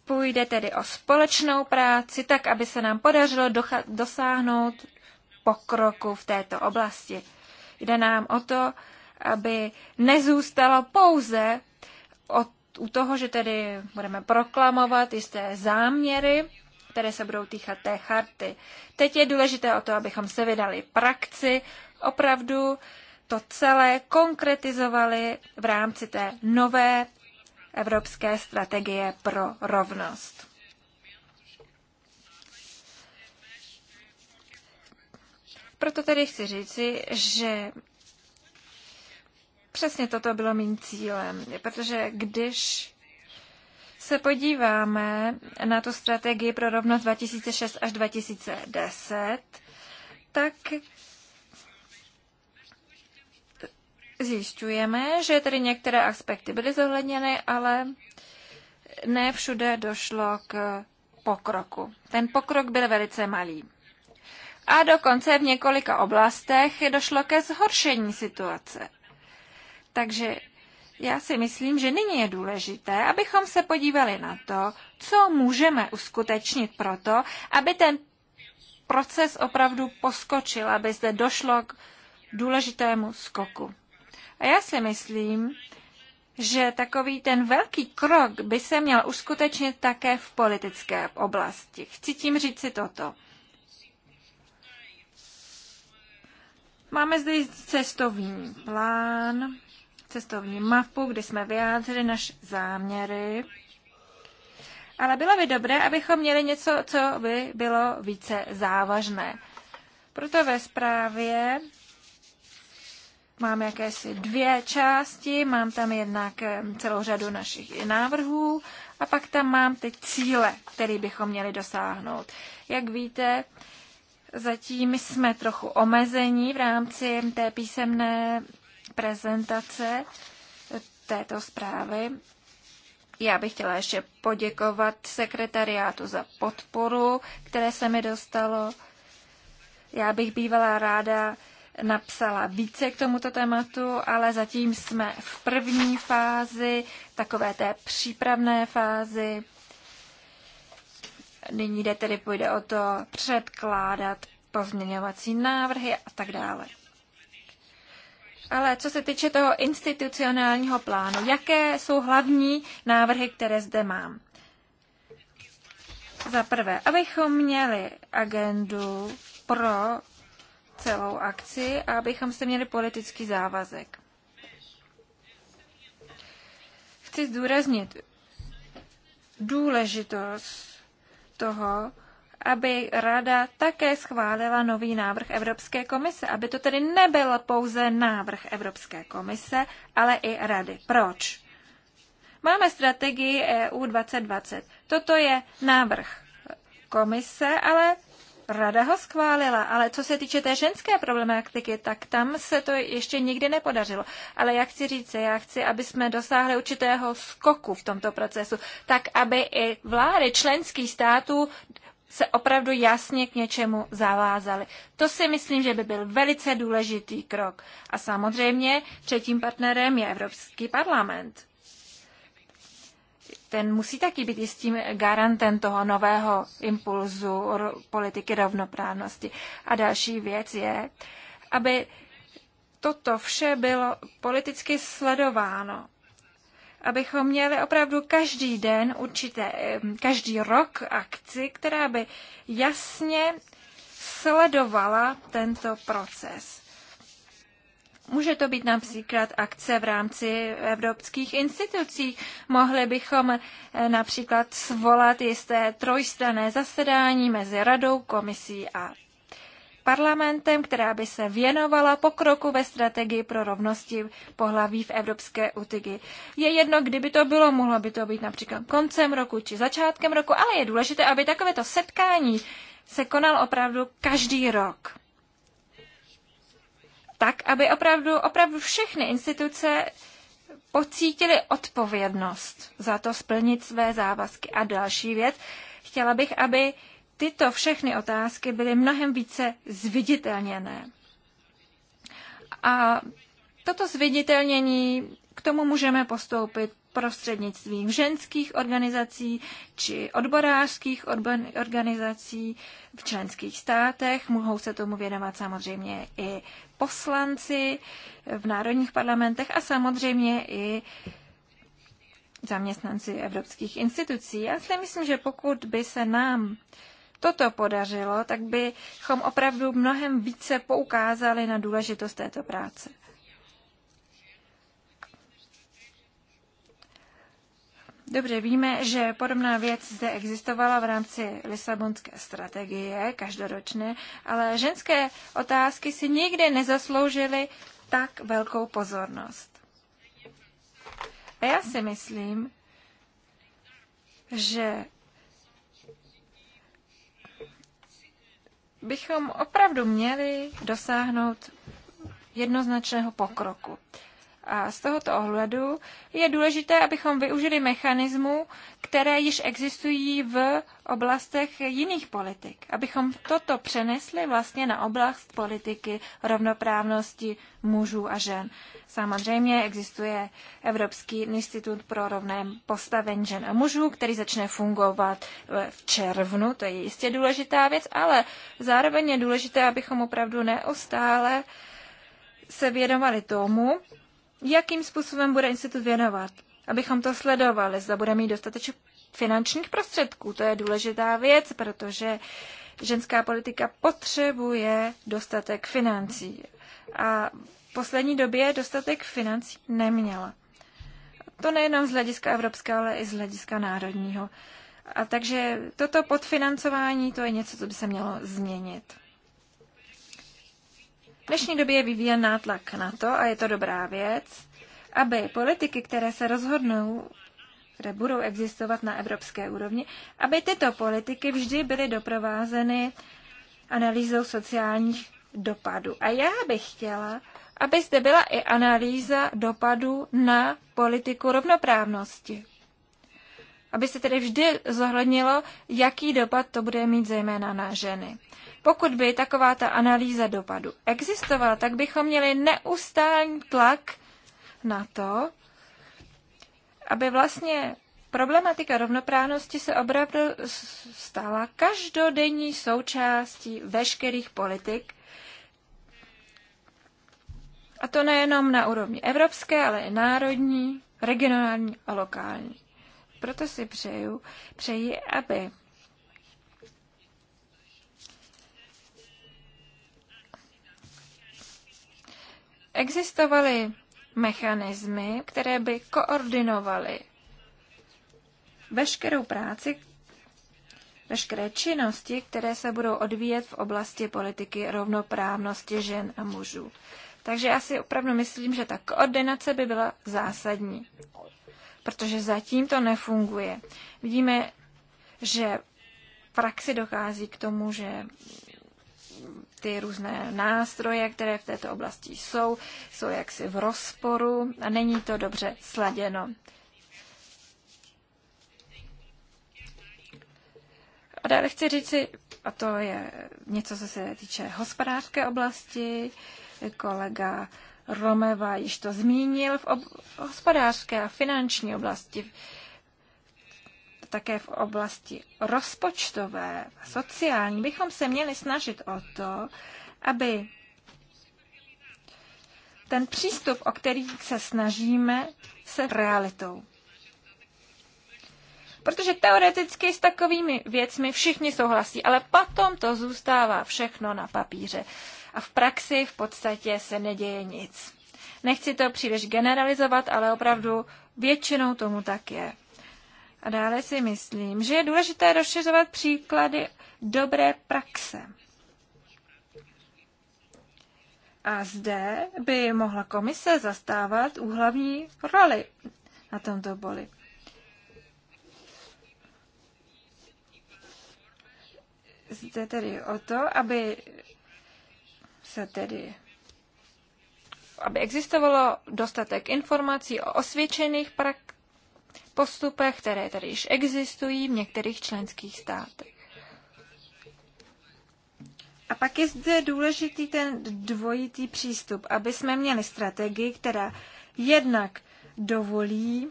Půjde tedy o společnou práci, tak aby se nám podařilo dosáhnout pokroku v této oblasti. Jde nám o to, aby nezůstalo pouze od, u toho, že tedy budeme proklamovat jisté záměry, které se budou týkat té charty. Teď je důležité o to, abychom se vydali praxi, opravdu to celé konkretizovali v rámci té nové evropské strategie pro rovnost. Proto tedy chci říci, že přesně toto bylo mým cílem, protože když se podíváme na tu strategii pro rovnost 2006 až 2010, tak zjišťujeme, že tedy některé aspekty byly zohledněny, ale ne všude došlo k pokroku. Ten pokrok byl velice malý. A dokonce v několika oblastech došlo ke zhoršení situace. Takže já si myslím, že nyní je důležité, abychom se podívali na to, co můžeme uskutečnit proto, aby ten proces opravdu poskočil, aby zde došlo k důležitému skoku. A já si myslím, že takový ten velký krok by se měl uskutečnit také v politické oblasti. Chci tím říct si toto. Máme zde cestovní plán, cestovní mapu, kdy jsme vyjádřili naš záměry. Ale bylo by dobré, abychom měli něco, co by bylo více závažné. Proto ve zprávě mám jakési dvě části, mám tam jednak eh, celou řadu našich návrhů a pak tam mám ty cíle, které bychom měli dosáhnout. Jak víte, zatím jsme trochu omezení v rámci té písemné prezentace této zprávy. Já bych chtěla ještě poděkovat sekretariátu za podporu, které se mi dostalo. Já bych bývala ráda napsala více k tomuto tématu, ale zatím jsme v první fázi, takové té přípravné fázi. Nyní jde tedy půjde o to předkládat pozměňovací návrhy a tak dále. Ale co se týče toho institucionálního plánu, jaké jsou hlavní návrhy, které zde mám? Za prvé, abychom měli agendu pro celou akci a abychom se měli politický závazek. Chci zdůraznit důležitost toho, aby Rada také schválila nový návrh Evropské komise, aby to tedy nebyl pouze návrh Evropské komise, ale i Rady. Proč? Máme strategii EU 2020. Toto je návrh komise, ale Rada ho schválila, ale co se týče té ženské problematiky, tak tam se to ještě nikdy nepodařilo. Ale jak chci říct, já chci, aby jsme dosáhli určitého skoku v tomto procesu, tak aby i vlády členských států se opravdu jasně k něčemu zavázali. To si myslím, že by byl velice důležitý krok. A samozřejmě třetím partnerem je Evropský parlament. Ten musí taky být jistým garantem toho nového impulzu politiky rovnoprávnosti. A další věc je, aby toto vše bylo politicky sledováno abychom měli opravdu každý den určité, každý rok akci, která by jasně sledovala tento proces. Může to být například akce v rámci evropských institucí. Mohli bychom eh, například svolat jisté trojstrané zasedání mezi radou, komisí a parlamentem, která by se věnovala pokroku ve strategii pro rovnosti pohlaví v Evropské utigy. Je jedno, kdyby to bylo, mohlo by to být například koncem roku či začátkem roku, ale je důležité, aby takovéto setkání se konal opravdu každý rok. Tak, aby opravdu, opravdu všechny instituce pocítili odpovědnost za to splnit své závazky. A další věc, chtěla bych, aby tyto všechny otázky byly mnohem více zviditelněné. A toto zviditelnění k tomu můžeme postoupit prostřednictvím ženských organizací či odborářských organizací v členských státech. Mohou se tomu věnovat samozřejmě i poslanci v národních parlamentech a samozřejmě i zaměstnanci evropských institucí. Já si myslím, že pokud by se nám toto podařilo, tak bychom opravdu mnohem více poukázali na důležitost této práce. Dobře, víme, že podobná věc zde existovala v rámci Lisabonské strategie každoročně, ale ženské otázky si nikdy nezasloužily tak velkou pozornost. A já si myslím, že bychom opravdu měli dosáhnout jednoznačného pokroku. A z tohoto ohledu je důležité, abychom využili mechanismů, které již existují v oblastech jiných politik. Abychom toto přenesli vlastně na oblast politiky rovnoprávnosti mužů a žen. Samozřejmě existuje Evropský institut pro rovné postavení žen a mužů, který začne fungovat v červnu, to je jistě důležitá věc, ale zároveň je důležité, abychom opravdu neustále se věnovali tomu, jakým způsobem bude institut věnovat, abychom to sledovali, zda bude mít dostatečně finančních prostředků. To je důležitá věc, protože ženská politika potřebuje dostatek financí. A v poslední době dostatek financí neměla. To nejenom z hlediska evropského, ale i z hlediska národního. A takže toto podfinancování, to je něco, co by se mělo změnit dnešní době je vyvíjen nátlak na to, a je to dobrá věc, aby politiky, které se rozhodnou, které budou existovat na evropské úrovni, aby tyto politiky vždy byly doprovázeny analýzou sociálních dopadů. A já bych chtěla, aby zde byla i analýza dopadu na politiku rovnoprávnosti. Aby se tedy vždy zohlednilo, jaký dopad to bude mít zejména na ženy. Pokud by taková ta analýza dopadu existovala, tak bychom měli neustálý tlak na to, aby vlastně problematika rovnoprávnosti se opravdu stala každodenní součástí veškerých politik. A to nejenom na úrovni evropské, ale i národní, regionální a lokální. Proto si přeju, přeji, aby existovaly mechanismy, které by koordinovaly veškerou práci, veškeré činnosti, které se budou odvíjet v oblasti politiky rovnoprávnosti žen a mužů. Takže já si opravdu myslím, že ta koordinace by byla zásadní, protože zatím to nefunguje. Vidíme, že v praxi dochází k tomu, že ty různé nástroje, které v této oblasti jsou, jsou jaksi v rozporu a není to dobře sladěno. A dále chci říci, a to je něco, co se týče hospodářské oblasti, kolega Romeva již to zmínil, v hospodářské a finanční oblasti také v oblasti rozpočtové sociální bychom se měli snažit o to, aby ten přístup, o který se snažíme, se realitou. Protože teoreticky s takovými věcmi všichni souhlasí, ale potom to zůstává všechno na papíře. A v praxi v podstatě se neděje nic. Nechci to příliš generalizovat, ale opravdu většinou tomu tak je. A dále si myslím, že je důležité rozšiřovat příklady dobré praxe. A zde by mohla komise zastávat úhlavní roli na tomto poli. Zde tedy o to, aby se tedy aby existovalo dostatek informací o osvědčených praktikách, postupech, které tady již existují v některých členských státech. A pak je zde důležitý ten dvojitý přístup, aby jsme měli strategii, která jednak dovolí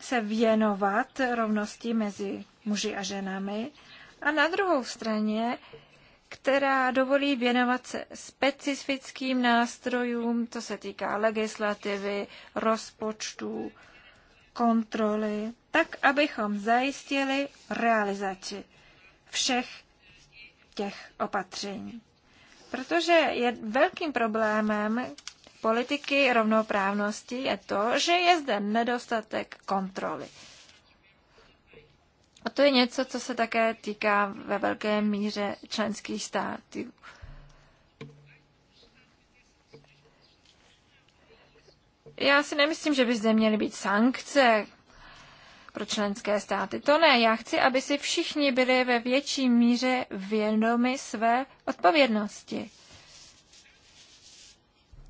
se věnovat rovnosti mezi muži a ženami a na druhou straně, která dovolí věnovat se specifickým nástrojům, to se týká legislativy, rozpočtů, kontroly, tak abychom zajistili realizaci všech těch opatření. Protože je velkým problémem politiky rovnoprávnosti je to, že je zde nedostatek kontroly. A to je něco, co se také týká ve velké míře členských států. Já si nemyslím, že by zde měly být sankce pro členské státy. To ne, já chci, aby si všichni byli ve větší míře vědomi své odpovědnosti.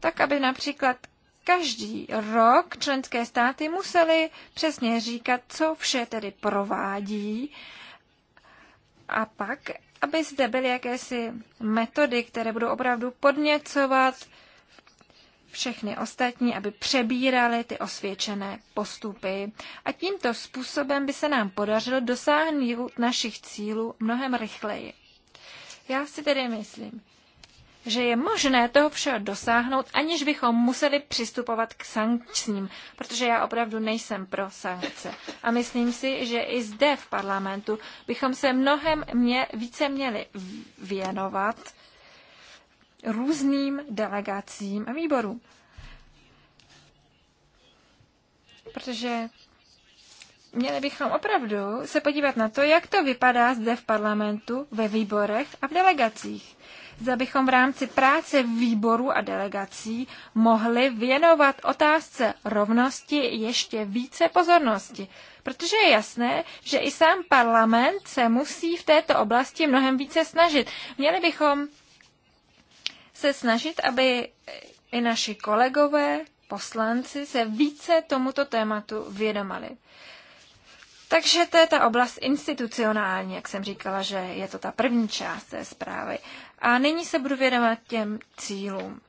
Tak, aby například každý rok členské státy museli přesně říkat, co vše tedy provádí a pak, aby zde byly jakési metody, které budou opravdu podněcovat všechny ostatní, aby přebírali ty osvědčené postupy. A tímto způsobem by se nám podařilo dosáhnout našich cílů mnohem rychleji. Já si tedy myslím, že je možné toho všeho dosáhnout, aniž bychom museli přistupovat k sankcím, protože já opravdu nejsem pro sankce. A myslím si, že i zde v parlamentu bychom se mnohem mě, více měli věnovat různým delegacím a výborům. Protože měli bychom opravdu se podívat na to, jak to vypadá zde v parlamentu, ve výborech a v delegacích. Zda bychom v rámci práce výboru a delegací mohli věnovat otázce rovnosti ještě více pozornosti. Protože je jasné, že i sám parlament se musí v této oblasti mnohem více snažit. Měli bychom se snažit, aby i naši kolegové, poslanci se více tomuto tématu vědomali. Takže to je ta oblast institucionální, jak jsem říkala, že je to ta první část té zprávy. A nyní se budu vědomat těm cílům.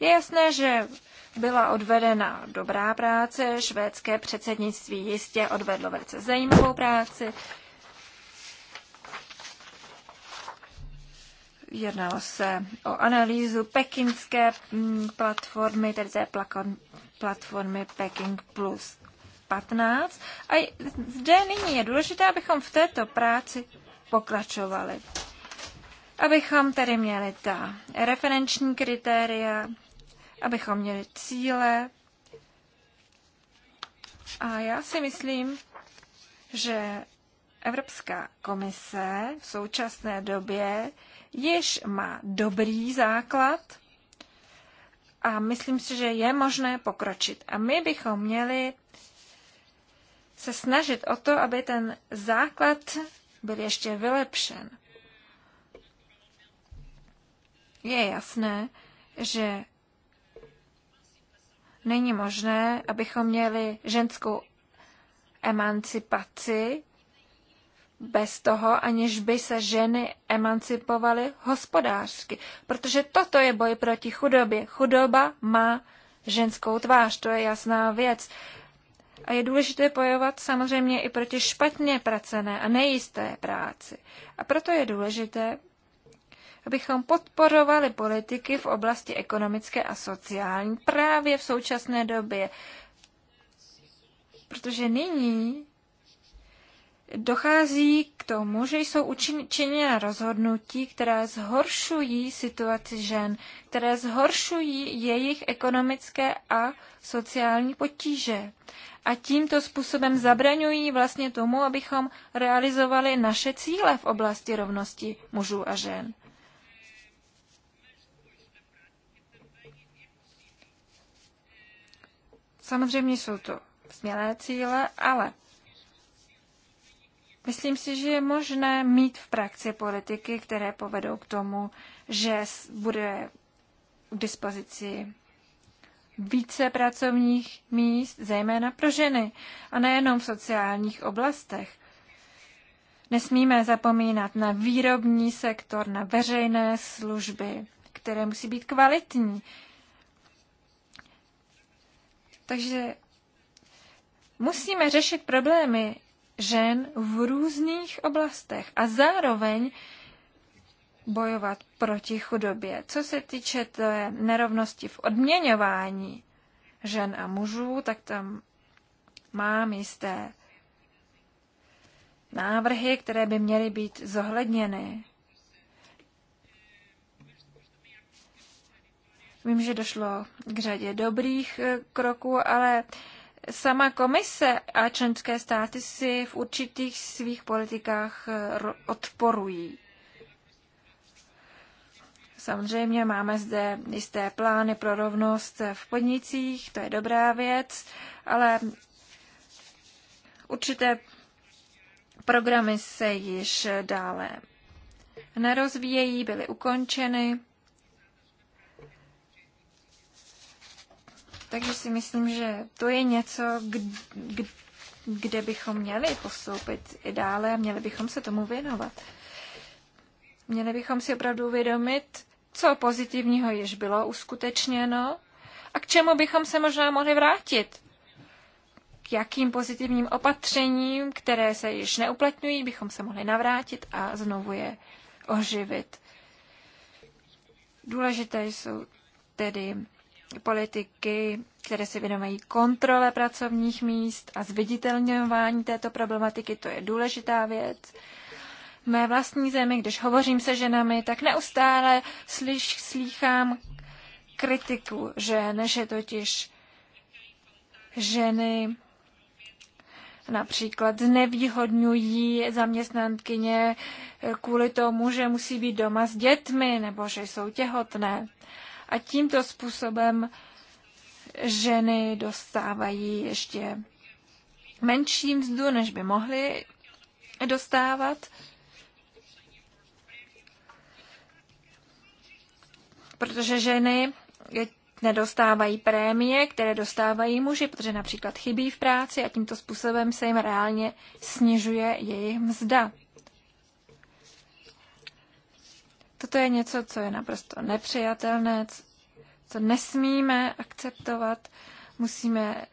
Je jasné, že byla odvedena dobrá práce, švédské předsednictví jistě odvedlo velice zajímavou práci, jednalo se o analýzu pekinské mm, platformy, tedy té platformy Peking Plus 15. A zde nyní je důležité, abychom v této práci pokračovali. Abychom tedy měli ta referenční kritéria, abychom měli cíle. A já si myslím, že Evropská komise v současné době již má dobrý základ a myslím si, že je možné pokročit. A my bychom měli se snažit o to, aby ten základ byl ještě vylepšen. Je jasné, že není možné, abychom měli ženskou emancipaci bez toho, aniž by se ženy emancipovaly hospodářsky. Protože toto je boj proti chudobě. Chudoba má ženskou tvář, to je jasná věc. A je důležité bojovat samozřejmě i proti špatně pracené a nejisté práci. A proto je důležité, abychom podporovali politiky v oblasti ekonomické a sociální právě v současné době. Protože nyní dochází k tomu, že jsou učiněna rozhodnutí, která zhoršují situaci žen, které zhoršují jejich ekonomické a sociální potíže. A tímto způsobem zabraňují vlastně tomu, abychom realizovali naše cíle v oblasti rovnosti mužů a žen. Samozřejmě jsou to smělé cíle, ale Myslím si, že je možné mít v praxi politiky, které povedou k tomu, že bude k dispozici více pracovních míst, zejména pro ženy, a nejenom v sociálních oblastech. Nesmíme zapomínat na výrobní sektor, na veřejné služby, které musí být kvalitní. Takže musíme řešit problémy žen v různých oblastech a zároveň bojovat proti chudobě. Co se týče té nerovnosti v odměňování žen a mužů, tak tam mám jisté návrhy, které by měly být zohledněny. Vím, že došlo k řadě dobrých eh, kroků, ale sama komise a členské státy si v určitých svých politikách eh, odporují. Samozřejmě máme zde jisté plány pro rovnost v podnicích, to je dobrá věc, ale určité programy se již dále nerozvíjejí, byly ukončeny. Takže si myslím, že to je něco, kde bychom měli postoupit i dále a měli bychom se tomu věnovat. Měli bychom si opravdu uvědomit, co pozitivního již bylo uskutečněno a k čemu bychom se možná mohli vrátit. K jakým pozitivním opatřením, které se již neuplatňují, bychom se mohli navrátit a znovu je oživit. Důležité jsou tedy politiky, které se věnují kontrole pracovních míst a zviditelňování této problematiky, to je důležitá věc. V mé vlastní zemi, když hovořím se ženami, tak neustále slyš, slýchám kritiku žen, že totiž ženy například znevýhodňují zaměstnankyně kvůli tomu, že musí být doma s dětmi nebo že jsou těhotné a tímto způsobem ženy dostávají ještě menší mzdu, než by mohly dostávat. Protože ženy nedostávají prémie, které dostávají muži, protože například chybí v práci a tímto způsobem se jim reálně snižuje jejich mzda. Toto je něco, co je naprosto nepřijatelné, co nesmíme akceptovat. Musíme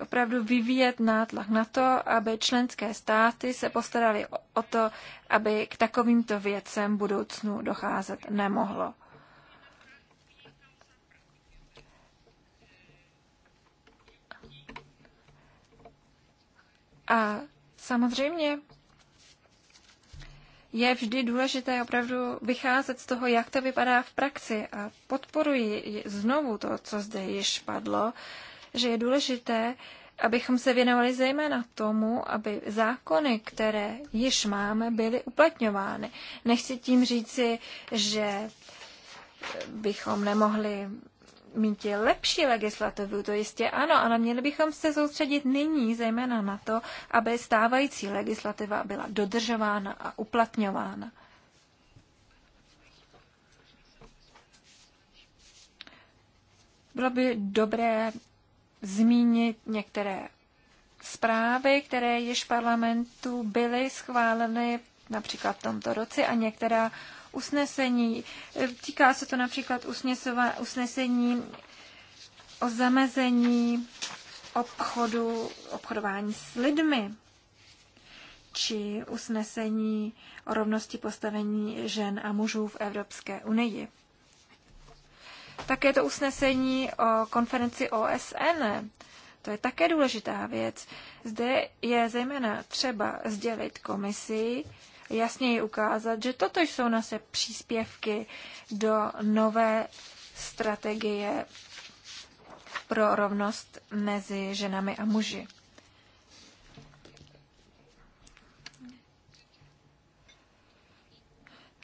opravdu vyvíjet nátlak na to, aby členské státy se postarali o to, aby k takovýmto věcem v budoucnu docházet nemohlo. A samozřejmě je vždy důležité opravdu vycházet z toho, jak to vypadá v praxi. A podporuji znovu to, co zde již padlo, že je důležité, abychom se věnovali zejména tomu, aby zákony, které již máme, byly uplatňovány. Nechci tím říci, že bychom nemohli mít lepší legislativu, to jistě ano, ale měli bychom se soustředit nyní zejména na to, aby stávající legislativa byla dodržována a uplatňována. Bylo by dobré zmínit některé zprávy, které již parlamentu byly schváleny například v tomto roce a některá usnesení. Týká se to například usnesení o zamezení obchodu, obchodování s lidmi či usnesení o rovnosti postavení žen a mužů v Evropské unii. Také to usnesení o konferenci OSN. To je také důležitá věc. Zde je zejména třeba sdělit komisi, jasněji ukázat, že toto jsou naše příspěvky do nové strategie pro rovnost mezi ženami a muži.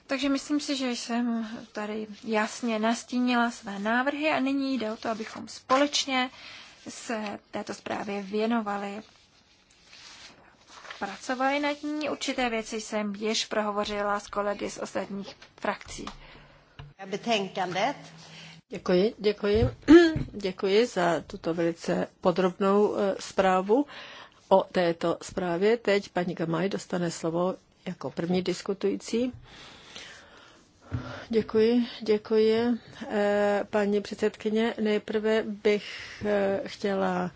Takže myslím si, že jsem tady jasně nastínila své návrhy a nyní jde o to, abychom společně se této zprávě věnovali pracovali nad ní. Určité věci jsem již prohovořila s kolegy z ostatních frakcí. Děkuji, děkuji, děkuji za tuto velice podrobnou eh, zprávu o této zprávě. Teď paní Gamaj dostane slovo jako první diskutující. Děkuji, děkuji. Eh, paní předsedkyně, nejprve bych eh, chtěla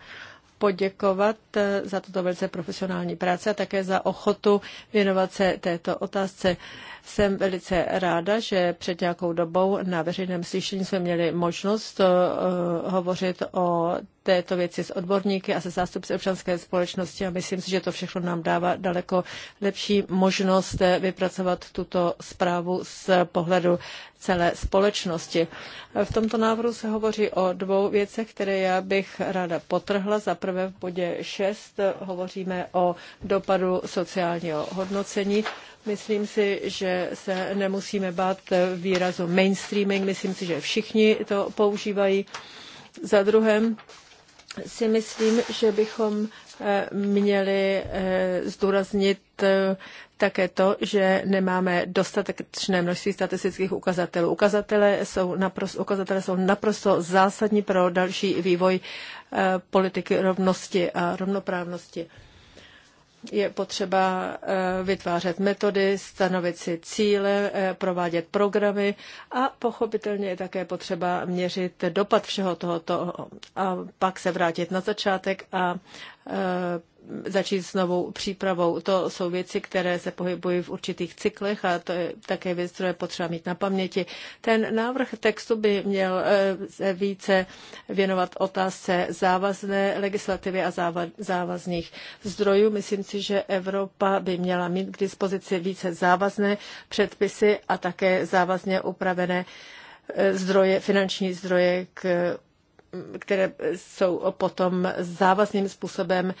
poděkovat eh, za tuto velice profesionální práci a také za ochotu věnovat se této otázce. Jsem velice ráda, že před nějakou dobou na veřejném slyšení jsme měli možnost eh, hovořit o této věci s odborníky a se zástupci občanské společnosti a myslím si, že to všechno nám dává daleko lepší možnost eh, vypracovat tuto zprávu z pohledu celé společnosti. V tomto návrhu se hovoří o dvou věcech, které já bych ráda potrhla. Za prvé v bodě 6 hovoříme o dopadu sociálního hodnocení. Myslím si, že se nemusíme bát výrazu mainstreaming. Myslím si, že všichni to používají. Za druhém, si myslím, že bychom eh, měli eh, zdůraznit eh, také to, že nemáme dostatečné množství statistických ukazatelů. Ukazatele jsou naprosto, ukazatele jsou naprosto zásadní pro další vývoj politiky rovnosti a rovnoprávnosti je potřeba eh, vytvářet metody, stanovit si cíle, eh, provádět programy a pochopitelně je také potřeba měřit dopad všeho tohoto a pak se vrátit na začátek a eh, začít s novou přípravou. To jsou věci, které se pohybují v určitých cyklech a to je také věc, kterou je potřeba mít na paměti. Ten návrh textu by měl eh, se více věnovat otázce závazné legislativy a závazných zdrojů. Myslím si, že Evropa by měla mít k dispozici více závazné předpisy a také závazně upravené eh, zdroje, finanční zdroje k které jsou potom závazným způsobem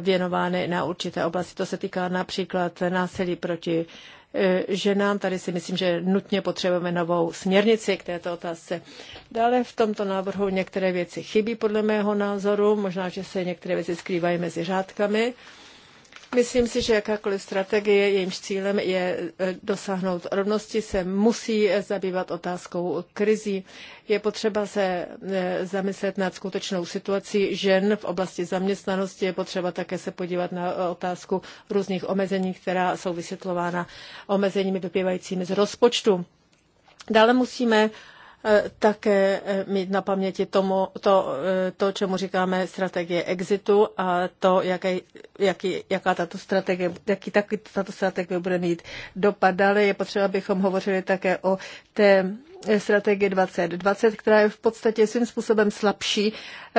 věnovány na určité oblasti. To se týká například násilí proti e, ženám. Tady si myslím, že nutně potřebujeme novou směrnici k této otázce. Dále v tomto návrhu některé věci chybí podle mého názoru. Možná, že se některé věci skrývají mezi řádkami. Myslím si, že jakákoliv strategie, jejímž cílem je e, dosáhnout rovnosti, se musí e, zabývat otázkou krizí. Je potřeba se e, zamyslet nad skutečnou situací žen v oblasti zaměstnanosti, je potřeba také se podívat na otázku různých omezení, která jsou vysvětlována omezeními vypěvajícími z rozpočtu. Dále musíme E, také e, mít na paměti tomu, to, e, to, čemu říkáme strategie exitu a to, jaký, jaký, jaká tato strategie, jaký taky tato strategie bude mít dopad. Dále je potřeba, abychom hovořili také o té strategie 2020, která je v podstatě svým způsobem slabší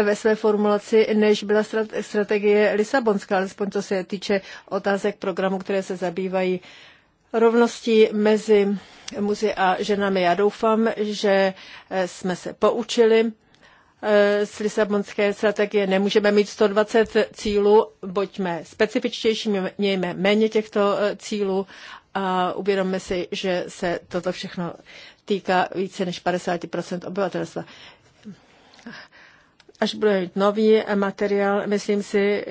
ve své formulaci, než byla strategie Lisabonská, alespoň co se týče otázek programu, které se zabývají rovností mezi muži a ženami. Já doufám, že eh, jsme se poučili eh, z Lisabonské strategie. Nemůžeme mít 120 cílů, buďme specifičtější, mějme méně těchto eh, cílů a uvědomme si, že se toto všechno týká více než 50 obyvatelstva. Až bude mít nový materiál, myslím si,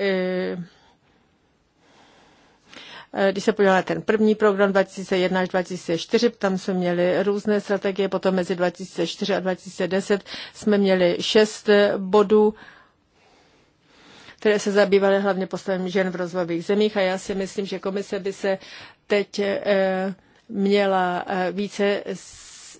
Eh, když se podíváme ten první program 2001 až 2004, tam jsme měli různé strategie, potom mezi 2004 a 2010 jsme měli šest eh, bodů, které se zabývaly hlavně postavením žen v rozvojových zemích a já si myslím, že komise by se teď eh, měla více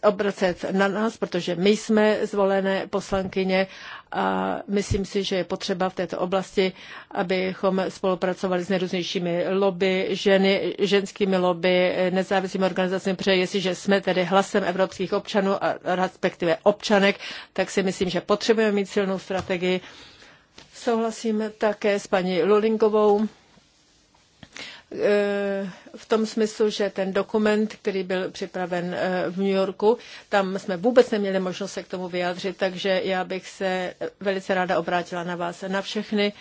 obracet na nás, protože my jsme zvolené poslankyně a myslím si, že je potřeba v této oblasti, abychom spolupracovali s nejrůznějšími lobby, ženy, ženskými lobby, nezávislými organizacemi, protože jestliže jsme tedy hlasem evropských občanů a respektive občanek, tak si myslím, že potřebujeme mít silnou strategii. Souhlasím také s paní Lulingovou v tom smyslu, že ten dokument, který byl připraven eh, v New Yorku, tam jsme vůbec neměli možnost se k tomu vyjádřit, takže já bych se velice ráda obrátila na vás, na všechny.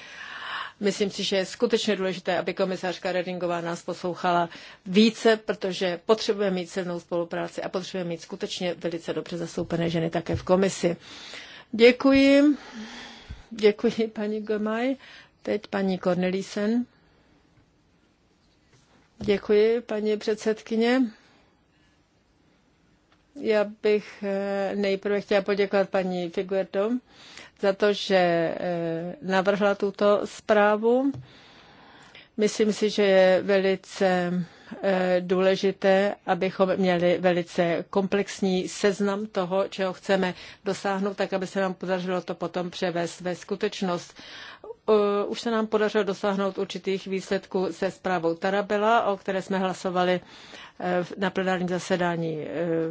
Myslím si, že je skutečně důležité, aby komisařka Redingová nás poslouchala více, protože potřebujeme mít silnou spolupráci a potřebujeme mít skutečně velice dobře zastoupené ženy také v komisi. Děkuji. Děkuji, paní Gomaj. Teď paní Cornelisen. Děkuji, paní předsedkyně. Já bych eh, nejprve chtěla poděkovat paní Figuerdo za to, že eh, navrhla tuto zprávu. Myslím si, že je velice eh, důležité, abychom měli velice komplexní seznam toho, čeho chceme dosáhnout, tak aby se nám podařilo to potom převést ve skutečnost. Eh, už se nám podařilo dosáhnout určitých výsledků se zprávou Tarabela, o které jsme hlasovali eh, na plenárním zasedání eh,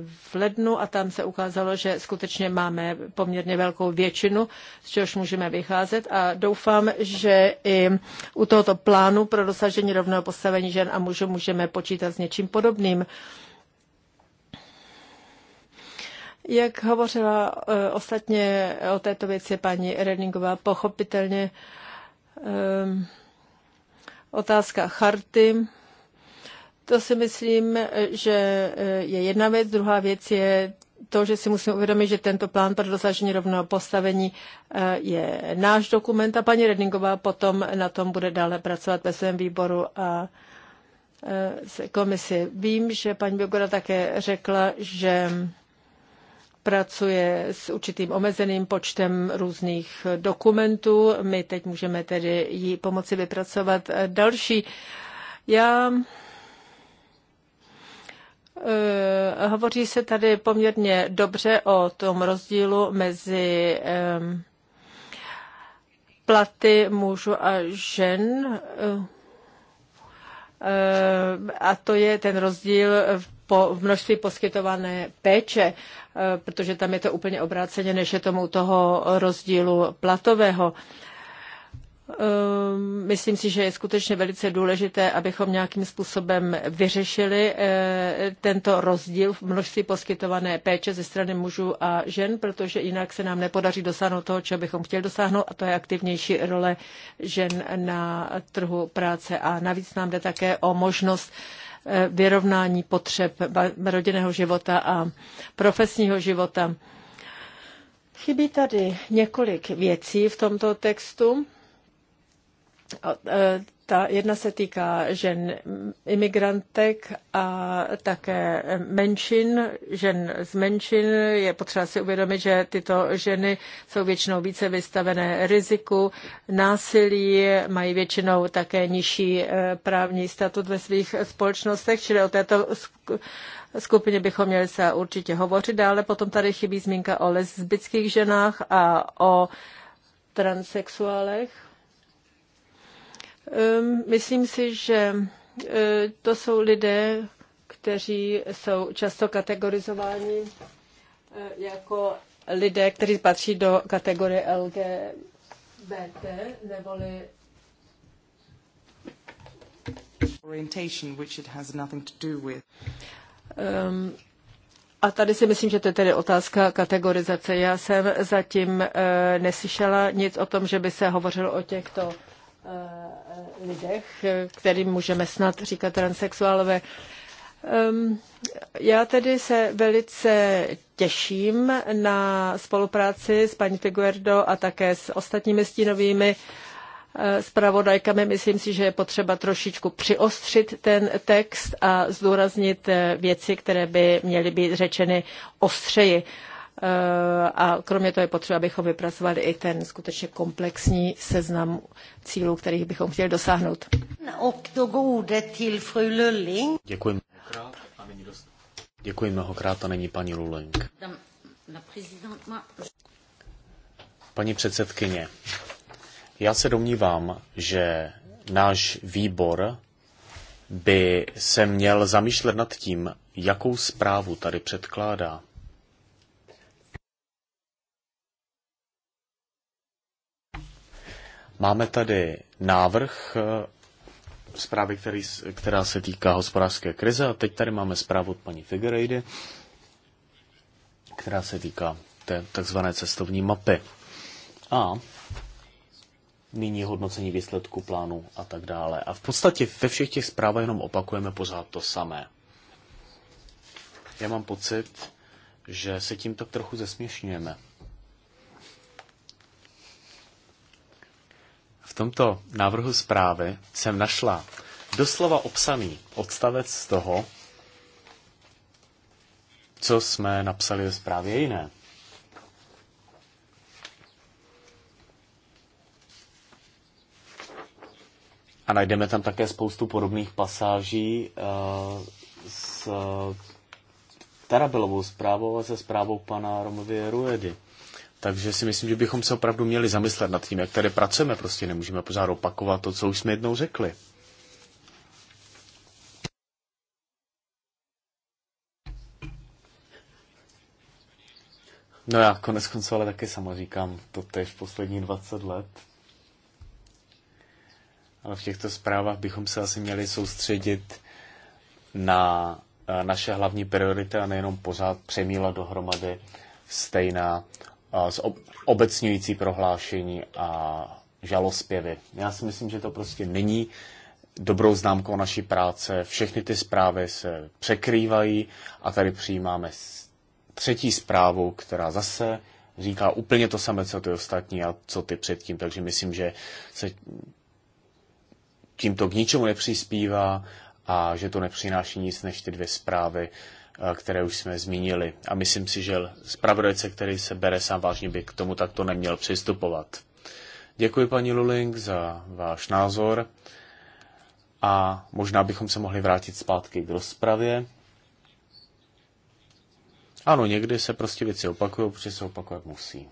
v lednu a tam se ukázalo, že skutečně máme poměrně velkou většinu, z čehož můžeme vycházet a doufám, že i u tohoto plánu pro dosažení rovného postavení žen a mužů můžeme počítat s něčím podobným. Jak hovořila ostatně o této věci paní Redningová, pochopitelně Ehm, otázka charty. To si myslím, že eh, je jedna věc. Druhá věc je to, že si musíme uvědomit, že tento plán pro dosažení rovného postavení eh, je náš dokument a paní Redingová potom na tom bude dále pracovat ve svém výboru a eh, komisi. Vím, že paní Bogora také řekla, že pracuje s určitým omezeným počtem různých dokumentů. My teď můžeme tedy jí pomoci vypracovat další. Já eh, Hovoří se tady poměrně dobře o tom rozdílu mezi eh, platy mužů a žen. Eh, a to je ten rozdíl v po množství poskytované péče, eh, protože tam je to úplně obráceně, než je tomu toho rozdílu platového. Ehm, myslím si, že je skutečně velice důležité, abychom nějakým způsobem vyřešili eh, tento rozdíl v množství poskytované péče ze strany mužů a žen, protože jinak se nám nepodaří dosáhnout toho, čeho bychom chtěli dosáhnout, a to je aktivnější role žen na trhu práce. A navíc nám jde také o možnost vyrovnání potřeb rodinného života a profesního života. Chybí tady několik věcí v tomto textu. E, ta jedna se týká žen imigrantek a také menšin, žen z menšin. Je potřeba si uvědomit, že tyto ženy jsou většinou více vystavené riziku, násilí, mají většinou také nižší e, právní statut ve svých společnostech, čili o této skupině bychom měli se určitě hovořit. Dále potom tady chybí zmínka o lesbických ženách a o transexuálech Ehm, myslím si, že eh, to jsou lidé, kteří jsou často kategorizováni eh, jako lidé, kteří patří do kategorie LGBT, neboli orientation, which it has nothing to do with. Um, a tady si myslím, že to je tedy otázka kategorizace. Já jsem zatím eh, neslyšela nic o tom, že by se hovořilo o těchto Eh, lidech, eh, kterým můžeme snad říkat transexuálové. Já tedy se velice těším na spolupráci s paní Figuerdo a také s ostatními stínovými eh, zpravodajkami. Myslím si, že je potřeba trošičku přiostřit ten text a zdůraznit věci, které by měly být řečeny ostřeji. Eh, a kromě toho je potřeba, abychom vypracovali i ten skutečně komplexní seznam cílů, kterých bychom chtěli dosáhnout. Děkuji Děkuji mnohokrát a není paní Luling. Paní předsedkyně, já se domnívám, že náš výbor by se měl zamýšlet nad tím, jakou zprávu tady předkládá. Máme tady návrh eh, zprávy, který, která se týká hospodářské krize a teď tady máme zprávu od paní Figurejdy, která se týká té takzvané cestovní mapy. A nyní hodnocení výsledku plánu a tak dále. A v podstatě ve všech těch zprávách jenom opakujeme pořád to samé. Já mám pocit, že se tím tak trochu zesměšňujeme. tomto návrhu zprávy jsem našla doslova obsaný odstavec z toho, co jsme napsali ve zprávě jiné. A najdeme tam také spoustu podobných pasáží uh, s eh, Tarabilovou zprávou a se zprávou pana Romově Ruedy. Takže si myslím, že bychom se opravdu měli zamyslet nad tím, jak tady pracujeme. Prostě nemůžeme pořád opakovat to, co už jsme jednou řekli. No já konec konců ale taky sama říkám to tež poslední 20 let. Ale v těchto zprávách bychom se asi měli soustředit na eh, naše hlavní priority a nejenom pořád přemíla dohromady stejná obecňující prohlášení a žalospěvy. Já si myslím, že to prostě není dobrou známkou naší práce. Všechny ty zprávy se překrývají a tady přijímáme třetí zprávu, která zase říká úplně to samé, co ty ostatní a co ty předtím. Takže myslím, že se tímto k ničemu nepřispívá a že to nepřináší nic než ty dvě zprávy, které už jsme zmínili. A myslím si, že zpravodajce, který se bere sám vážně, by k tomu takto neměl přistupovat. Děkuji paní Luling za váš názor a možná bychom se mohli vrátit zpátky k rozpravě. Ano, někdy se prostě věci opakují, protože se opakovat musí.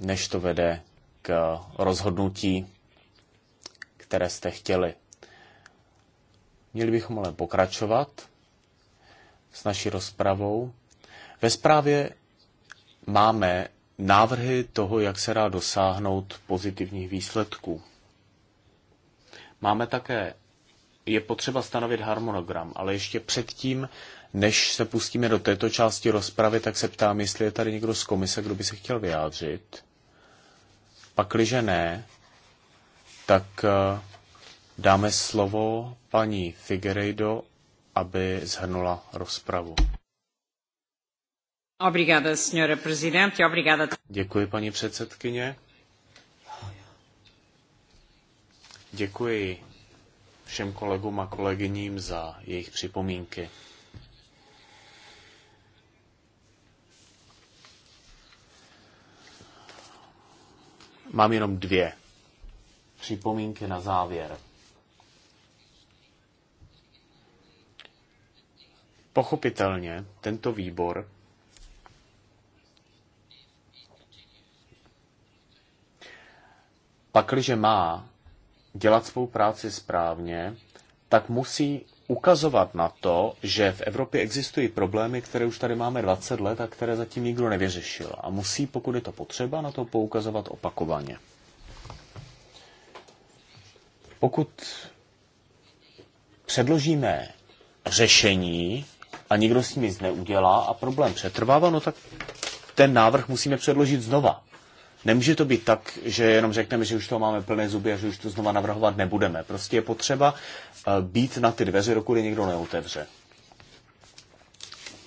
Než to vede k rozhodnutí, které jste chtěli. Měli bychom ale pokračovat s naší rozpravou. Ve zprávě máme návrhy toho, jak se dá dosáhnout pozitivních výsledků. Máme také, je potřeba stanovit harmonogram, ale ještě předtím, než se pustíme do této části rozpravy, tak se ptám, jestli je tady někdo z komise, kdo by se chtěl vyjádřit. Pakliže ne, tak eh, dáme slovo paní Figueiredo, aby zhrnula rozpravu. Obrigada, senhora presidente, obrigada. Děkuji, paní předsedkyně. Děkuji všem kolegům a kolegyním za jejich připomínky. Mám jenom dvě připomínky na závěr. Pochopitelně tento výbor pakliže má dělat svou práci správně, tak musí ukazovat na to, že v Evropě existují problémy, které už tady máme 20 let a které zatím nikdo nevyřešil. A musí, pokud je to potřeba, na to poukazovat opakovaně. Pokud předložíme řešení, a nikdo s tím nic neudělá a problém přetrvává, no tak ten návrh musíme předložit znova. Nemůže to být tak, že jenom řekneme, že už to máme plné zuby a že už to znova navrhovat nebudeme. Prostě je potřeba eh, být na ty dveře, dokud je někdo neotevře.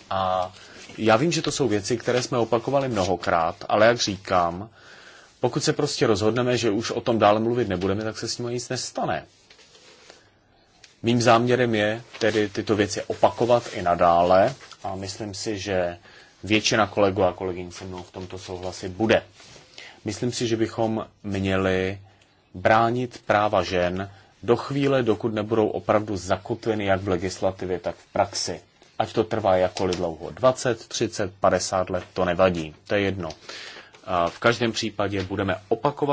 A já vím, že to jsou věci, které jsme opakovali mnohokrát, ale jak říkám, pokud se prostě rozhodneme, že už o tom dále mluvit nebudeme, tak se s ním nic nestane. Mým záměrem je tedy tyto věci opakovat i nadále a myslím si, že většina kolegů a kolegyň se mnou v tomto souhlasit bude. Myslím si, že bychom měli bránit práva žen do chvíle, dokud nebudou opravdu zakotveny jak v legislativě, tak v praxi. Ať to trvá jakoliv dlouho. 20, 30, 50 let, to nevadí. To je jedno. v každém případě budeme opakovat